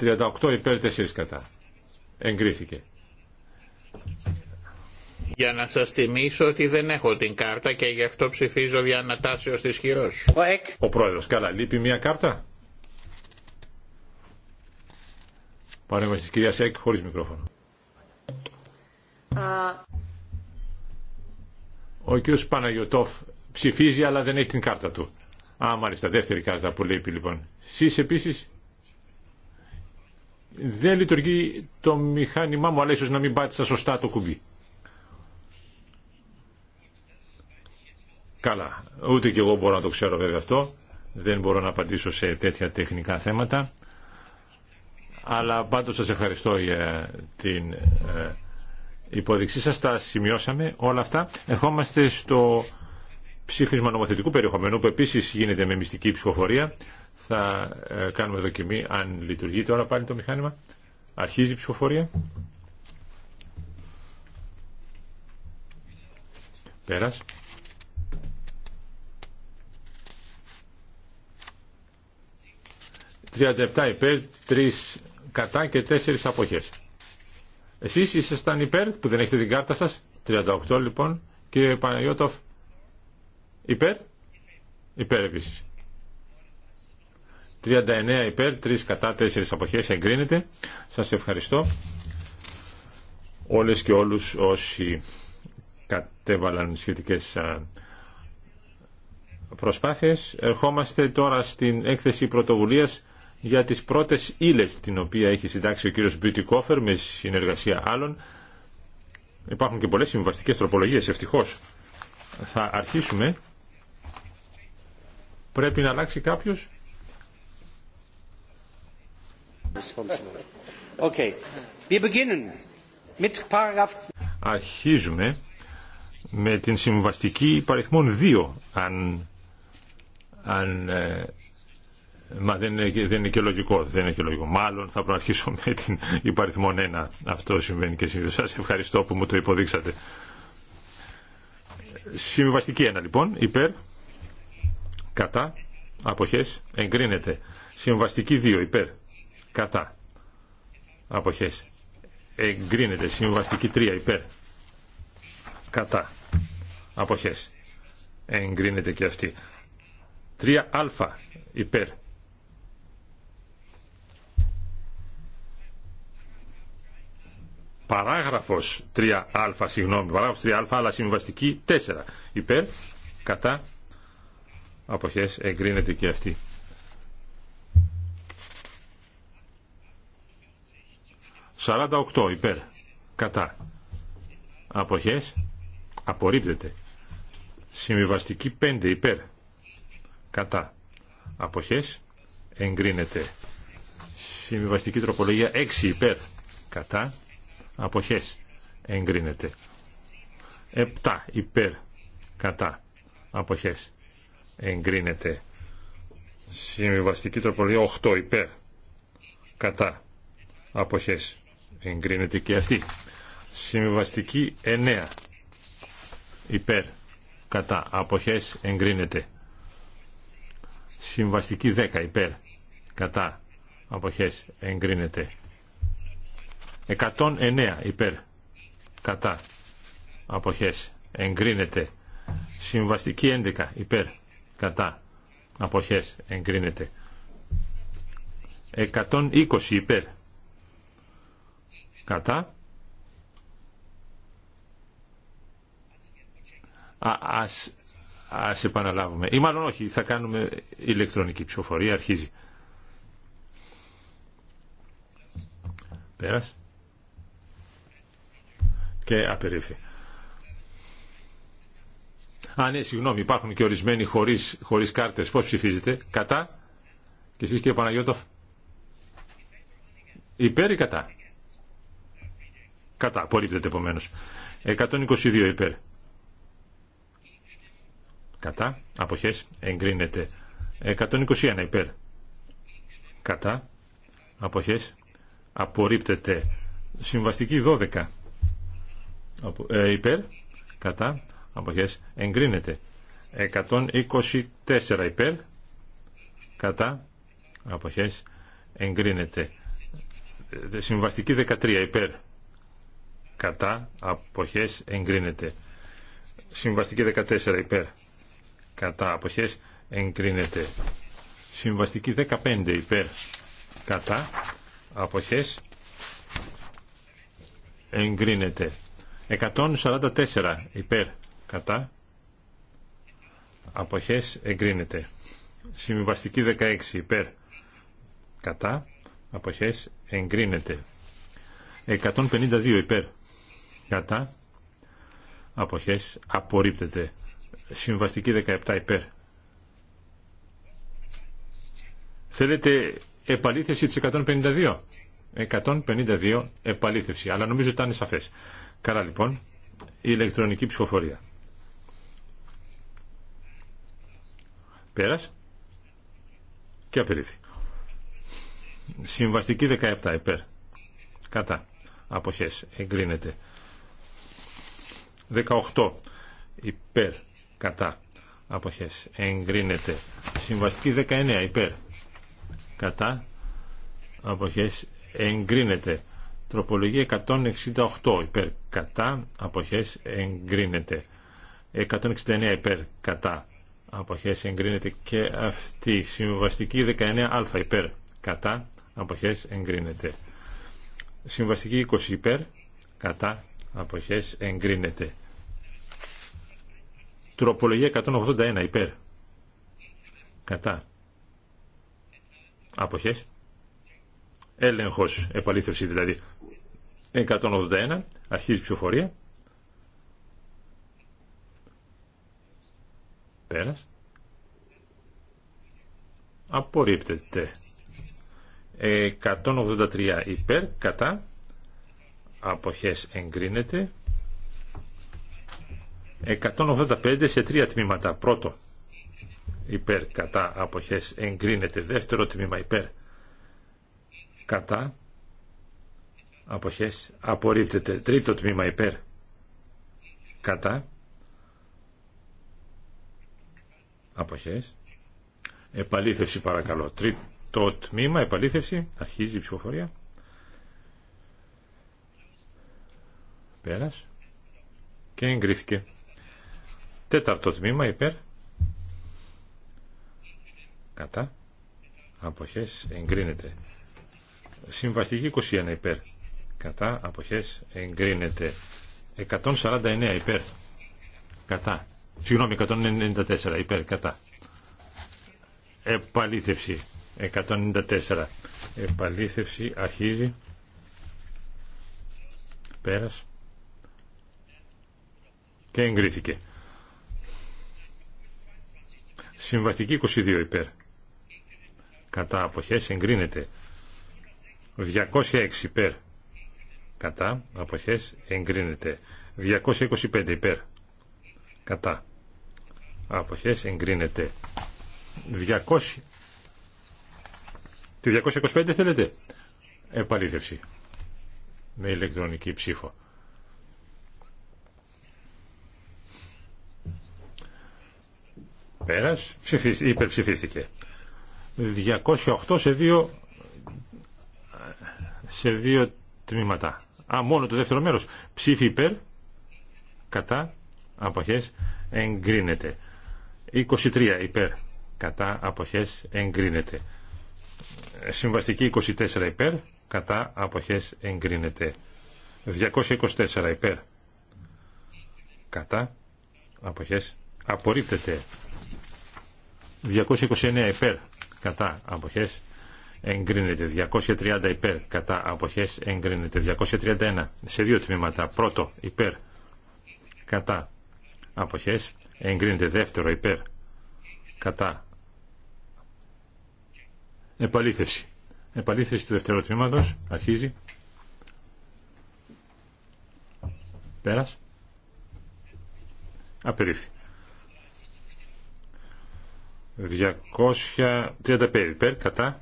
38 υπέρ 4 κατά. Εγκρίθηκε. Για να σας θυμίσω ότι δεν έχω την κάρτα και γι' αυτό ψηφίζω δια ανατάσεως της χειρός. Ο πρόεδρος, καλά, λείπει μια κάρτα. Παρέμβαση της κυρίας Εκ χωρίς μικρόφωνο. Ο κ. Παναγιωτόφ ψηφίζει αλλά δεν έχει την κάρτα του. Α, μάλιστα, δεύτερη κάρτα που λείπει λοιπόν. Σεις επίσης δεν λειτουργεί το μηχάνημά μου, αλλά ίσως να μην πάτησα σωστά το κουμπί. Καλά, ούτε και εγώ μπορώ να το ξέρω βέβαια αυτό. Δεν μπορώ να απαντήσω σε τέτοια τεχνικά θέματα. Αλλά πάντως σας ευχαριστώ για την ε, υπόδειξή σας. Τα σημειώσαμε όλα αυτά. Ερχόμαστε στο ψήφισμα νομοθετικού περιεχομένου που επίσης γίνεται με μυστική ψηφοφορία. Θα ε, κάνουμε δοκιμή αν λειτουργεί τώρα πάλι το μηχάνημα. Αρχίζει η ψηφοφορία. Πέρας. ...37 υπέρ, 3 κατά και 4 αποχές. Εσείς ήσασταν υπέρ που δεν έχετε την κάρτα σας. 38 λοιπόν. Κύριε Παναγιώτοφ, υπέρ. Υπέρ επίσης. 39 υπέρ, 3 κατά, 4 αποχές εγκρίνεται. Σας ευχαριστώ όλες και όλους όσοι κατέβαλαν σχετικές προσπάθειες. Ερχόμαστε τώρα στην έκθεση πρωτοβουλίας για τις πρώτες ύλες την οποία έχει συντάξει ο κύριος Μπιουτικόφερ με συνεργασία άλλων. Υπάρχουν και πολλές συμβαστικές τροπολογίες, ευτυχώς. Θα αρχίσουμε. Πρέπει να αλλάξει κάποιος. Αρχίζουμε με την συμβαστική υπαριθμών 2, αν, αν ε, Μα δεν είναι, δεν είναι και λογικό, δεν είναι και λογικό. Μάλλον θα προαρχίσω με την υπαριθμόν 1. Αυτό συμβαίνει και συνήθως. Σας ευχαριστώ που μου το υποδείξατε. Συμβαστική 1 λοιπόν, υπέρ, κατά, αποχές, εγκρίνεται. Συμβαστική 2 υπέρ, κατά αποχές εγκρίνεται συμβαστική 3 υπέρ κατά αποχές εγκρίνεται και αυτή 3α υπέρ παράγραφος 3α συγγνώμη παράγραφος 3α αλλά συμβαστική 4 υπέρ κατά αποχές εγκρίνεται και αυτή 48 υπέρ. Κατά. Αποχές. Απορρίπτεται. Συμβιβαστική 5 υπέρ. Κατά. Αποχές. Εγκρίνεται. Συμβιβαστική τροπολογία 6 υπέρ. Κατά. Αποχές. Εγκρίνεται. 7 υπέρ. Κατά. Αποχές. Εγκρίνεται. Συμβιβαστική τροπολογία 8 υπέρ. Κατά. Αποχές. Εγκρίνεται και αυτή. Συμβαστική 9. Υπέρ. Κατά. Αποχές. Εγκρίνεται. Συμβαστική 10. Υπέρ. Κατά. Αποχές. Εγκρίνεται. 109. Υπέρ. Κατά. Αποχές. Εγκρίνεται. Συμβαστική 11. Υπέρ. Κατά. Αποχές. Εγκρίνεται. 120 υπέρ Κατά. Α, ας, ας επαναλάβουμε. Ή μάλλον όχι, θα κάνουμε ηλεκτρονική ψηφοφορία. Αρχίζει. Πέρας. Και απερίφθη. Α, ναι, συγγνώμη, υπάρχουν και ορισμένοι χωρίς, χωρίς κάρτες. Πώς ψηφίζετε. Κατά. Και εσείς κύριε Παναγιώτοφ. Υπέρ ή κατά. Κατά. Απορρίπτεται επομένω. 122 υπέρ. Κατά. Αποχές. Εγκρίνεται. 121 υπέρ. Κατά. Αποχές. Απορρίπτεται. Συμβαστική 12 ε, υπέρ. Κατά. Αποχές. Εγκρίνεται. 124 υπέρ. Κατά. Αποχές. Εγκρίνεται. Συμβαστική 13 υπέρ κατά αποχές εγκρίνεται συμβαστική 14 υπέρ κατά αποχές εγκρίνεται συμβαστική 15 υπέρ κατά αποχές εγκρίνεται 144 υπέρ κατά αποχές εγκρίνεται συμβαστική 16 υπέρ κατά αποχές εγκρίνεται 152 υπέρ κατά αποχές απορρίπτεται συμβαστική 17 υπέρ θέλετε επαλήθευση της 152 152 επαλήθευση αλλά νομίζω ότι ήταν σαφές καλά λοιπόν η ηλεκτρονική ψηφοφορία πέρας και απερίφθη συμβαστική 17 υπέρ κατά αποχές εγκρίνεται 18 υπέρ κατά αποχές εγκρίνεται συμβαστική 19 υπέρ κατά αποχές εγκρίνεται τροπολογία 168 υπέρ κατά αποχές εγκρίνεται 169 υπέρ κατά αποχές εγκρίνεται και αυτή συμβαστική 19α υπέρ κατά αποχές εγκρίνεται συμβαστική 20 υπέρ κατά αποχές εγκρίνεται Τροπολογία 181 υπέρ. Κατά. Αποχές. Έλεγχος, επαλήθευση δηλαδή. 181, αρχίζει ψηφοφορία. Πέρας. Απορρίπτεται. 183 υπέρ, κατά. Αποχές εγκρίνεται. 185 σε τρία τμήματα. Πρώτο, υπέρ κατά αποχές εγκρίνεται. Δεύτερο τμήμα υπέρ κατά αποχές απορρίπτεται. Τρίτο τμήμα υπέρ κατά αποχές. Επαλήθευση παρακαλώ. Τρίτο τμήμα, επαλήθευση. Αρχίζει η ψηφοφορία. Πέρας. Και εγκρίθηκε. Τέταρτο τμήμα υπέρ. Κατά. Αποχές εγκρίνεται. Συμβαστική 21 υπέρ. Κατά. Αποχές εγκρίνεται. 149 υπέρ. Κατά. Συγγνώμη, 194 υπέρ. Κατά. Επαλήθευση. 194. Επαλήθευση αρχίζει. Πέρας. Και εγκρίθηκε. Συμβαστική 22 υπέρ. Κατά αποχές εγκρίνεται. 206 υπέρ. Κατά αποχές εγκρίνεται. 225 υπέρ. Κατά αποχές εγκρίνεται. 200... Τη 225 θέλετε. Επαλήθευση. Με ηλεκτρονική ψήφο. Πέρας, ψηφίστη, υπερψηφίστηκε. 208 σε δύο, σε δύο τμήματα. Α, μόνο το δεύτερο μέρος. Ψήφι υπέρ, κατά, αποχές, εγκρίνεται. 23 υπέρ, κατά, αποχές, εγκρίνεται. Συμβαστική 24 υπέρ, κατά, αποχές, εγκρίνεται. 224 υπέρ, κατά, αποχές, απορρίπτεται. 229 υπέρ κατά αποχές εγκρίνεται 230 υπέρ κατά αποχές εγκρίνεται 231 σε δύο τμήματα πρώτο υπέρ κατά αποχές εγκρίνεται δεύτερο υπέρ κατά επαλήθευση επαλήθευση του δεύτερου τμήματος αρχίζει πέρας απερίφθη 235 υπέρ κατά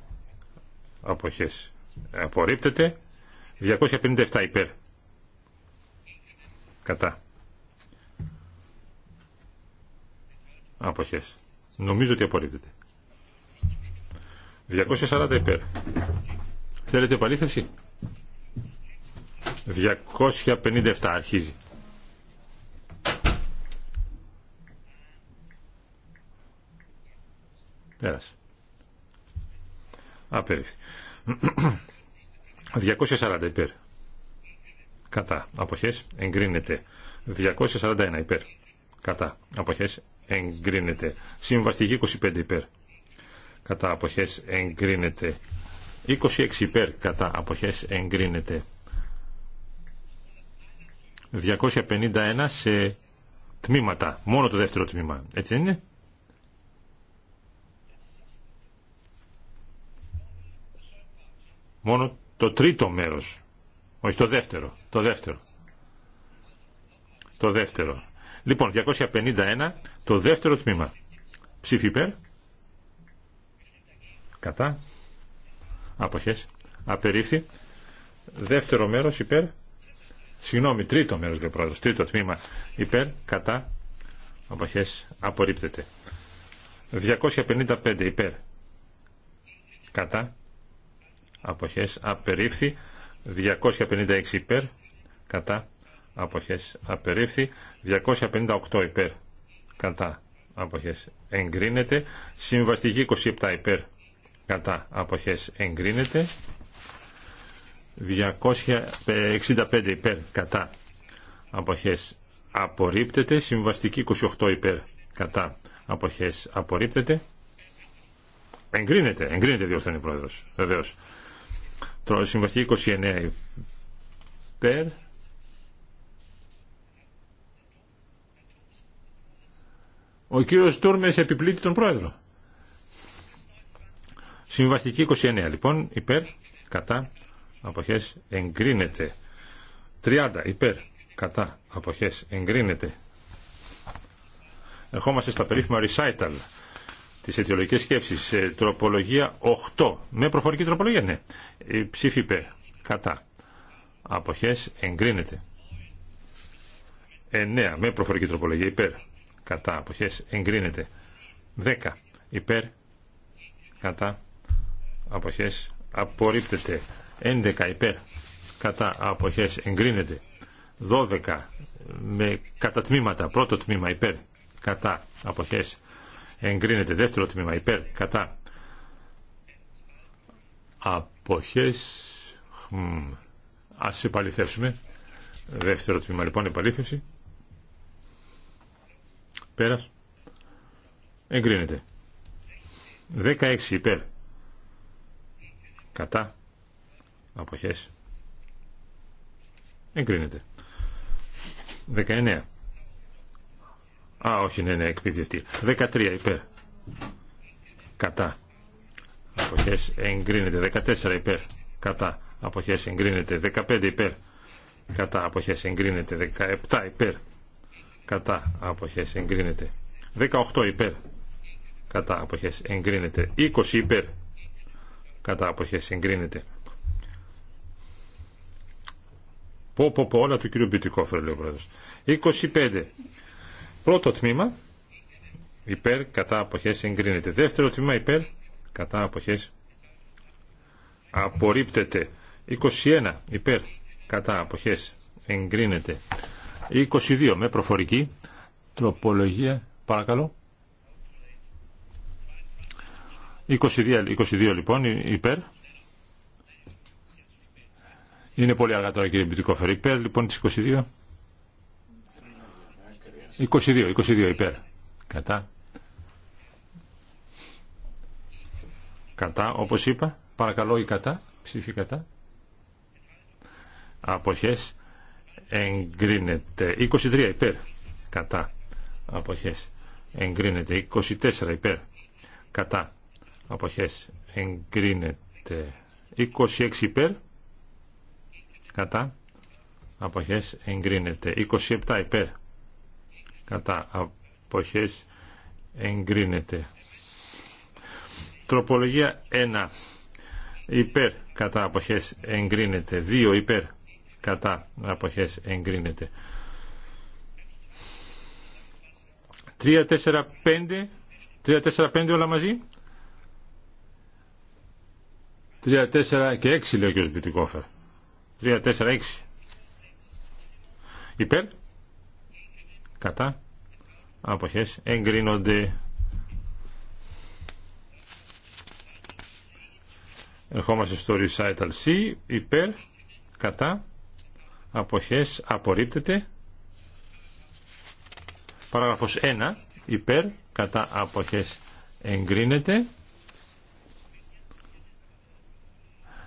αποχές απορρίπτεται 257 υπέρ κατά αποχές νομίζω ότι απορρίπτεται 240 υπέρ θέλετε επαλήθευση 257 αρχίζει Πέρασε. Απέριφθη. 240 υπέρ. Κατά. Αποχές. Εγκρίνεται. 241 υπέρ. Κατά. Αποχές. Εγκρίνεται. Συμβαστική 25 υπέρ. Κατά. Αποχές. Εγκρίνεται. 26 υπέρ. Κατά. Αποχές. Εγκρίνεται. 251 σε τμήματα. Μόνο το δεύτερο τμήμα. Έτσι δεν είναι. μόνο το τρίτο μέρος, όχι το δεύτερο, το δεύτερο. Το δεύτερο. Λοιπόν, 251, το δεύτερο τμήμα. Ψήφι υπέρ. Κατά. Αποχές. Απερίφθη. Δεύτερο μέρος υπέρ. Συγγνώμη, τρίτο μέρος λέει πρόεδρος. Τρίτο τμήμα υπέρ. Κατά. Αποχές. Απορρίπτεται. 255 υπέρ. Κατά αποχές απερίφθη 256 υπέρ κατά αποχές απερίφθη 258 υπέρ κατά αποχές εγκρίνεται συμβαστική 27 υπέρ κατά αποχές εγκρίνεται 265 υπέρ κατά αποχές απορρίπτεται συμβαστική 28 υπέρ κατά αποχές απορρίπτεται εγκρίνεται εγκρίνεται διόρθωνη πρόεδρος βεβαίως το συμβαστή 29 υπέρ. Ο κύριος Τούρμες επιπλήττει τον πρόεδρο. Συμβαστική 29 λοιπόν υπέρ, κατά, αποχές εγκρίνεται. 30 υπέρ, κατά, αποχές εγκρίνεται. Ερχόμαστε στα περίφημα recital τις αιτιολογικές σκέψεις. Ε, τροπολογία 8. Με προφορική τροπολογία, ναι. Ψήφι υπέρ. Κατά. Αποχέ εγκρίνεται. 9. Με προφορική τροπολογία υπέρ. Κατά. αποχέ. εγκρίνεται. 10. Υπέρ. Κατά. Αποχέ. απορρίπτεται. 11. Υπέρ. Κατά. απόχέ εγκρίνεται. 12. Με κατά τμήματα. Πρώτο τμήμα υπέρ. Κατά. Αποχές εγκρίνεται δεύτερο τμήμα υπέρ κατά αποχές Μ, ας επαληθεύσουμε δεύτερο τμήμα λοιπόν επαλήθευση πέρας εγκρίνεται 16 υπέρ κατά αποχές εγκρίνεται 19 Α, όχι, ναι, ναι, εκπίπτει αυτή. 13 υπέρ. Κατά. Αποχές εγκρίνεται. 14 υπέρ. Κατά. Αποχές εγκρίνεται. 15 υπέρ. Κατά. Αποχές εγκρίνεται. 17 υπέρ. Κατά. Αποχές εγκρίνεται. 18 υπέρ. Κατά. Αποχές εγκρίνεται. 20 υπέρ. Κατά. Αποχές εγκρίνεται. Πω, πω, πω, όλα του κύριου Μπιτικόφερ, λέει ο πρόεδρος. 25 Πρώτο τμήμα υπέρ κατά αποχές εγκρίνεται. Δεύτερο τμήμα υπέρ κατά αποχές απορρίπτεται. 21 υπέρ κατά αποχές εγκρίνεται. 22 με προφορική τροπολογία παρακαλώ. 22, 22 λοιπόν υπέρ. Είναι πολύ αργά τώρα κύριε Μπιτικόφερ. Υπέρ λοιπόν τη 22. 22, 22 υπέρ. Κατά. Κατά, όπως είπα, παρακαλώ η κατά, ψήφι κατά. Αποχές εγκρίνεται. 23 υπέρ. Κατά. Αποχές εγκρίνεται. 24 υπέρ. Κατά. Αποχές εγκρίνεται. 26 υπέρ. Κατά. Αποχές εγκρίνεται. 27 υπέρ κατά αποχές εγκρίνεται τροπολογία 1 υπέρ κατά αποχές εγκρίνεται 2 υπέρ κατά αποχές εγκρίνεται 3, 4, 5 3, 4, 5 όλα μαζί 3, 4 και 6 λέει ο κ. Μπιτικόφερ 3, 4, 6 υπέρ κατά αποχές εγκρίνονται ερχόμαστε στο recital C υπέρ κατά αποχές απορρίπτεται παράγραφος 1 υπέρ κατά αποχές εγκρίνεται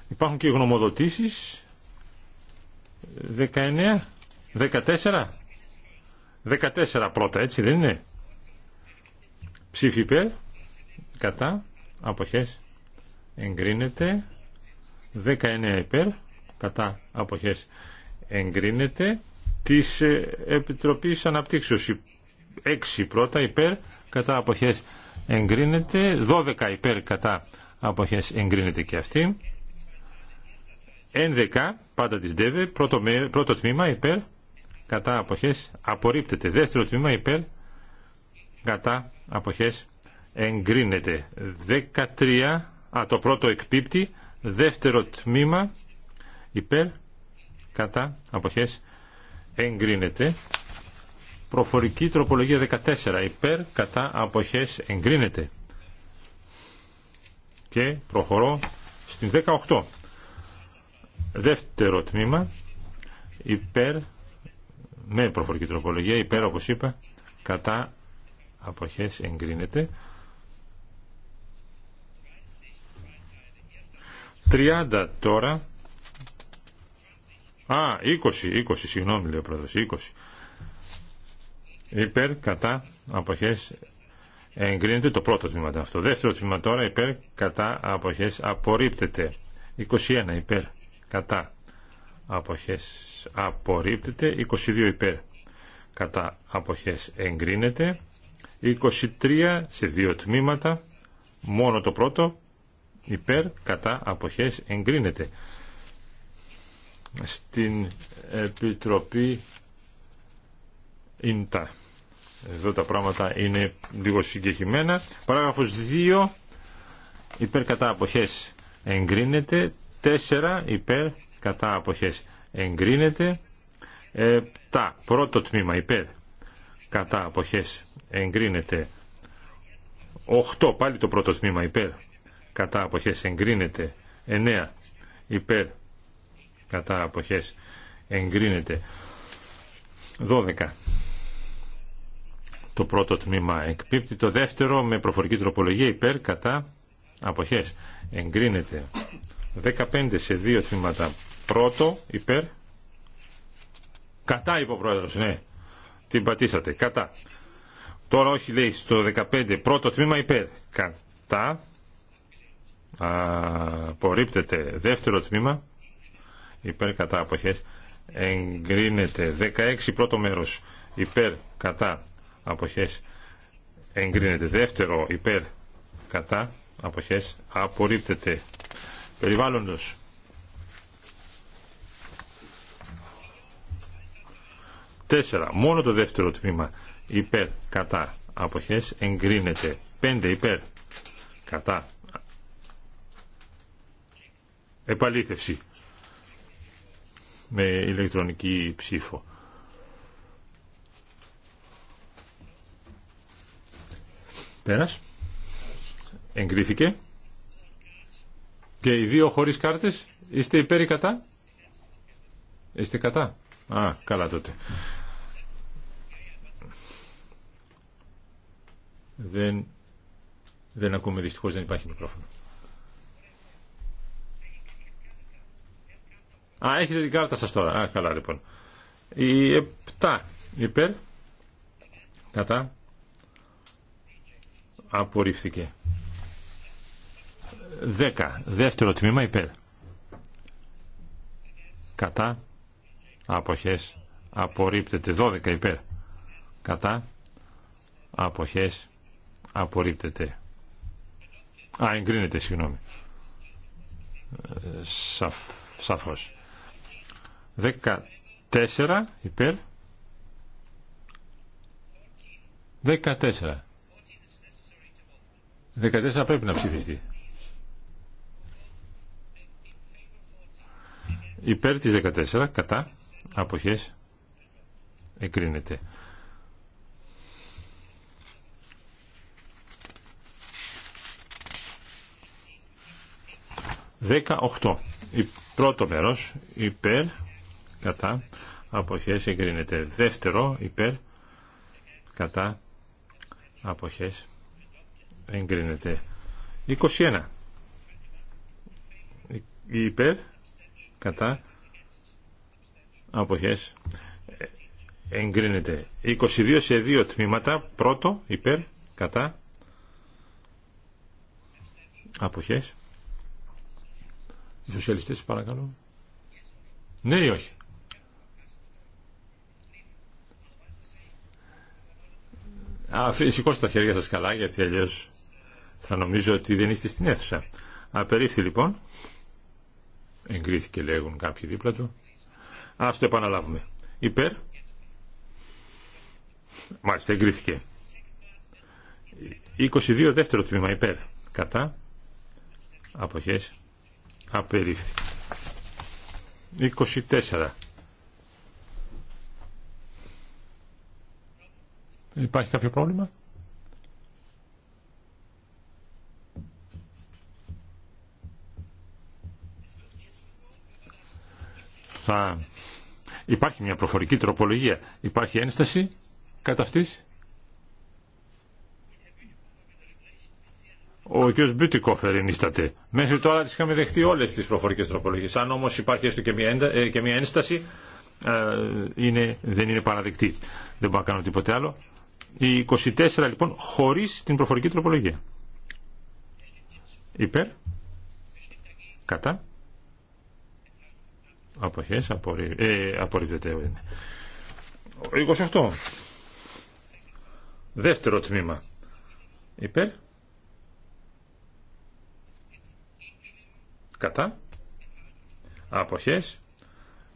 υπάρχουν και γνωμοδοτήσεις 19 14 14 πρώτα, έτσι δεν είναι. Ψήφι υπέρ, κατά, αποχές, εγκρίνεται. 19 υπέρ, κατά, αποχές, εγκρίνεται. Της ε, Επιτροπής Αναπτύξεως, 6 πρώτα υπέρ, κατά, αποχές, εγκρίνεται. 12 υπέρ, κατά, αποχές, εγκρίνεται και αυτή. 11, πάντα της ΔΕΒΕ, πρώτο, πρώτο τμήμα υπέρ, κατά αποχές απορρίπτεται. Δεύτερο τμήμα υπέρ κατά αποχές εγκρίνεται. 13, α, το πρώτο εκπίπτει, δεύτερο τμήμα υπέρ κατά αποχές εγκρίνεται. Προφορική τροπολογία 14 υπέρ κατά αποχές εγκρίνεται. Και προχωρώ στην 18. Δεύτερο τμήμα υπέρ με προφορική τροπολογία υπέρ όπως είπα κατά αποχές εγκρίνεται 30 τώρα α 20 20 συγγνώμη λέει ο πρόεδρος 20 υπέρ κατά αποχές εγκρίνεται το πρώτο τμήμα αυτό δεύτερο τμήμα τώρα υπέρ κατά αποχές απορρίπτεται 21 υπέρ κατά αποχές απορρίπτεται 22 υπέρ κατά αποχές εγκρίνεται 23 σε δύο τμήματα μόνο το πρώτο υπέρ κατά αποχές εγκρίνεται στην Επιτροπή Ιντα εδώ τα πράγματα είναι λίγο συγκεκριμένα παράγραφος 2 υπέρ κατά αποχές εγκρίνεται 4 υπέρ κατά αποχές εγκρίνεται τα πρώτο τμήμα υπέρ κατά αποχές εγκρίνεται 8 πάλι το πρώτο τμήμα υπέρ κατά αποχές εγκρίνεται 9 υπέρ κατά αποχές εγκρίνεται 12 το πρώτο τμήμα εκπίπτει το δεύτερο με προφορική τροπολογία υπέρ κατά αποχές εγκρίνεται 15 σε δύο τμήματα Πρώτο, υπέρ. Κατά, είπε ο πρόεδρος, ναι. Την πατήσατε, κατά. Τώρα όχι λέει στο 15, πρώτο τμήμα υπέρ. Κατά. Απορρίπτεται δεύτερο τμήμα. Υπέρ κατά αποχές. Εγκρίνεται 16 πρώτο μέρος. Υπέρ κατά αποχές. Εγκρίνεται δεύτερο υπέρ κατά αποχές. Απορρίπτεται περιβάλλοντος Τέσσερα. Μόνο το δεύτερο τμήμα υπέρ κατά αποχές εγκρίνεται. πέντε υπέρ κατά επαλήθευση με ηλεκτρονική ψήφο. Πέρας. Εγκρίθηκε. Και οι δύο χωρίς κάρτες είστε υπέρ ή κατά. Είστε κατά. Α, καλά τότε. Δεν, δεν ακούμε δυστυχώς, δεν υπάρχει μικρόφωνο. Α, έχετε την κάρτα σας τώρα. Α, καλά λοιπόν. Η 7 υπέρ κατά απορρίφθηκε. 10. Δεύτερο τμήμα υπέρ. Κατά αποχές απορρίπτεται. 12 υπέρ. Κατά αποχές απορρίπτεται. Α, εγκρίνεται, συγγνώμη. Ε, σαφ, σαφώς. 14 υπέρ. 14. 14 πρέπει να ψηφιστεί. Υπέρ της 14, κατά, αποχές, εγκρίνεται. 18. Η πρώτο μέρος υπέρ κατά αποχές εγκρίνεται. Δεύτερο υπέρ κατά αποχές εγκρίνεται. 21. Υπέρ κατά αποχές εγκρίνεται. 22 σε δύο τμήματα. Πρώτο υπέρ κατά αποχές οι σοσιαλιστές παρακαλώ. Ναι ή όχι. Α, σηκώστε τα χέρια σας καλά γιατί αλλιώ θα νομίζω ότι δεν είστε στην αίθουσα. Απερίφθη λοιπόν. Εγκρίθηκε λέγουν κάποιοι δίπλα του. Ας το επαναλάβουμε. Υπέρ. Μάλιστα εγκρίθηκε. 22 δεύτερο τμήμα υπέρ. Κατά. Αποχές απερίφθη 24 Υπάρχει κάποιο πρόβλημα? Θα... Υπάρχει μια προφορική τροπολογία. Υπάρχει ένσταση κατά αυτής. Ο κ. Μπιουτικόφερ ενίσταται. Μέχρι τώρα τι είχαμε δεχτεί όλες τις προφορικές τροπολογίες. Αν όμως υπάρχει έστω και μια, ε, και ένσταση, ε, είναι, δεν είναι παραδεκτή. Δεν μπορώ να κάνω τίποτε άλλο. Η 24 λοιπόν χωρί την προφορική τροπολογία. Υπέρ. Κατά. Αποχές. Ε, απορρίπτεται. Ε, 28. Δεύτερο τμήμα. Υπέρ. κατά αποχές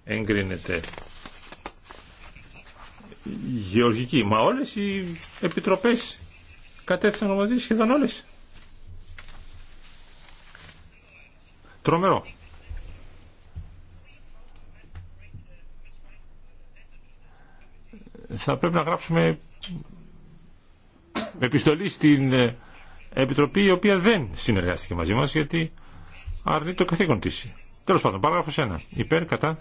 εγκρίνεται γεωργική μα όλες οι επιτροπές κατέθεσαν μαζί σχεδόν όλες τρομερό θα πρέπει να γράψουμε επιστολή στην Επιτροπή η οποία δεν συνεργάστηκε μαζί μας γιατί αρνεί το καθήκον τη. Τέλο πάντων, παράγραφο 1. Υπέρ, κατά,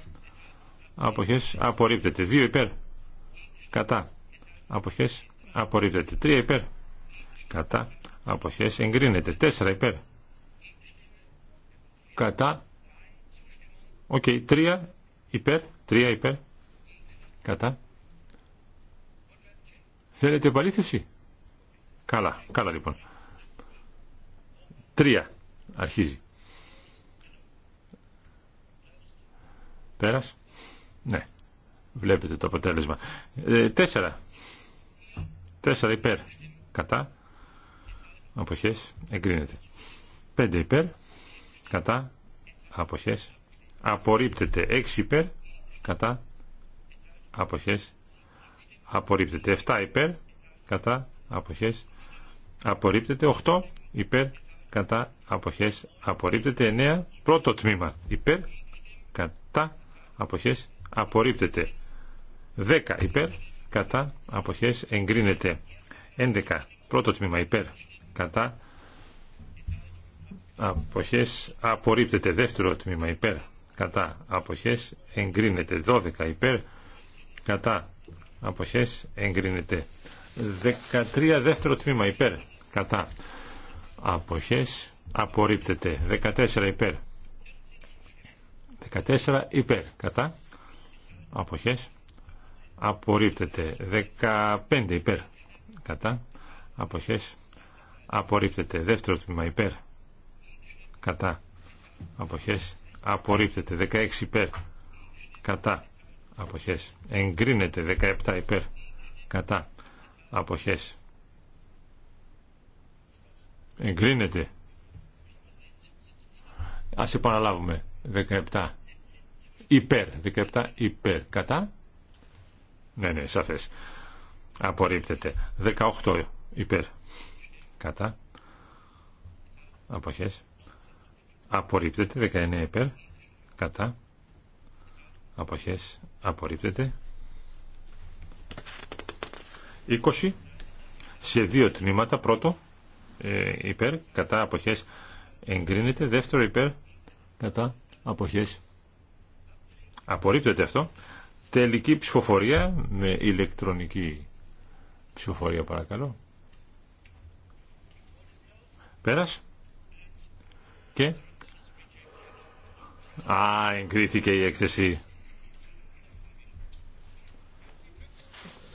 αποχέ, απορρίπτεται. 2 υπέρ, κατά, αποχέ, απορρίπτεται. 3 υπέρ, κατά, αποχέ, εγκρίνεται. 4 υπέρ, κατά, οκ, okay, 3 υπέρ, 3 υπέρ, κατά. Θέλετε επαλήθευση. Καλά, καλά λοιπόν. 3 αρχίζει. Πέρας. Ναι. Βλέπετε το αποτέλεσμα. Ε, τέσσερα. Τέσσερα υπέρ. Κατά. Αποχές. Εγκρίνεται. Πέντε υπέρ. Κατά. Αποχές. Απορρίπτεται. Έξι υπέρ. Κατά. Αποχές. Απορρίπτεται. Εφτά υπέρ. Κατά. Αποχές. Απορρίπτεται. Οχτώ υπέρ. Κατά. Αποχές. Απορρίπτεται. Εννέα. Πρώτο τμήμα. Υπέρ. Κατά αποχές απορρίπτεται. 10 υπέρ κατά αποχές εγκρίνεται. 11 πρώτο τμήμα υπέρ κατά αποχές απορρίπτεται. Δεύτερο τμήμα υπέρ κατά αποχές εγκρίνεται. 12 υπέρ κατά αποχές εγκρίνεται. 13 δεύτερο τμήμα υπέρ κατά αποχές απορρίπτεται. 14 υπέρ 14 υπέρ. Κατά. Αποχές. Απορρίπτεται. 15 υπέρ. Κατά. Αποχές. Απορρίπτεται. Δεύτερο τμήμα υπέρ. Κατά. Αποχές. Απορρίπτεται. 16 υπέρ. Κατά. Αποχές. Εγκρίνεται. 17 υπέρ. Κατά. Αποχές. Εγκρίνεται. Ας επαναλάβουμε. 17 υπέρ. 17 υπέρ. Κατά. Ναι, ναι, σαφές. Απορρίπτεται. 18 υπέρ. Κατά. Αποχές. Απορρίπτεται. 19 υπέρ. Κατά. Αποχές. Απορρίπτεται. 20 σε δύο τμήματα. Πρώτο ε, υπέρ. Κατά. Αποχές. Εγκρίνεται. Δεύτερο υπέρ. Κατά. Αποχές. Απορρίπτεται αυτό. Τελική ψηφοφορία με ηλεκτρονική ψηφοφορία παρακαλώ. Πέρας. Και. Α, εγκρίθηκε η έκθεση.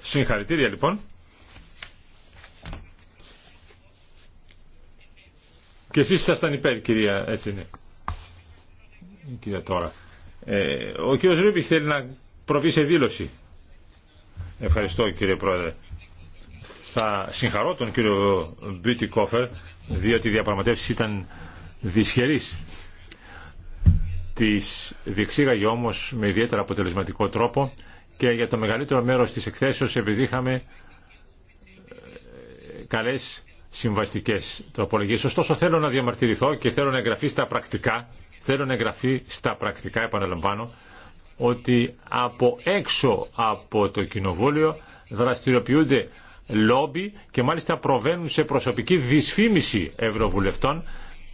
Συγχαρητήρια λοιπόν. Και εσείς ήσασταν υπέρ κυρία, έτσι είναι. κυρία τώρα. Ε, ο κύριος Ρούμπιχ θέλει να προβεί σε δήλωση. Ευχαριστώ κύριε Πρόεδρε. Θα συγχαρώ τον κύριο Μπιούτι Κόφερ, διότι οι διαπραγματεύσεις ήταν δυσχερείς. Τις διεξήγαγε όμως με ιδιαίτερα αποτελεσματικό τρόπο και για το μεγαλύτερο μέρος της εκθέσεως επειδή είχαμε ε, καλές συμβαστικές τροπολογίες. Ωστόσο θέλω να διαμαρτυρηθώ και θέλω να εγγραφεί στα πρακτικά θέλω να εγγραφεί στα πρακτικά, επαναλαμβάνω, ότι από έξω από το κοινοβούλιο δραστηριοποιούνται λόμπι και μάλιστα προβαίνουν σε προσωπική δυσφήμιση ευρωβουλευτών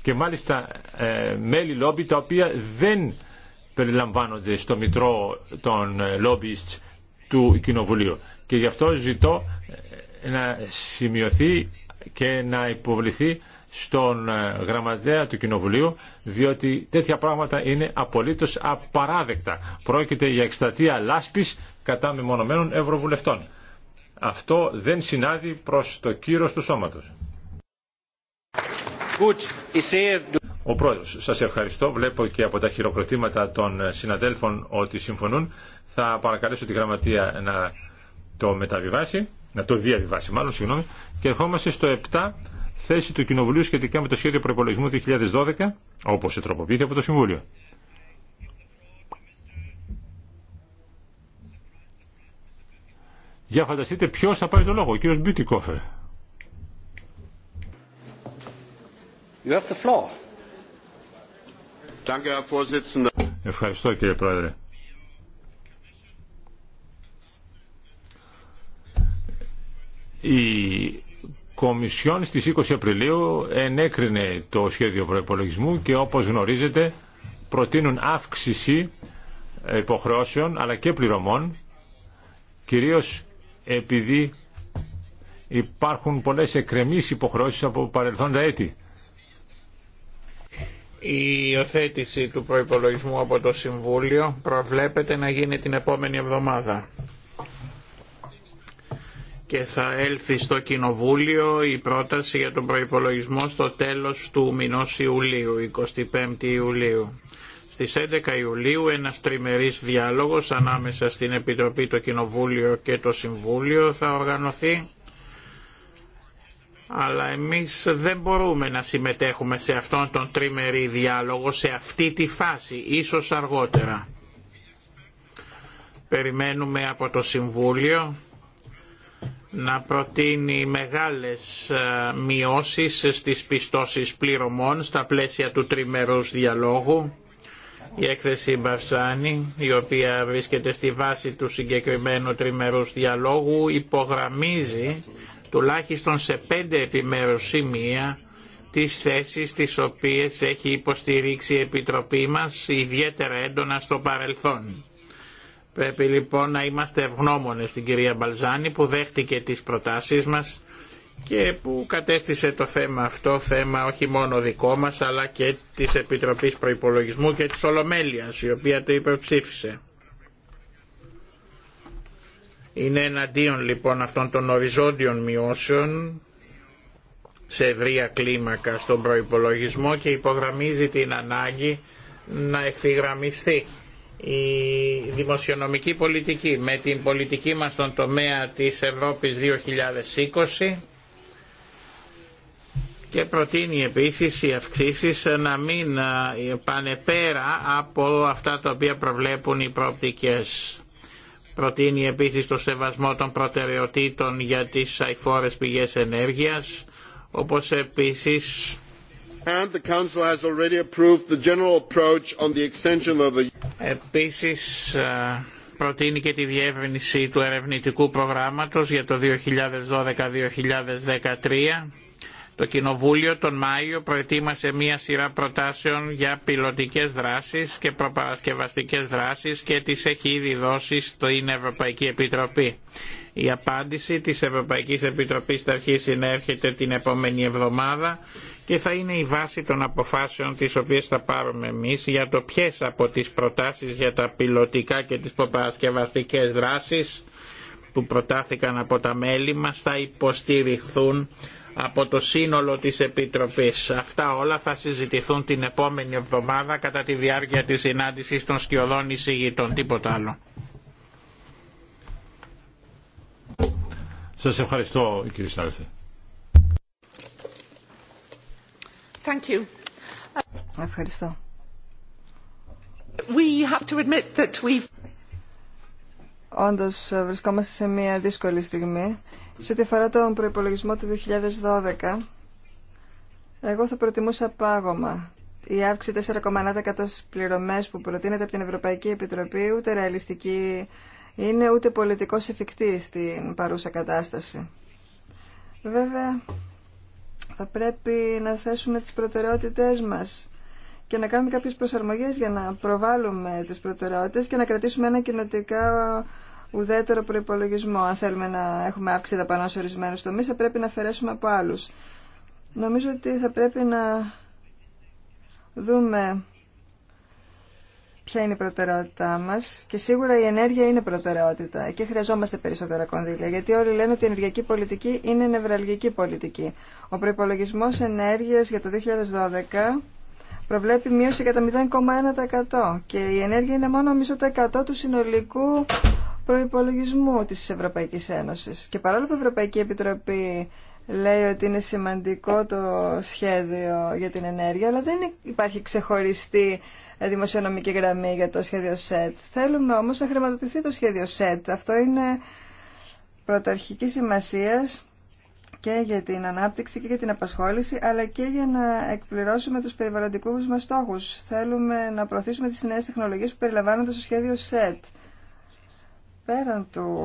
και μάλιστα ε, μέλη λόμπι τα οποία δεν περιλαμβάνονται στο μητρό των ε, λόμπιστς του Κοινοβουλίου. Και γι' αυτό ζητώ ε, να σημειωθεί και να υποβληθεί στον ε, γραμματέα του Κοινοβουλίου, διότι τέτοια πράγματα είναι απολύτως απαράδεκτα. Πρόκειται για εκστατεία λάσπης κατά μεμονωμένων ευρωβουλευτών. Αυτό δεν συνάδει προς το κύρος του σώματος. Ο πρόεδρος, σας ευχαριστώ. Βλέπω και από τα χειροκροτήματα των συναδέλφων ότι συμφωνούν. Θα παρακαλέσω τη γραμματεία να το μεταβιβάσει, να το διαβιβάσει μάλλον, συγγνώμη. Και ερχόμαστε στο 7 θέση του Κοινοβουλίου σχετικά με το σχέδιο προπολογισμού 2012, όπως σε τροποποιήθηκε από το Συμβούλιο. Για φανταστείτε ποιος θα πάρει το λόγο, ο κύριος Μπιουτικόφερ. You the floor. Ευχαριστώ κύριε Πρόεδρε. Η Κομισιόν στις 20 Απριλίου ενέκρινε το σχέδιο προϋπολογισμού και όπως γνωρίζετε προτείνουν αύξηση υποχρεώσεων αλλά και πληρωμών κυρίως επειδή υπάρχουν πολλές εκκρεμείς υποχρεώσεις από παρελθόντα έτη. Η υιοθέτηση του προϋπολογισμού από το Συμβούλιο προβλέπεται να γίνει την επόμενη εβδομάδα και θα έλθει στο Κοινοβούλιο η πρόταση για τον προϋπολογισμό στο τέλος του μηνός Ιουλίου, 25 Ιουλίου. Στις 11 Ιουλίου ένας τριμερής διάλογος ανάμεσα στην Επιτροπή, το Κοινοβούλιο και το Συμβούλιο θα οργανωθεί αλλά εμείς δεν μπορούμε να συμμετέχουμε σε αυτόν τον τριμερή διάλογο σε αυτή τη φάση, ίσως αργότερα. Περιμένουμε από το Συμβούλιο να προτείνει μεγάλες ε, μειώσεις στις πιστώσεις πληρωμών στα πλαίσια του τριμερούς διαλόγου. Η έκθεση Μπαρσάνη, η οποία βρίσκεται στη βάση του συγκεκριμένου τριμερούς διαλόγου, υπογραμμίζει τουλάχιστον σε πέντε επιμέρους σημεία τις θέσεις τις οποίες έχει υποστηρίξει η Επιτροπή μας ιδιαίτερα έντονα στο παρελθόν. Πρέπει λοιπόν να είμαστε ευγνώμονες στην κυρία Μπαλζάνη που δέχτηκε τις προτάσεις μας και που κατέστησε το θέμα αυτό θέμα όχι μόνο δικό μας αλλά και της Επιτροπής Προϋπολογισμού και της Ολομέλειας η οποία το υπερψήφισε. Είναι εναντίον λοιπόν αυτών των οριζόντιων μειώσεων σε ευρία κλίμακα στον προϋπολογισμό και υπογραμμίζει την ανάγκη να ευθυγραμμιστεί η δημοσιονομική πολιτική με την πολιτική μας στον τομέα της Ευρώπης 2020 και προτείνει επίσης οι αυξήσεις να μην πάνε πέρα από αυτά τα οποία προβλέπουν οι προοπτικές. Προτείνει επίσης το σεβασμό των προτεραιοτήτων για τις αϊφόρες πηγές ενέργειας, όπως επίσης And Επίσης, προτείνει και τη διεύρυνση του ερευνητικού προγράμματος για το 2012-2013. Το Κοινοβούλιο τον Μάιο προετοίμασε μία σειρά προτάσεων για πιλωτικές δράσεις και προπαρασκευαστικές δράσεις και τις έχει ήδη δώσει στην Ευρωπαϊκή Επιτροπή. Η απάντηση της Ευρωπαϊκής Επιτροπής θα αρχίσει να έρχεται την επόμενη εβδομάδα και θα είναι η βάση των αποφάσεων τις οποίες θα πάρουμε εμείς για το ποιες από τις προτάσεις για τα πιλωτικά και τις προπαρασκευαστικές δράσεις που προτάθηκαν από τα μέλη μας θα υποστηριχθούν από το σύνολο της Επιτροπής. Αυτά όλα θα συζητηθούν την επόμενη εβδομάδα κατά τη διάρκεια της συνάντησης των σκιωδών εισηγητών. Τίποτα άλλο. Σας ευχαριστώ κύριε Ευχαριστώ. We Όντως βρισκόμαστε σε μια δύσκολη στιγμή. Σε ό,τι αφορά τον προϋπολογισμό του 2012, εγώ θα προτιμούσα πάγωμα. Η αύξηση 4,1% στις πληρωμές που προτείνεται από την Ευρωπαϊκή Επιτροπή ούτε ρεαλιστική είναι ούτε πολιτικός εφικτή στην παρούσα κατάσταση. Βέβαια, θα πρέπει να θέσουμε τις προτεραιότητές μας και να κάνουμε κάποιες προσαρμογές για να προβάλλουμε τις προτεραιότητες και να κρατήσουμε ένα κοινοτικά ουδέτερο προϋπολογισμό. Αν θέλουμε να έχουμε αύξηση δαπανών σε ορισμένου τομεί, θα πρέπει να αφαιρέσουμε από άλλους. Νομίζω ότι θα πρέπει να δούμε ποια είναι η προτεραιότητά μα και σίγουρα η ενέργεια είναι προτεραιότητα. Εκεί χρειαζόμαστε περισσότερα κονδύλια, γιατί όλοι λένε ότι η ενεργειακή πολιτική είναι νευραλγική πολιτική. Ο προπολογισμό ενέργεια για το 2012 προβλέπει μείωση κατά 0,1% και η ενέργεια είναι μόνο μισό τα του συνολικού προϋπολογισμού της Ευρωπαϊκής Ένωσης. Και παρόλο που η Ευρωπαϊκή Επιτροπή λέει ότι είναι σημαντικό το σχέδιο για την ενέργεια, αλλά δεν υπάρχει ξεχωριστή δημοσιονομική γραμμή για το σχέδιο ΣΕΤ. Θέλουμε όμως να χρηματοδοτηθεί το σχέδιο ΣΕΤ. Αυτό είναι πρωταρχική σημασία και για την ανάπτυξη και για την απασχόληση, αλλά και για να εκπληρώσουμε τους περιβαλλοντικούς μας στόχους. Θέλουμε να προωθήσουμε τις νέες τεχνολογίες που περιλαμβάνονται στο σχέδιο ΣΕΤ. Πέραν του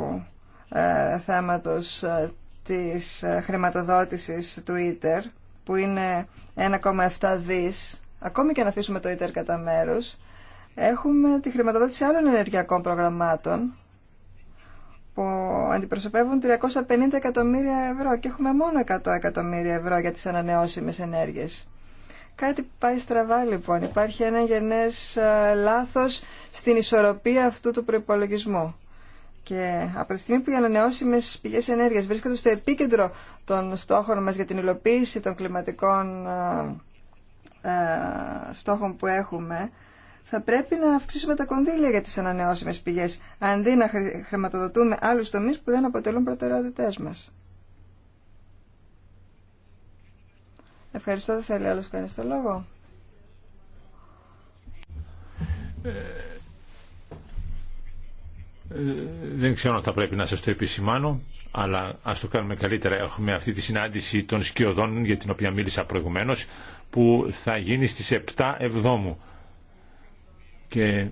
ε, θέματος ε, της ε, χρηματοδότησης του ΙΤΕΡ, που είναι 1,7 δις ακόμη και να αφήσουμε το ίτερ κατά μέρου, έχουμε τη χρηματοδότηση άλλων ενεργειακών προγραμμάτων που αντιπροσωπεύουν 350 εκατομμύρια ευρώ και έχουμε μόνο 100 εκατομμύρια ευρώ για τις ανανεώσιμες ενέργειες. Κάτι πάει στραβά λοιπόν. Υπάρχει ένα γενές λάθος στην ισορροπία αυτού του προϋπολογισμού. Και από τη στιγμή που οι ανανεώσιμε πηγέ ενέργεια βρίσκονται στο επίκεντρο των στόχων μα για την υλοποίηση των κλιματικών ε, στόχων που έχουμε, θα πρέπει να αυξήσουμε τα κονδύλια για τις ανανεώσιμες πηγές, αντί να χρηματοδοτούμε άλλους τομείς που δεν αποτελούν προτεραιότητές μας. Ευχαριστώ, δεν θέλει άλλος κανείς το λόγο. Ε, δεν ξέρω αν θα πρέπει να σας το επισημάνω, αλλά ας το κάνουμε καλύτερα. Έχουμε αυτή τη συνάντηση των σκιωδών για την οποία μίλησα προηγουμένως που θα γίνει στις 7 Εβδόμου. Και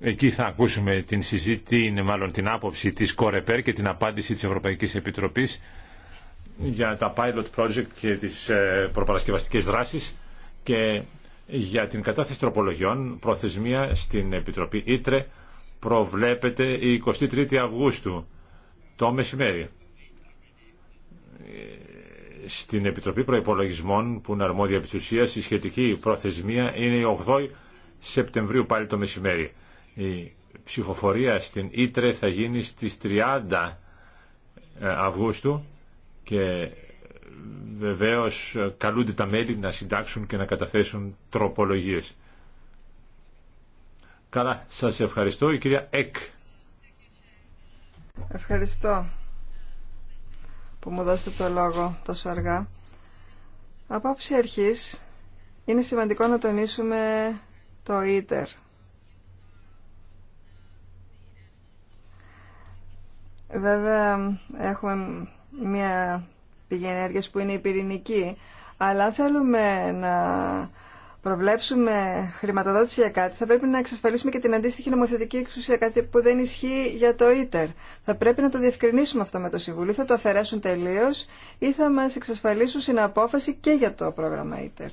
εκεί θα ακούσουμε την συζήτηση, μάλλον την άποψη της Κορεπέρ και την απάντηση της Ευρωπαϊκής Επιτροπής για τα pilot project και τις ε, προπαρασκευαστικές δράσεις και για την κατάθεση τροπολογιών προθεσμία στην Επιτροπή Ήτρε προβλέπεται η 23η Αυγούστου το μεσημέρι. Ε, στην Επιτροπή προπολογισμών που είναι αρμόδια επί η σχετική προθεσμία είναι η 8η Σεπτεμβρίου πάλι το μεσημέρι. Η ψηφοφορία στην Ήτρε θα γίνει στις 30 ε, Αυγούστου και βεβαίως καλούνται τα μέλη να συντάξουν και να καταθέσουν τροπολογίες. Καλά, σας ευχαριστώ. Η κυρία Εκ. Ευχαριστώ που μου δώσετε το λόγο τόσο αργά. Από άψη αρχής είναι σημαντικό να τονίσουμε το ίτερ. Βέβαια έχουμε μια πηγή ενέργειας που είναι η πυρηνική, αλλά θέλουμε να προβλέψουμε χρηματοδότηση για κάτι, θα πρέπει να εξασφαλίσουμε και την αντίστοιχη νομοθετική εξουσία, κάτι που δεν ισχύει για το ίτερ. Θα πρέπει να το διευκρινίσουμε αυτό με το Συμβουλίο, θα το αφαιρέσουν τελείω ή θα μα εξασφαλίσουν απόφαση και για το πρόγραμμα ίτερ.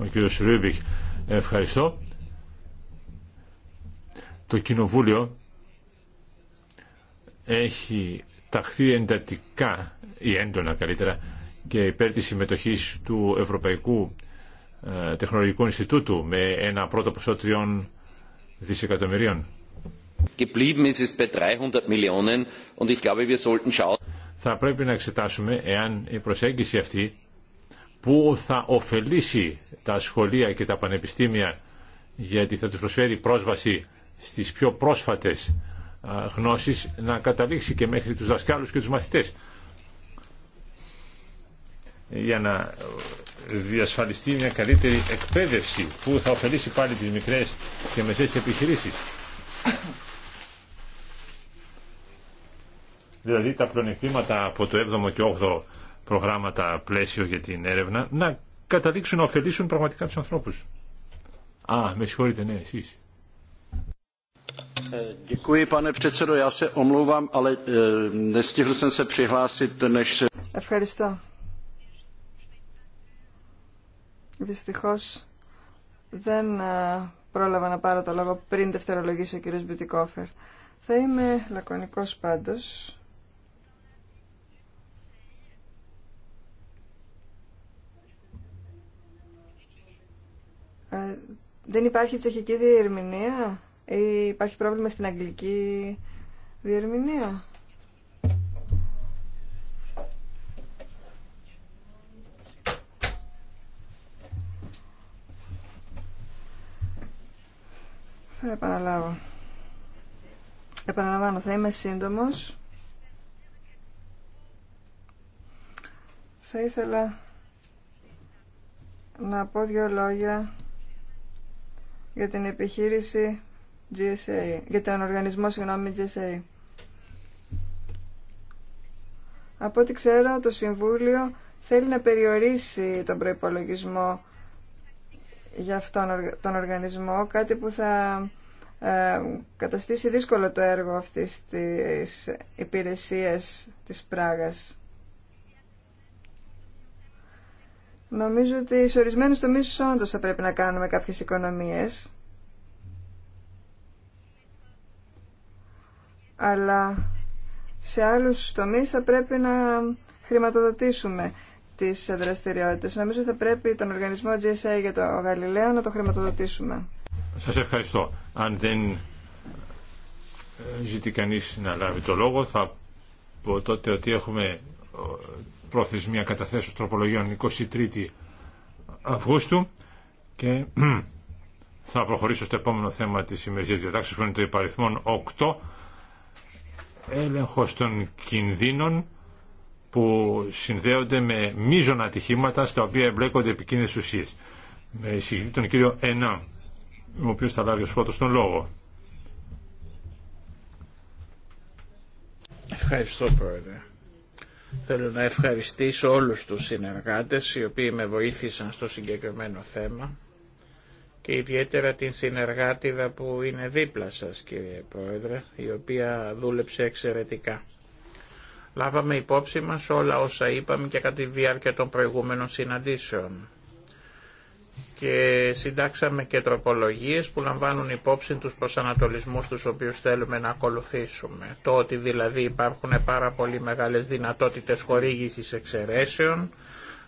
Ο κ. Ρούμπιχ, ευχαριστώ. Το Κοινοβούλιο έχει ταχθεί εντατικά ή έντονα καλύτερα και υπέρ της συμμετοχής του Ευρωπαϊκού ε, Τεχνολογικού Ινστιτούτου με ένα πρώτο ποσό τριών δισεκατομμυρίων. Θα πρέπει να εξετάσουμε εάν η προσέγγιση αυτή που θα ωφελήσει τα σχολεία και τα πανεπιστήμια γιατί θα τους προσφέρει πρόσβαση στις πιο πρόσφατες γνώσεις να καταλήξει και μέχρι τους δασκάλους και τους μαθητές για να διασφαλιστεί μια καλύτερη εκπαίδευση που θα ωφελήσει πάλι τις μικρές και μεσαίες επιχειρήσεις. δηλαδή τα πλονεκτήματα από το 7ο και 8ο προγράμματα πλαίσιο για την έρευνα να καταλήξουν να ωφελήσουν πραγματικά τους ανθρώπους. Α, με συγχωρείτε, ναι, εσείς. Ευχαριστώ. Δυστυχώς δεν ε, πρόλαβα να πάρω το λόγο πριν δευτερολογήσει ο κύριος Μπιουτικόφερ. Θα είμαι λακωνικός πάντως. Ε, δεν υπάρχει τσεχική διερμηνία ή υπάρχει πρόβλημα στην αγγλική διερμηνία. Θα επαναλάβω. Επαναλαμβάνω, θα είμαι σύντομος. Θα ήθελα να πω δύο λόγια για την επιχείρηση GSA, για τον οργανισμό, συγγνώμη, GSA. Από ό,τι ξέρω, το Συμβούλιο θέλει να περιορίσει τον προϋπολογισμό για αυτόν τον οργανισμό, κάτι που θα ε, καταστήσει δύσκολο το έργο αυτής της υπηρεσίας της Πράγας. Νομίζω ότι σε ορισμένους τομεί όντω θα πρέπει να κάνουμε κάποιες οικονομίες. Αλλά σε άλλους τομεί θα πρέπει να χρηματοδοτήσουμε τι δραστηριότητε, Νομίζω θα πρέπει τον οργανισμό GSA για το Γαλιλαίο να το χρηματοδοτήσουμε. Σα ευχαριστώ. Αν δεν ε, ζητεί κανεί να λάβει το λόγο θα πω τότε ότι έχουμε προθεσμία καταθέσεως τροπολογιών 23 Αυγούστου και [CLEARS THROAT] θα προχωρήσω στο επόμενο θέμα της ημερικής διατάξης που είναι το υπαριθμό 8 έλεγχος των κινδύνων που συνδέονται με μείζωνα ατυχήματα στα οποία εμπλέκονται επικίνδυνες ουσίες. Με εισηγητή τον κύριο Ενά, ο οποίος θα λάβει ω πρώτο τον λόγο. Ευχαριστώ πρόεδρε. Θέλω να ευχαριστήσω όλους τους συνεργάτες οι οποίοι με βοήθησαν στο συγκεκριμένο θέμα και ιδιαίτερα την συνεργάτηδα που είναι δίπλα σας κύριε Πρόεδρε η οποία δούλεψε εξαιρετικά. Λάβαμε υπόψη μας όλα όσα είπαμε και κατά τη διάρκεια των προηγούμενων συναντήσεων. Και συντάξαμε και τροπολογίες που λαμβάνουν υπόψη τους προσανατολισμούς τους οποίους θέλουμε να ακολουθήσουμε. Το ότι δηλαδή υπάρχουν πάρα πολύ μεγάλες δυνατότητες χορήγησης εξαιρέσεων,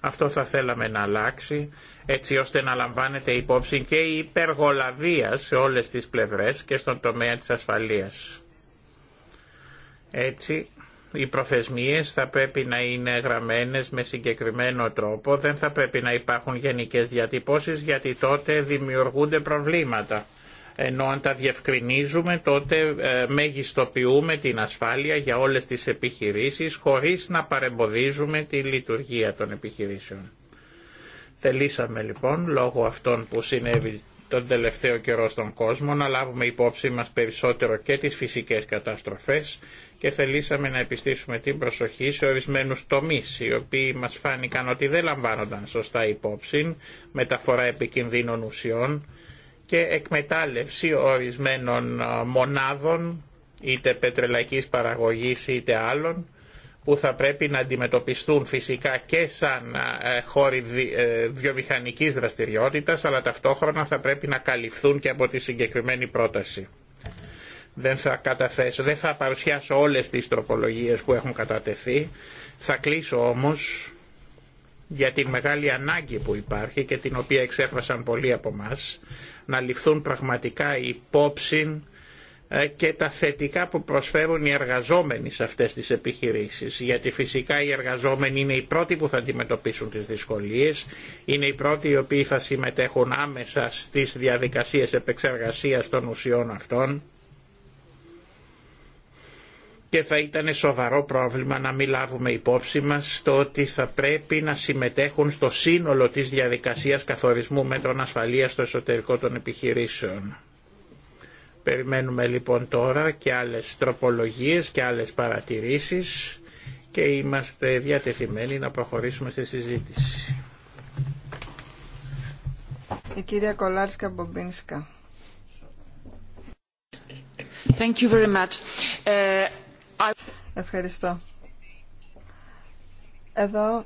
αυτό θα θέλαμε να αλλάξει, έτσι ώστε να λαμβάνεται υπόψη και η υπεργολαβία σε όλες τις πλευρές και στον τομέα της ασφαλείας. Έτσι οι προθεσμίες θα πρέπει να είναι γραμμένες με συγκεκριμένο τρόπο, δεν θα πρέπει να υπάρχουν γενικές διατυπώσεις γιατί τότε δημιουργούνται προβλήματα. Ενώ αν τα διευκρινίζουμε τότε ε, μεγιστοποιούμε την ασφάλεια για όλες τις επιχειρήσεις χωρίς να παρεμποδίζουμε τη λειτουργία των επιχειρήσεων. Θελήσαμε λοιπόν λόγω αυτών που συνέβη τον τελευταίο καιρό στον κόσμο, να λάβουμε υπόψη μας περισσότερο και τις φυσικές καταστροφές και θελήσαμε να επιστήσουμε την προσοχή σε ορισμένους τομείς οι οποίοι μας φάνηκαν ότι δεν λαμβάνονταν σωστά υπόψη, μεταφορά επικινδύνων ουσιών και εκμετάλλευση ορισμένων μονάδων είτε πετρελαϊκής παραγωγής είτε άλλων που θα πρέπει να αντιμετωπιστούν φυσικά και σαν ε, χώροι ε, βιομηχανικής δραστηριότητας, αλλά ταυτόχρονα θα πρέπει να καλυφθούν και από τη συγκεκριμένη πρόταση. Δεν θα καταθέσω, δεν θα παρουσιάσω όλες τις τροπολογίες που έχουν κατατεθεί. Θα κλείσω όμως για την μεγάλη ανάγκη που υπάρχει και την οποία εξέφρασαν πολλοί από μας να ληφθούν πραγματικά υπόψη ε, και τα θετικά που προσφέρουν οι εργαζόμενοι σε αυτές τις επιχειρήσεις. Γιατί φυσικά οι εργαζόμενοι είναι οι πρώτοι που θα αντιμετωπίσουν τις δυσκολίες, είναι οι πρώτοι οι οποίοι θα συμμετέχουν άμεσα στις διαδικασίες επεξεργασίας των ουσιών αυτών και θα ήταν σοβαρό πρόβλημα να μην λάβουμε υπόψη μας το ότι θα πρέπει να συμμετέχουν στο σύνολο της διαδικασίας καθορισμού μέτρων ασφαλείας στο εσωτερικό των επιχειρήσεων. Περιμένουμε λοιπόν τώρα και άλλες τροπολογίες και άλλες παρατηρήσεις και είμαστε διατεθειμένοι να προχωρήσουμε στη συζήτηση. Η κυρία Κολάρσκα Μπομπίνσκα. Thank you very much. Ε, Ευχαριστώ. Εδώ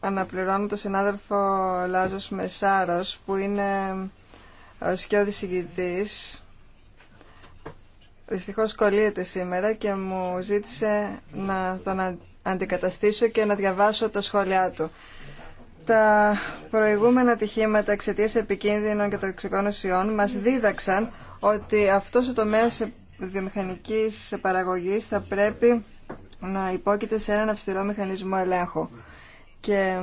αναπληρώνω τον συνάδελφο Λάζος Μεσάρος που είναι ο σκιώδης ηγητής Δυστυχώ κολλείται σήμερα και μου ζήτησε να τον αντικαταστήσω και να διαβάσω τα σχόλιά του. Τα προηγούμενα ατυχήματα εξαιτία επικίνδυνων και τοξικών ουσιών μας δίδαξαν ότι αυτός ο τομέας βιομηχανική παραγωγή θα πρέπει να υπόκειται σε έναν αυστηρό μηχανισμό ελέγχου. Και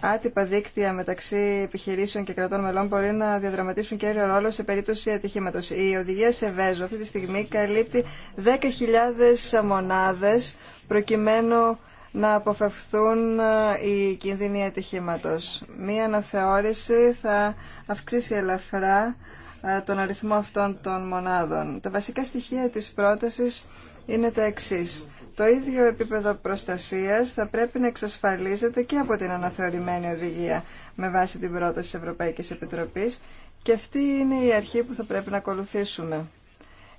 άτυπα δίκτυα μεταξύ επιχειρήσεων και κρατών μελών μπορεί να διαδραματίσουν κέριο ρόλο σε περίπτωση ατυχήματο. Η οδηγία σε Βέζο αυτή τη στιγμή καλύπτει 10.000 μονάδε προκειμένου να αποφευθούν ε, οι κίνδυνοι ατυχήματο. Μία αναθεώρηση θα αυξήσει ελαφρά ε, τον αριθμό αυτών των μονάδων. Τα βασικά στοιχεία της πρότασης είναι τα εξής. Το ίδιο επίπεδο προστασίας θα πρέπει να εξασφαλίζεται και από την αναθεωρημένη οδηγία με βάση την πρόταση της Ευρωπαϊκής Επιτροπής και αυτή είναι η αρχή που θα πρέπει να ακολουθήσουμε.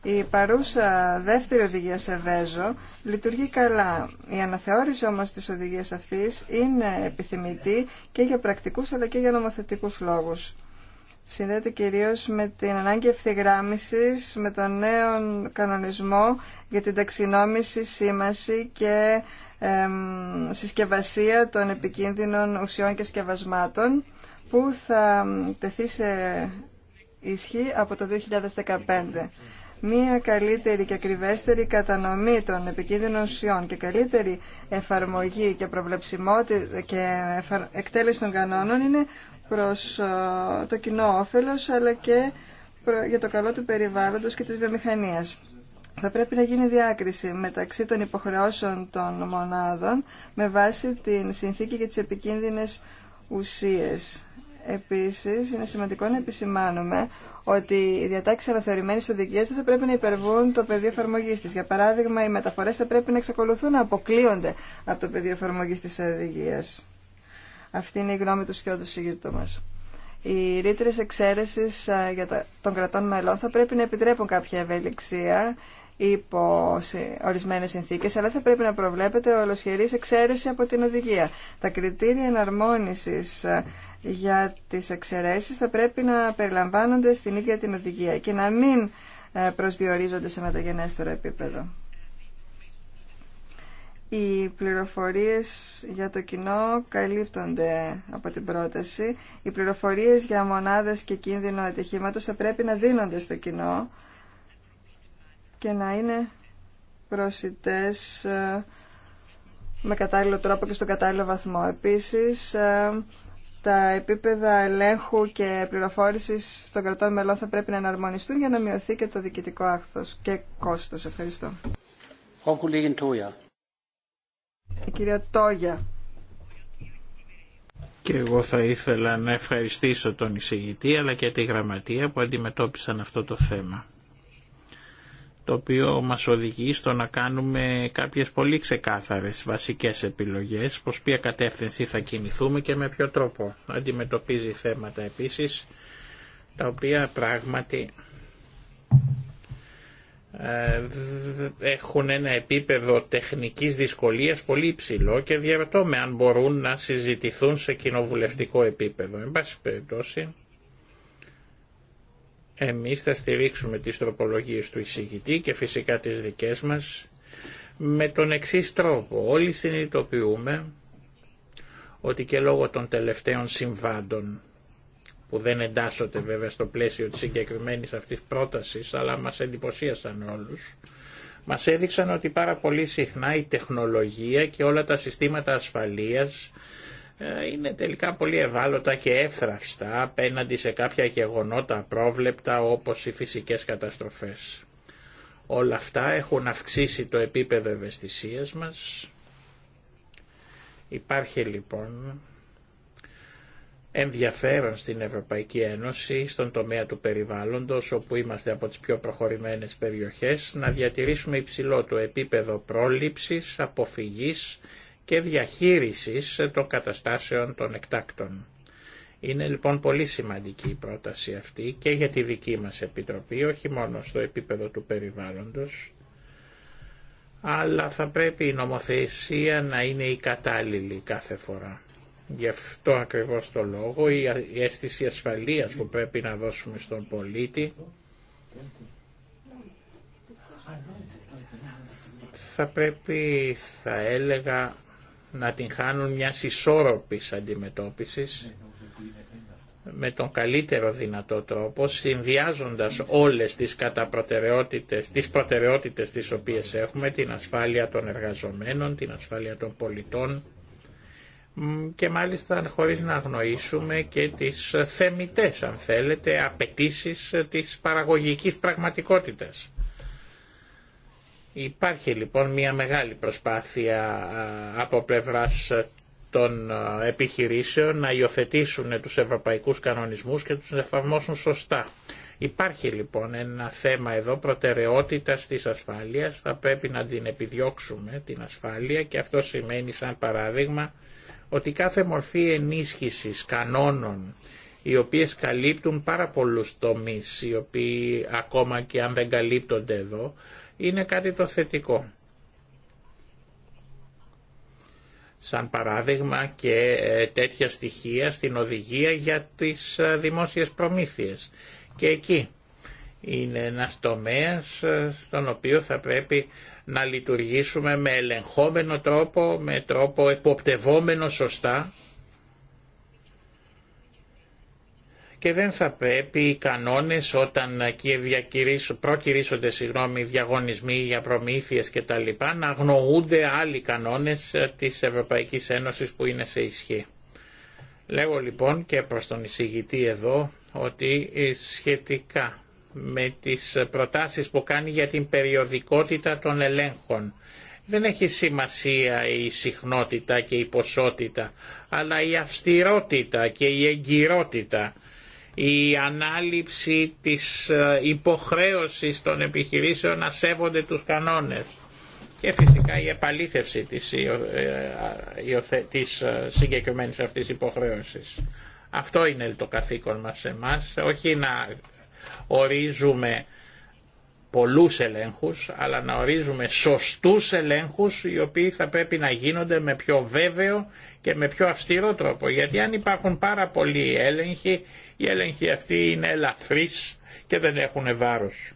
Η παρούσα δεύτερη οδηγία σε Βέζο λειτουργεί καλά. Η αναθεώρηση όμως της οδηγίας αυτής είναι επιθυμητή και για πρακτικούς αλλά και για νομοθετικούς λόγους συνδέεται κυρίως με την ανάγκη ευθυγράμμισης με τον νέο κανονισμό για την ταξινόμηση, σήμαση και συσκευασία των επικίνδυνων ουσιών και σκευασμάτων που θα τεθεί σε ισχύ από το 2015. Μία καλύτερη και ακριβέστερη κατανομή των επικίνδυνων ουσιών και καλύτερη εφαρμογή και προβλεψιμότητα και εκτέλεση των κανόνων είναι προς ε, το κοινό όφελος αλλά και για το καλό του περιβάλλοντος και της βιομηχανίας. Θα πρέπει να γίνει διάκριση μεταξύ των υποχρεώσεων των μονάδων με βάση την συνθήκη και τις επικίνδυνες ουσίες. Επίσης, είναι σημαντικό να επισημάνουμε ότι οι διατάξει αναθεωρημένη οδηγία δεν θα πρέπει να υπερβούν το πεδίο εφαρμογή τη. Για παράδειγμα, οι μεταφορέ θα πρέπει να εξακολουθούν να αποκλείονται από το πεδίο εφαρμογή τη οδηγία. Αυτή είναι η γνώμη του σκιώδου Σιγητού μας. Οι ρήτρε εξαίρεση των κρατών μελών θα πρέπει να επιτρέπουν κάποια ευελιξία υπό ορισμένε συνθήκε, αλλά θα πρέπει να προβλέπεται ολοσχερή εξαίρεση από την οδηγία. Τα κριτήρια εναρμόνιση για τι εξαιρέσει θα πρέπει να περιλαμβάνονται στην ίδια την οδηγία και να μην ε, προσδιορίζονται σε μεταγενέστερο επίπεδο. Οι πληροφορίες για το κοινό καλύπτονται από την πρόταση. Οι πληροφορίες για μονάδες και κίνδυνο ατυχήματος θα πρέπει να δίνονται στο κοινό και να είναι προσιτές ε, με κατάλληλο τρόπο και στον κατάλληλο βαθμό. Επίσης, ε, τα επίπεδα ελέγχου και πληροφόρησης των κρατών μελών θα πρέπει να εναρμονιστούν για να μειωθεί και το διοικητικό άχθος και κόστος. Ευχαριστώ κυρία Τόγια. Και εγώ θα ήθελα να ευχαριστήσω τον εισηγητή αλλά και τη γραμματεία που αντιμετώπισαν αυτό το θέμα το οποίο μας οδηγεί στο να κάνουμε κάποιες πολύ ξεκάθαρες βασικές επιλογές προς ποια κατεύθυνση θα κινηθούμε και με ποιο τρόπο. Αντιμετωπίζει θέματα επίσης τα οποία πράγματι ε, έχουν ένα επίπεδο τεχνικής δυσκολίας πολύ υψηλό και διαρωτώ με αν μπορούν να συζητηθούν σε κοινοβουλευτικό επίπεδο. Εν πάση περιπτώσει, εμείς θα στηρίξουμε τις τροπολογίες του εισηγητή και φυσικά τις δικές μας με τον εξή τρόπο. Όλοι συνειδητοποιούμε ότι και λόγω των τελευταίων συμβάντων που δεν εντάσσονται βέβαια στο πλαίσιο της συγκεκριμένη αυτής πρότασης, αλλά μας εντυπωσίασαν όλους, μας έδειξαν ότι πάρα πολύ συχνά η τεχνολογία και όλα τα συστήματα ασφαλείας ε, είναι τελικά πολύ ευάλωτα και εύθραυστα απέναντι σε κάποια γεγονότα πρόβλεπτα όπως οι φυσικές καταστροφές. Όλα αυτά έχουν αυξήσει το επίπεδο ευαισθησίας μας. Υπάρχει λοιπόν ενδιαφέρον στην Ευρωπαϊκή Ένωση στον τομέα του περιβάλλοντος όπου είμαστε από τις πιο προχωρημένες περιοχές να διατηρήσουμε υψηλό το επίπεδο πρόληψης, αποφυγής και διαχείρισης των καταστάσεων των εκτάκτων. Είναι λοιπόν πολύ σημαντική η πρόταση αυτή και για τη δική μας Επιτροπή, όχι μόνο στο επίπεδο του περιβάλλοντος, αλλά θα πρέπει η νομοθεσία να είναι η κατάλληλη κάθε φορά. Γι' αυτό ακριβώς το λόγο η αίσθηση ασφαλείας που πρέπει να δώσουμε στον πολίτη θα πρέπει, θα έλεγα, να την χάνουν μια ισόρροπης αντιμετώπισης με τον καλύτερο δυνατό τρόπο, συνδυάζοντας όλες τις καταπροτεραιότητες, τις προτεραιότητες τις οποίες έχουμε, την ασφάλεια των εργαζομένων, την ασφάλεια των πολιτών, και μάλιστα χωρίς να αγνοήσουμε και τις θεμητές αν θέλετε απαιτήσει της παραγωγικής πραγματικότητας. Υπάρχει λοιπόν μια μεγάλη προσπάθεια από πλευράς των επιχειρήσεων να υιοθετήσουν τους ευρωπαϊκούς κανονισμούς και τους εφαρμόσουν σωστά. Υπάρχει λοιπόν ένα θέμα εδώ προτεραιότητας της ασφάλειας, θα πρέπει να την επιδιώξουμε την ασφάλεια και αυτό σημαίνει σαν παράδειγμα ότι κάθε μορφή ενίσχυσης κανόνων οι οποίες καλύπτουν πάρα πολλούς τομείς, οι οποίοι ακόμα και αν δεν καλύπτονται εδώ, είναι κάτι το θετικό. Σαν παράδειγμα και ε, τέτοια στοιχεία στην οδηγία για τις ε, δημόσιες προμήθειες. Και εκεί είναι ένας τομέας ε, στον οποίο θα πρέπει να λειτουργήσουμε με ελεγχόμενο τρόπο, με τρόπο εποπτευόμενο σωστά και δεν θα πρέπει οι κανόνες όταν προκυρήσονται συγγνώμη, διαγωνισμοί για προμήθειες και τα λοιπά να αγνοούνται άλλοι κανόνες ε, της Ευρωπαϊκής Ένωσης που είναι σε ισχύ. Λέγω λοιπόν και προς τον εισηγητή εδώ ότι ε, σχετικά με τις προτάσεις που κάνει για την περιοδικότητα των ελέγχων. Δεν έχει σημασία η συχνότητα και η ποσότητα, αλλά η αυστηρότητα και η εγκυρότητα, η ανάληψη της ε, υποχρέωσης των επιχειρήσεων να σέβονται τους κανόνες και φυσικά η επαλήθευση της, ε, της ε, συγκεκριμένης αυτής υποχρέωσης. Αυτό είναι το καθήκον μας εμάς, όχι να ορίζουμε πολλούς ελέγχους, αλλά να ορίζουμε σωστούς ελέγχους οι οποίοι θα πρέπει να γίνονται με πιο βέβαιο και με πιο αυστηρό τρόπο. Γιατί αν υπάρχουν πάρα πολλοί έλεγχοι, οι έλεγχοι αυτοί είναι ελαφρείς και δεν έχουν βάρος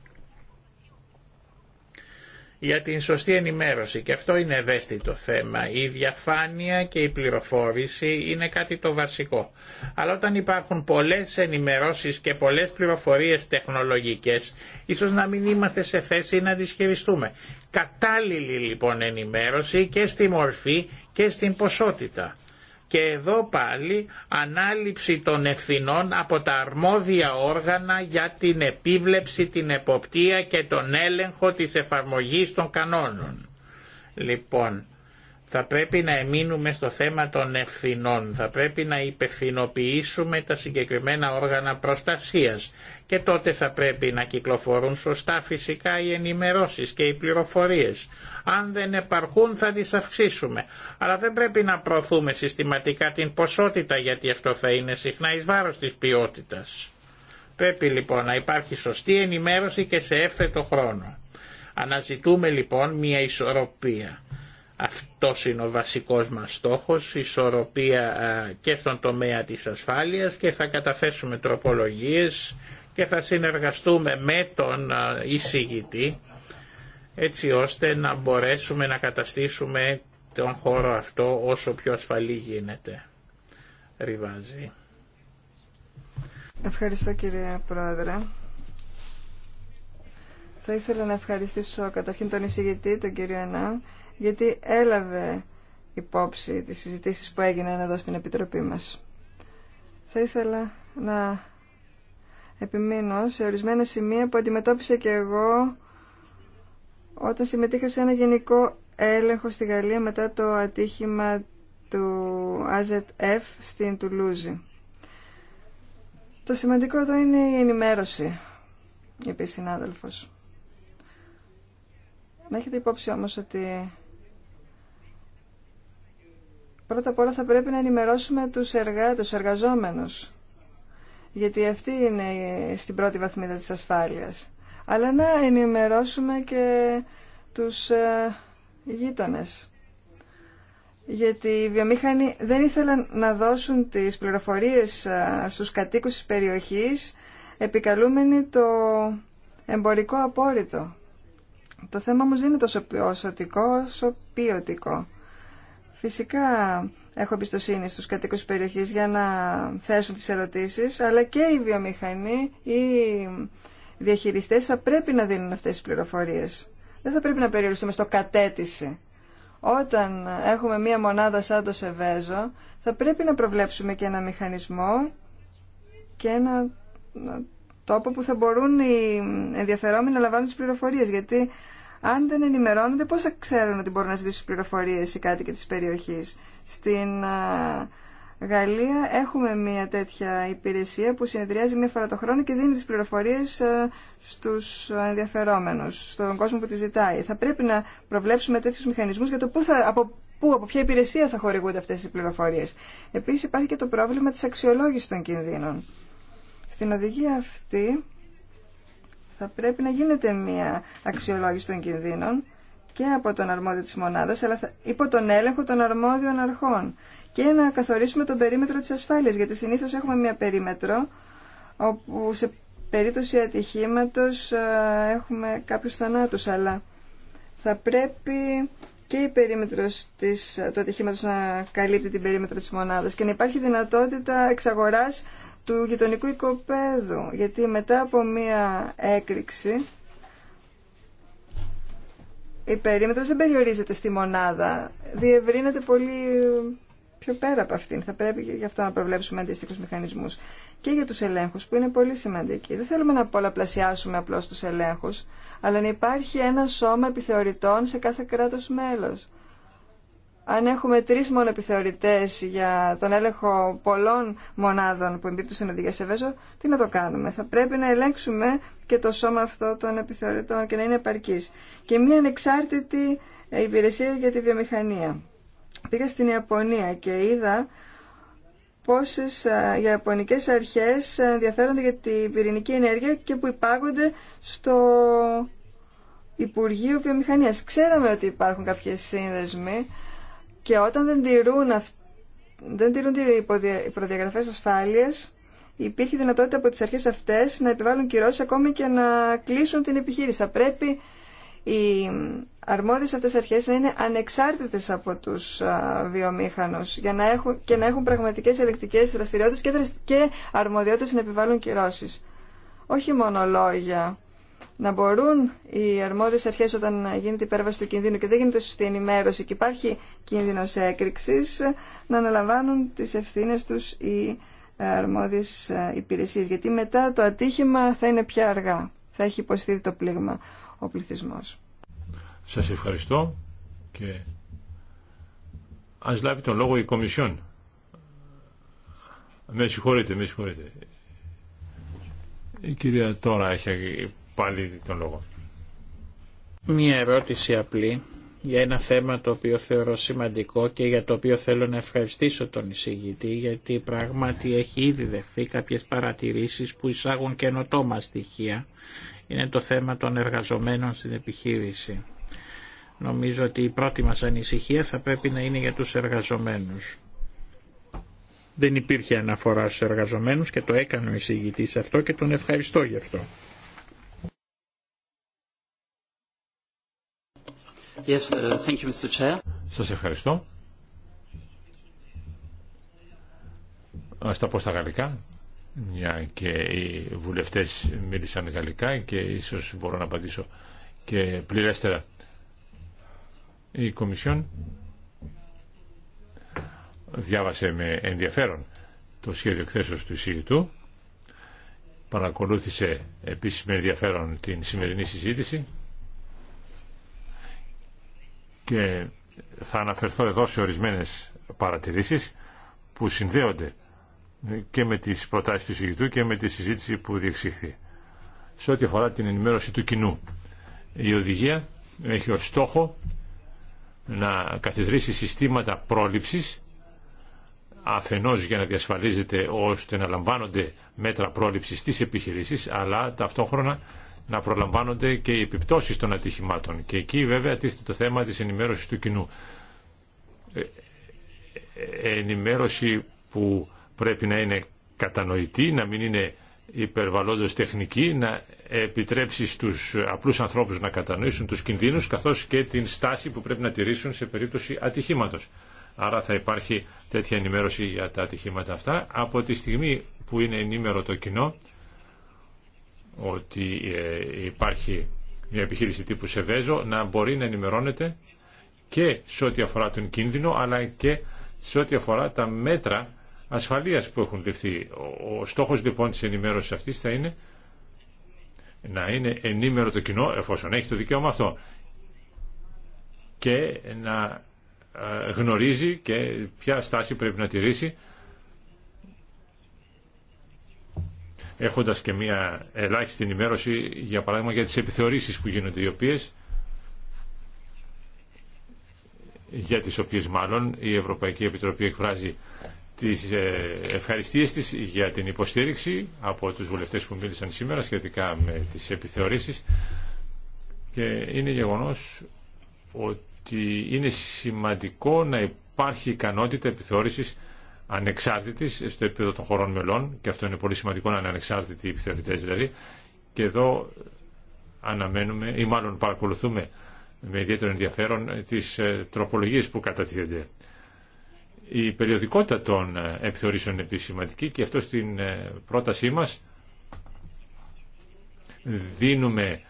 για την σωστή ενημέρωση και αυτό είναι ευαίσθητο θέμα. Η διαφάνεια και η πληροφόρηση είναι κάτι το βασικό. Αλλά όταν υπάρχουν πολλές ενημερώσεις και πολλές πληροφορίες τεχνολογικές, ίσως να μην είμαστε σε θέση να τις χειριστούμε. Κατάλληλη λοιπόν ενημέρωση και στη μορφή και στην ποσότητα. Και εδώ πάλι ανάληψη των ευθυνών από τα αρμόδια όργανα για την επίβλεψη, την εποπτεία και τον έλεγχο της εφαρμογής των κανόνων. Λοιπόν, θα πρέπει να εμείνουμε στο θέμα των ευθυνών, θα πρέπει να υπευθυνοποιήσουμε τα συγκεκριμένα όργανα προστασίας και τότε θα πρέπει να κυκλοφορούν σωστά φυσικά οι ενημερώσεις και οι πληροφορίες. Αν δεν επαρκούν θα τις αυξήσουμε, αλλά δεν πρέπει να προωθούμε συστηματικά την ποσότητα γιατί αυτό θα είναι συχνά εις βάρος της ποιότητας. Πρέπει λοιπόν να υπάρχει σωστή ενημέρωση και σε εύθετο χρόνο. Αναζητούμε λοιπόν μια ισορροπία. Αυτός είναι ο βασικός μας στόχος, ισορροπία και στον τομέα της ασφάλειας και θα καταθέσουμε τροπολογίες και θα συνεργαστούμε με τον εισηγητή έτσι ώστε να μπορέσουμε να καταστήσουμε τον χώρο αυτό όσο πιο ασφαλή γίνεται. Ριβάζει. Ευχαριστώ κύριε Πρόεδρε. Θα ήθελα να ευχαριστήσω καταρχήν τον εισηγητή, τον κύριο Ενά, γιατί έλαβε υπόψη τις συζητήσεις που έγιναν εδώ στην Επιτροπή μας. Θα ήθελα να επιμείνω σε ορισμένα σημεία που αντιμετώπισα και εγώ όταν συμμετείχα σε ένα γενικό έλεγχο στη Γαλλία μετά το ατύχημα του AZF στην Τουλούζη. Το σημαντικό εδώ είναι η ενημέρωση, είπε η συνάδελφος. Να έχετε υπόψη όμως ότι Πρώτα απ' όλα θα πρέπει να ενημερώσουμε τους εργάτες, τους εργαζόμενους. Γιατί αυτή είναι στην πρώτη βαθμίδα της ασφάλειας. Αλλά να ενημερώσουμε και τους ε, γείτονες. Γιατί οι βιομήχανοι δεν ήθελαν να δώσουν τις πληροφορίες ε, στους κατοίκους της περιοχής επικαλούμενοι το εμπορικό απόρριτο. Το θέμα όμως δεν είναι τόσο ποιοτικό όσο ποιοτικό. Φυσικά έχω εμπιστοσύνη στους κατοίκους της περιοχής για να θέσουν τις ερωτήσεις, αλλά και οι βιομηχανοί, οι διαχειριστές θα πρέπει να δίνουν αυτές τις πληροφορίες. Δεν θα πρέπει να περιοριστούμε στο κατέτηση. Όταν έχουμε μία μονάδα σαν το Σεβέζο, θα πρέπει να προβλέψουμε και ένα μηχανισμό και ένα τόπο που θα μπορούν οι ενδιαφερόμενοι να λαμβάνουν τις πληροφορίες, γιατί αν δεν ενημερώνονται, πώς θα ξέρουν ότι μπορούν να ζητήσουν πληροφορίες οι κάτοικοι της περιοχής. Στην Γαλλία έχουμε μια τέτοια υπηρεσία που συνεδριάζει μία φορά το χρόνο και δίνει τις πληροφορίες στους ενδιαφερόμενους, στον κόσμο που τη ζητάει. Θα πρέπει να προβλέψουμε τέτοιους μηχανισμούς για το πού θα, από πού, από ποια υπηρεσία θα χορηγούνται αυτές οι πληροφορίες. Επίσης υπάρχει και το πρόβλημα της αξιολόγησης των κινδύνων. Στην οδηγία αυτή θα πρέπει να γίνεται μια αξιολόγηση των κινδύνων και από τον αρμόδιο της μονάδας, αλλά υπό τον έλεγχο των αρμόδιων αρχών και να καθορίσουμε τον περίμετρο της ασφάλειας, γιατί συνήθως έχουμε μια περίμετρο όπου σε περίπτωση ατυχήματος ε, έχουμε κάποιους θανάτους, αλλά θα πρέπει και η περίμετρος της, του ατυχήματος να καλύπτει την περίμετρο της μονάδας και να υπάρχει δυνατότητα εξαγοράς του γειτονικού οικοπαίδου, γιατί μετά από μία έκρηξη η περίμετρος δεν περιορίζεται στη μονάδα, διευρύνεται πολύ πιο πέρα από αυτήν. Θα πρέπει γι' αυτό να προβλέψουμε αντίστοιχους μηχανισμούς και για τους ελέγχους που είναι πολύ σημαντικοί. Δεν θέλουμε να πολλαπλασιάσουμε απλώς τους ελέγχους, αλλά να υπάρχει ένα σώμα επιθεωρητών σε κάθε κράτος μέλος αν έχουμε τρει μόνο επιθεωρητέ για τον έλεγχο πολλών μονάδων που εμπίπτουν στην οδηγία τι να το κάνουμε. Θα πρέπει να ελέγξουμε και το σώμα αυτό των επιθεωρητών και να είναι επαρκή. Και μια ανεξάρτητη ε, υπηρεσία για τη βιομηχανία. Πήγα στην Ιαπωνία και είδα πόσε ε, ιαπωνικές αρχές ενδιαφέρονται για την πυρηνική ενέργεια και που υπάγονται στο Υπουργείο Βιομηχανίας. Ξέραμε ότι υπάρχουν κάποιες σύνδεσμοι, και όταν δεν τηρούν, δεν τηρούν οι προδιαγραφές ασφάλειας, υπήρχε δυνατότητα από τις αρχές αυτές να επιβάλλουν κυρώσεις ακόμη και να κλείσουν την επιχείρηση. Θα πρέπει οι αρμόδιες αυτές αρχές να είναι ανεξάρτητες από τους βιομήχανους έχουν, και να έχουν πραγματικές ελεκτικές δραστηριότητες και, και αρμοδιότητες να επιβάλλουν κυρώσεις. Όχι μόνο λόγια να μπορούν οι αρμόδιες αρχές όταν γίνεται η υπέρβαση του κινδύνου και δεν γίνεται σωστή ενημέρωση και υπάρχει κίνδυνος έκρηξης να αναλαμβάνουν τις ευθύνες τους οι αρμόδιες ε, υπηρεσίες γιατί μετά το ατύχημα θα είναι πια αργά θα έχει υποστεί το πλήγμα ο πληθυσμός Σας ευχαριστώ και ας λάβει τον λόγο η Κομισιόν με συγχωρείτε, με συγχωρείτε η κυρία τώρα έχει πάλι τον λόγο. Μία ερώτηση απλή για ένα θέμα το οποίο θεωρώ σημαντικό και για το οποίο θέλω να ευχαριστήσω τον εισηγητή γιατί πράγματι έχει ήδη δεχθεί κάποιες παρατηρήσεις που εισάγουν καινοτόμα στοιχεία. Είναι το θέμα των εργαζομένων στην επιχείρηση. Νομίζω ότι η πρώτη μας ανησυχία θα πρέπει να είναι για τους εργαζομένους. Δεν υπήρχε αναφορά στους εργαζομένους και το έκανε ο εισηγητής αυτό και τον ευχαριστώ γι' αυτό. Uh, Σας ευχαριστώ. Ας τα πω στα γαλλικά, μια και οι βουλευτές μίλησαν γαλλικά και ίσως μπορώ να απαντήσω και πληρέστερα. Η Κομισιόν διάβασε με ενδιαφέρον το σχέδιο εκθέσεως του ΣΥΓΙΤΟΥ, παρακολούθησε επίσης με ενδιαφέρον την σημερινή συζήτηση και θα αναφερθώ εδώ σε ορισμένες παρατηρήσεις που συνδέονται και με τις προτάσεις του συγητού και με τη συζήτηση που διεξήχθη. Σε ό,τι αφορά την ενημέρωση του κοινού, η οδηγία έχει ως στόχο να καθιδρύσει συστήματα πρόληψης αφενός για να διασφαλίζεται ώστε να λαμβάνονται μέτρα πρόληψης στις επιχειρήσεις αλλά ταυτόχρονα να προλαμβάνονται και οι επιπτώσεις των ατυχημάτων. Και εκεί βέβαια τίθεται το θέμα της ενημέρωσης του κοινού. Ε, ε, ενημέρωση που πρέπει να είναι κατανοητή, να μην είναι υπερβαλλόντως τεχνική, να επιτρέψει στους απλούς ανθρώπους να κατανοήσουν τους κινδύνους, καθώς και την στάση που πρέπει να τηρήσουν σε περίπτωση ατυχήματος. Άρα θα υπάρχει τέτοια ενημέρωση για τα ατυχήματα αυτά. Από τη στιγμή που είναι ενήμερο το κοινό, ότι ε, υπάρχει μια επιχείρηση τύπου Σεβέζο να μπορεί να ενημερώνεται και σε ό,τι αφορά τον κίνδυνο αλλά και σε ό,τι αφορά τα μέτρα ασφαλείας που έχουν ληφθεί. Ο στόχος λοιπόν της ενημέρωσης αυτής θα είναι να είναι ενήμερο το κοινό εφόσον έχει το δικαίωμα αυτό και να ε, γνωρίζει και ποια στάση πρέπει να τηρήσει έχοντας και μια ελάχιστη ενημέρωση για παράδειγμα για τις επιθεωρήσεις που γίνονται οι για τις οποίες μάλλον η Ευρωπαϊκή Επιτροπή εκφράζει τις ε, ευχαριστίες της για την υποστήριξη από τους βουλευτές που μίλησαν σήμερα σχετικά με τις επιθεωρήσεις και είναι γεγονός ότι είναι σημαντικό να υπάρχει ικανότητα επιθεώρησης ανεξάρτητης στο επίπεδο των χωρών μελών και αυτό είναι πολύ σημαντικό να είναι ανεξάρτητοι οι επιθεωρητές δηλαδή και εδώ αναμένουμε ή μάλλον παρακολουθούμε με ιδιαίτερο ενδιαφέρον τις ε, τροπολογίες που κατατίθενται. Η περιοδικότητα των ε, επιθεωρήσεων είναι σημαντική και αυτό στην ε, πρότασή μας δίνουμε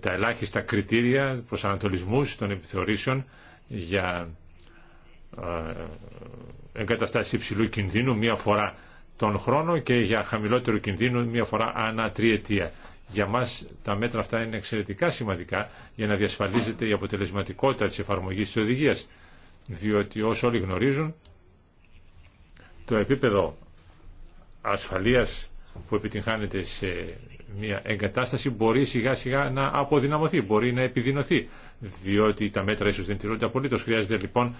τα ελάχιστα κριτήρια ανατολισμούς των επιθεωρήσεων για εγκαταστάσεις υψηλού κινδύνου μία φορά τον χρόνο και για χαμηλότερο κινδύνου μία φορά ανά τριετία. Για μας τα μέτρα αυτά είναι εξαιρετικά σημαντικά για να διασφαλίζεται η αποτελεσματικότητα της εφαρμογής της οδηγίας. Διότι όσοι όλοι γνωρίζουν, το επίπεδο ασφαλείας που επιτυγχάνεται σε μια εγκατάσταση μπορεί σιγά σιγά να αποδυναμωθεί, μπορεί να επιδεινωθεί, διότι τα μέτρα ίσως δεν τηρούνται απολύτως. Χρειάζεται λοιπόν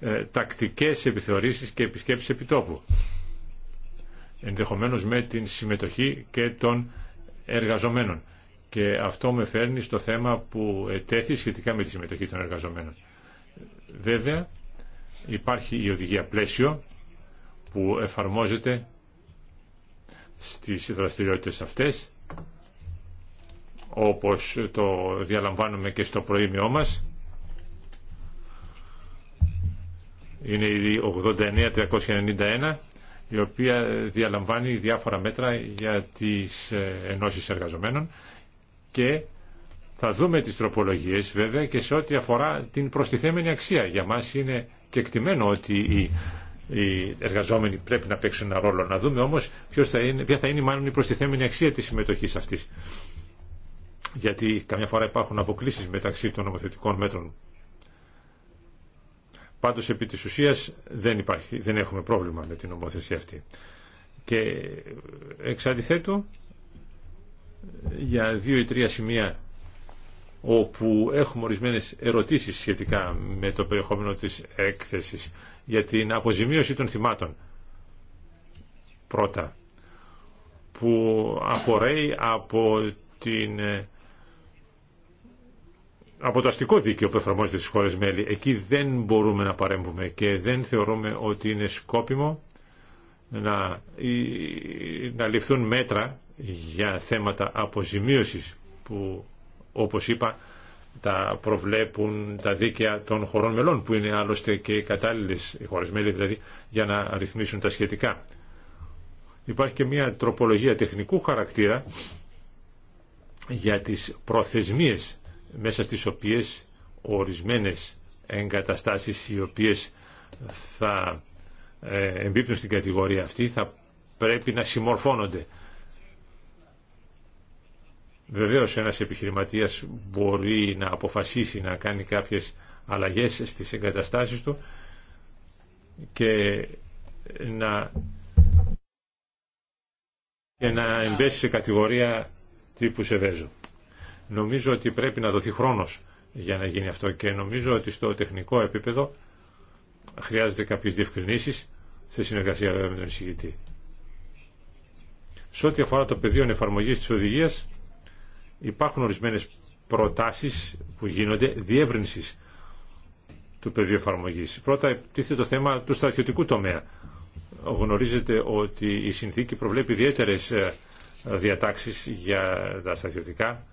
ε, τακτικές επιθεωρήσεις και επισκέψεις επιτόπου ενδεχομένως με την συμμετοχή και των εργαζομένων. Και αυτό με φέρνει στο θέμα που ετέθη σχετικά με τη συμμετοχή των εργαζομένων. Βέβαια, υπάρχει η οδηγία πλαίσιο που εφαρμόζεται στις δραστηριότητες αυτές, όπως το διαλαμβάνουμε και στο προήμιό μας, είναι η 89391 η οποία διαλαμβάνει διάφορα μέτρα για τις ε, ενώσεις εργαζομένων και θα δούμε τις τροπολογίες βέβαια και σε ό,τι αφορά την προστιθέμενη αξία. Για μας είναι και εκτιμένο ότι οι, οι εργαζόμενοι πρέπει να παίξουν ένα ρόλο. Να δούμε όμως ποιος θα είναι, ποια θα είναι μάλλον η προστιθέμενη αξία της συμμετοχής αυτής. Γιατί καμιά φορά υπάρχουν αποκλήσεις μεταξύ των νομοθετικών μέτρων Πάντω επί τη ουσία δεν, δεν έχουμε πρόβλημα με την νομοθεσία αυτή. Και ε, εξ για δύο ή τρία σημεία όπου έχουμε ορισμένες ερωτήσεις σχετικά με το περιεχόμενο της έκθεσης για την αποζημίωση των θυμάτων. Πρώτα, που απορρέει από την ε, από το αστικό δίκαιο που εφαρμόζεται στις χώρες μέλη. Εκεί δεν μπορούμε να παρέμβουμε και δεν θεωρούμε ότι είναι σκόπιμο να, να ληφθούν μέτρα για θέματα αποζημίωσης που όπως είπα τα προβλέπουν τα δίκαια των χωρών μελών που είναι άλλωστε και οι κατάλληλες οι χώρες μέλη δηλαδή για να ρυθμίσουν τα σχετικά. Υπάρχει και μια τροπολογία τεχνικού χαρακτήρα για τις προθεσμίες μέσα στις οποίες ορισμένες εγκαταστάσεις οι οποίες θα ε, εμπίπτουν στην κατηγορία αυτή θα πρέπει να συμμορφώνονται. Βεβαίως ένας επιχειρηματίας μπορεί να αποφασίσει να κάνει κάποιες αλλαγές στις εγκαταστάσεις του και να, και να εμπέσει σε κατηγορία τύπου σεβέζου. Νομίζω ότι πρέπει να δοθεί χρόνος για να γίνει αυτό και νομίζω ότι στο τεχνικό επίπεδο χρειάζεται κάποιες διευκρινήσεις σε συνεργασία με τον εισηγητή. Σε ό,τι αφορά το πεδίο εφαρμογή της οδηγίας υπάρχουν ορισμένες προτάσεις που γίνονται διεύρυνσης του πεδίου εφαρμογή. Πρώτα τίθεται το θέμα του στρατιωτικού τομέα. Γνωρίζετε ότι η συνθήκη προβλέπει ιδιαίτερε ε, διατάξεις για τα στρατιωτικά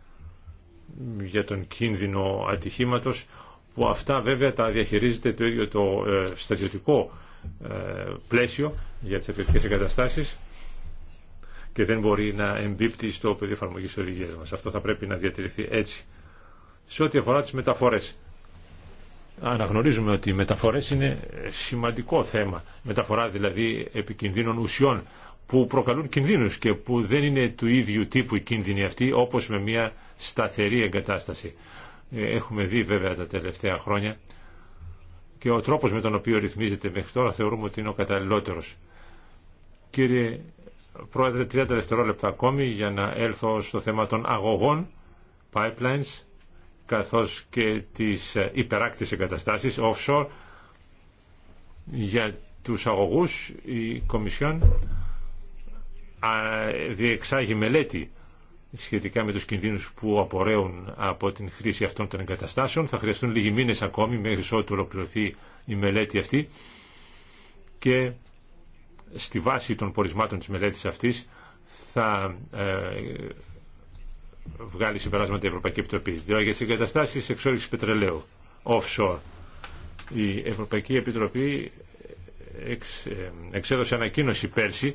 για τον κίνδυνο ατυχήματος που αυτά βέβαια τα διαχειρίζεται το ίδιο το ε, στατιωτικό ε, πλαίσιο για τις στρατιωτικές εγκαταστάσεις και δεν μπορεί να εμπίπτει στο πεδίο εφαρμογή οδηγία μα. Αυτό θα πρέπει να διατηρηθεί έτσι. Σε ό,τι αφορά τι μεταφορέ. Αναγνωρίζουμε ότι οι μεταφορέ είναι σημαντικό θέμα. Μεταφορά δηλαδή επικινδύνων ουσιών που προκαλούν κινδύνους και που δεν είναι του ίδιου τύπου οι κίνδυνοι αυτοί όπως με μια σταθερή εγκατάσταση. Ε, έχουμε δει βέβαια τα τελευταία χρόνια και ο τρόπος με τον οποίο ρυθμίζεται μέχρι τώρα θεωρούμε ότι είναι ο καταλληλότερος. Κύριε Πρόεδρε, 30 δευτερόλεπτα ακόμη για να έλθω στο θέμα των αγωγών, pipelines, καθώς και τις ε, υπεράκτης εγκαταστάσεις, offshore, για τους αγωγούς, η Κομισιόν διεξάγει μελέτη σχετικά με τους κινδύνους που απορρέουν από την χρήση αυτών των εγκαταστάσεων. Θα χρειαστούν λίγοι μήνες ακόμη μέχρι ότου ολοκληρωθεί η μελέτη αυτή και στη βάση των πορισμάτων της μελέτης αυτής θα ε, βγάλει συμπεράσματα η Ευρωπαϊκή Επιτροπή. Δηλαδή για τις εγκαταστάσεις εξόριξης πετρελαίου, offshore. Η Ευρωπαϊκή Επιτροπή ε, εξέδωσε ανακοίνωση πέρσι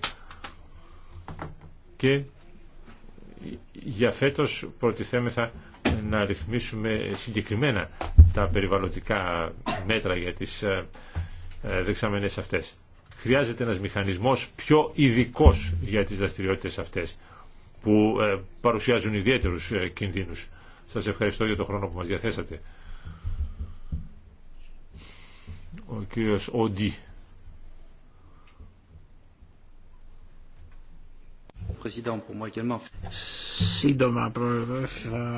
και για φέτος προτιθέμεθα να ρυθμίσουμε συγκεκριμένα τα περιβαλλοντικά μέτρα για τις ε, ε, δεξαμενές αυτές. Χρειάζεται ένας μηχανισμός πιο ειδικό για τις δραστηριότητε αυτές που ε, παρουσιάζουν ιδιαίτερους κινδύνους. Σας ευχαριστώ για τον χρόνο που μας διαθέσατε. Ο κύριος Όντι. Σύντομα, Πρόεδρε, θα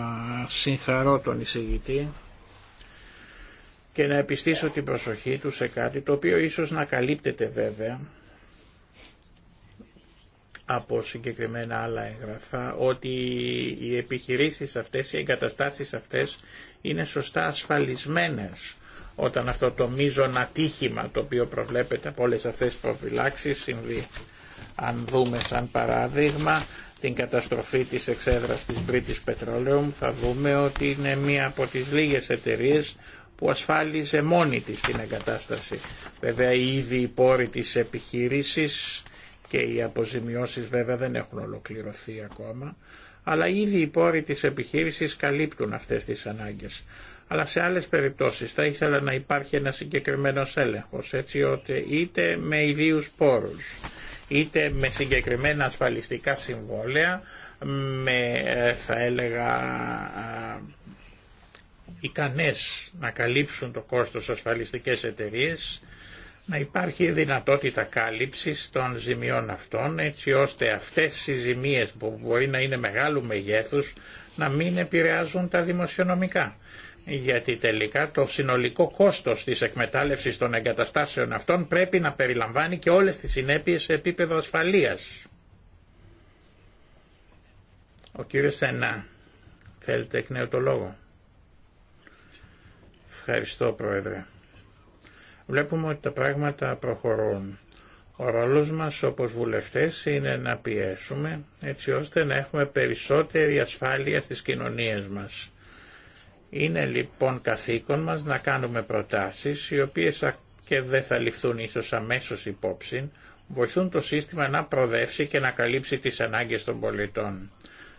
συγχαρώ τον εισηγητή και να επιστήσω την προσοχή του σε κάτι το οποίο ίσως να καλύπτεται βέβαια από συγκεκριμένα άλλα εγγραφά ότι οι επιχειρήσεις αυτές, οι εγκαταστάσεις αυτές είναι σωστά ασφαλισμένες όταν αυτό το μείζον τύχημα το οποίο προβλέπεται από όλες αυτές τις προφυλάξεις συμβεί. Αν δούμε σαν παράδειγμα την καταστροφή της εξέδρας της British Petroleum θα δούμε ότι είναι μία από τις λίγες εταιρείες που ασφάλιζε μόνη της την εγκατάσταση. Βέβαια ήδη οι πόροι της επιχείρησης και οι αποζημιώσεις βέβαια δεν έχουν ολοκληρωθεί ακόμα, αλλά ήδη οι πόροι της επιχείρησης καλύπτουν αυτές τις ανάγκες. Αλλά σε άλλες περιπτώσεις θα ήθελα να υπάρχει ένα συγκεκριμένος έλεγχος, έτσι ότι είτε με ιδίους πόρους, είτε με συγκεκριμένα ασφαλιστικά συμβόλαια, με ε, θα έλεγα ικανές να καλύψουν το κόστος ασφαλιστικές εταιρείες, να υπάρχει δυνατότητα κάλυψης των ζημιών αυτών, έτσι ώστε αυτές οι ζημίες που μπορεί να είναι μεγάλου μεγέθους να μην επηρεάζουν τα δημοσιονομικά γιατί τελικά το συνολικό κόστος της εκμετάλλευσης των εγκαταστάσεων αυτών πρέπει να περιλαμβάνει και όλες τις συνέπειες σε επίπεδο ασφαλείας. Ο κύριος Σενά, θέλετε εκ νέου το λόγο. Ευχαριστώ Πρόεδρε. Βλέπουμε ότι τα πράγματα προχωρούν. Ο ρόλος μας όπως βουλευτές είναι να πιέσουμε έτσι ώστε να έχουμε περισσότερη ασφάλεια στις κοινωνίες μας είναι λοιπόν καθήκον μας να κάνουμε προτάσεις οι οποίες και δεν θα ληφθούν ίσως αμέσως υπόψη, βοηθούν το σύστημα να προδεύσει και να καλύψει τις ανάγκες των πολιτών.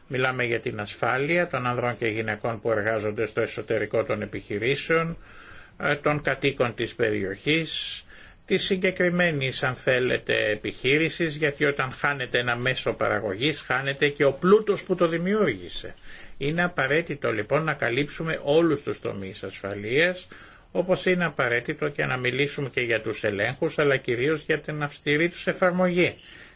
Μιλάμε για την ασφάλεια των ανδρών και γυναικών που εργάζονται στο εσωτερικό των επιχειρήσεων, ε, των κατοίκων της περιοχής, τη συγκεκριμένη αν θέλετε επιχείρησης, γιατί όταν χάνεται ένα μέσο παραγωγής χάνεται και ο πλούτος που το δημιούργησε. Είναι απαραίτητο λοιπόν να καλύψουμε όλους τους τομείς ασφαλείας, όπως είναι απαραίτητο και να μιλήσουμε και για τους ελέγχους, αλλά κυρίως για την αυστηρή τους εφαρμογή.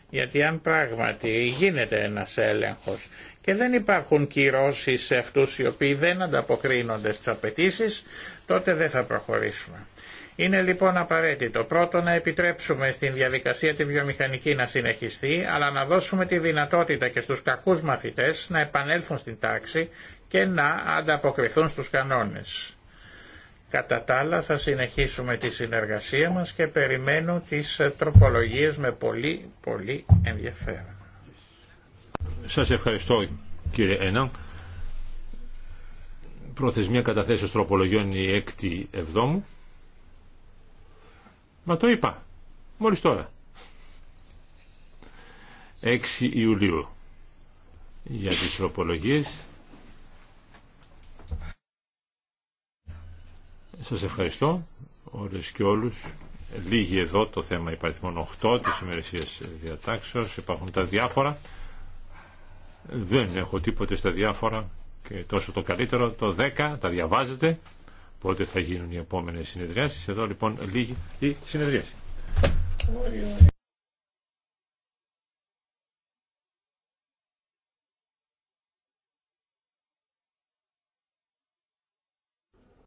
Γιατί αν πράγματι γίνεται ένας έλεγχος και δεν υπάρχουν κυρώσεις σε αυτούς οι οποίοι δεν ανταποκρίνονται στις απαιτήσει, τότε δεν θα προχωρήσουμε. Είναι λοιπόν απαραίτητο πρώτο να επιτρέψουμε στην διαδικασία τη βιομηχανική να συνεχιστεί, αλλά να δώσουμε τη δυνατότητα και στους κακούς μαθητές να επανέλθουν στην τάξη και να ανταποκριθούν στους κανόνες. Κατά τα άλλα θα συνεχίσουμε τη συνεργασία μας και περιμένω τις τροπολογίες με πολύ πολύ ενδιαφέρον. Σας ευχαριστώ κύριε Ένα. Προθεσμία καταθέσεως τροπολογιών η 6η Εβδόμου. Μα το είπα. Μόλις τώρα. 6 Ιουλίου για τις τροπολογίες. Σας ευχαριστώ όλες και όλους. Λίγη εδώ το θέμα υπαριθμών 8 της ημερησίας διατάξεως. Υπάρχουν τα διάφορα. Δεν έχω τίποτε στα διάφορα και τόσο το καλύτερο. Το 10 τα διαβάζετε πότε θα γίνουν οι επόμενες συνεδριάσεις. Εδώ λοιπόν λίγη η συνεδρίαση.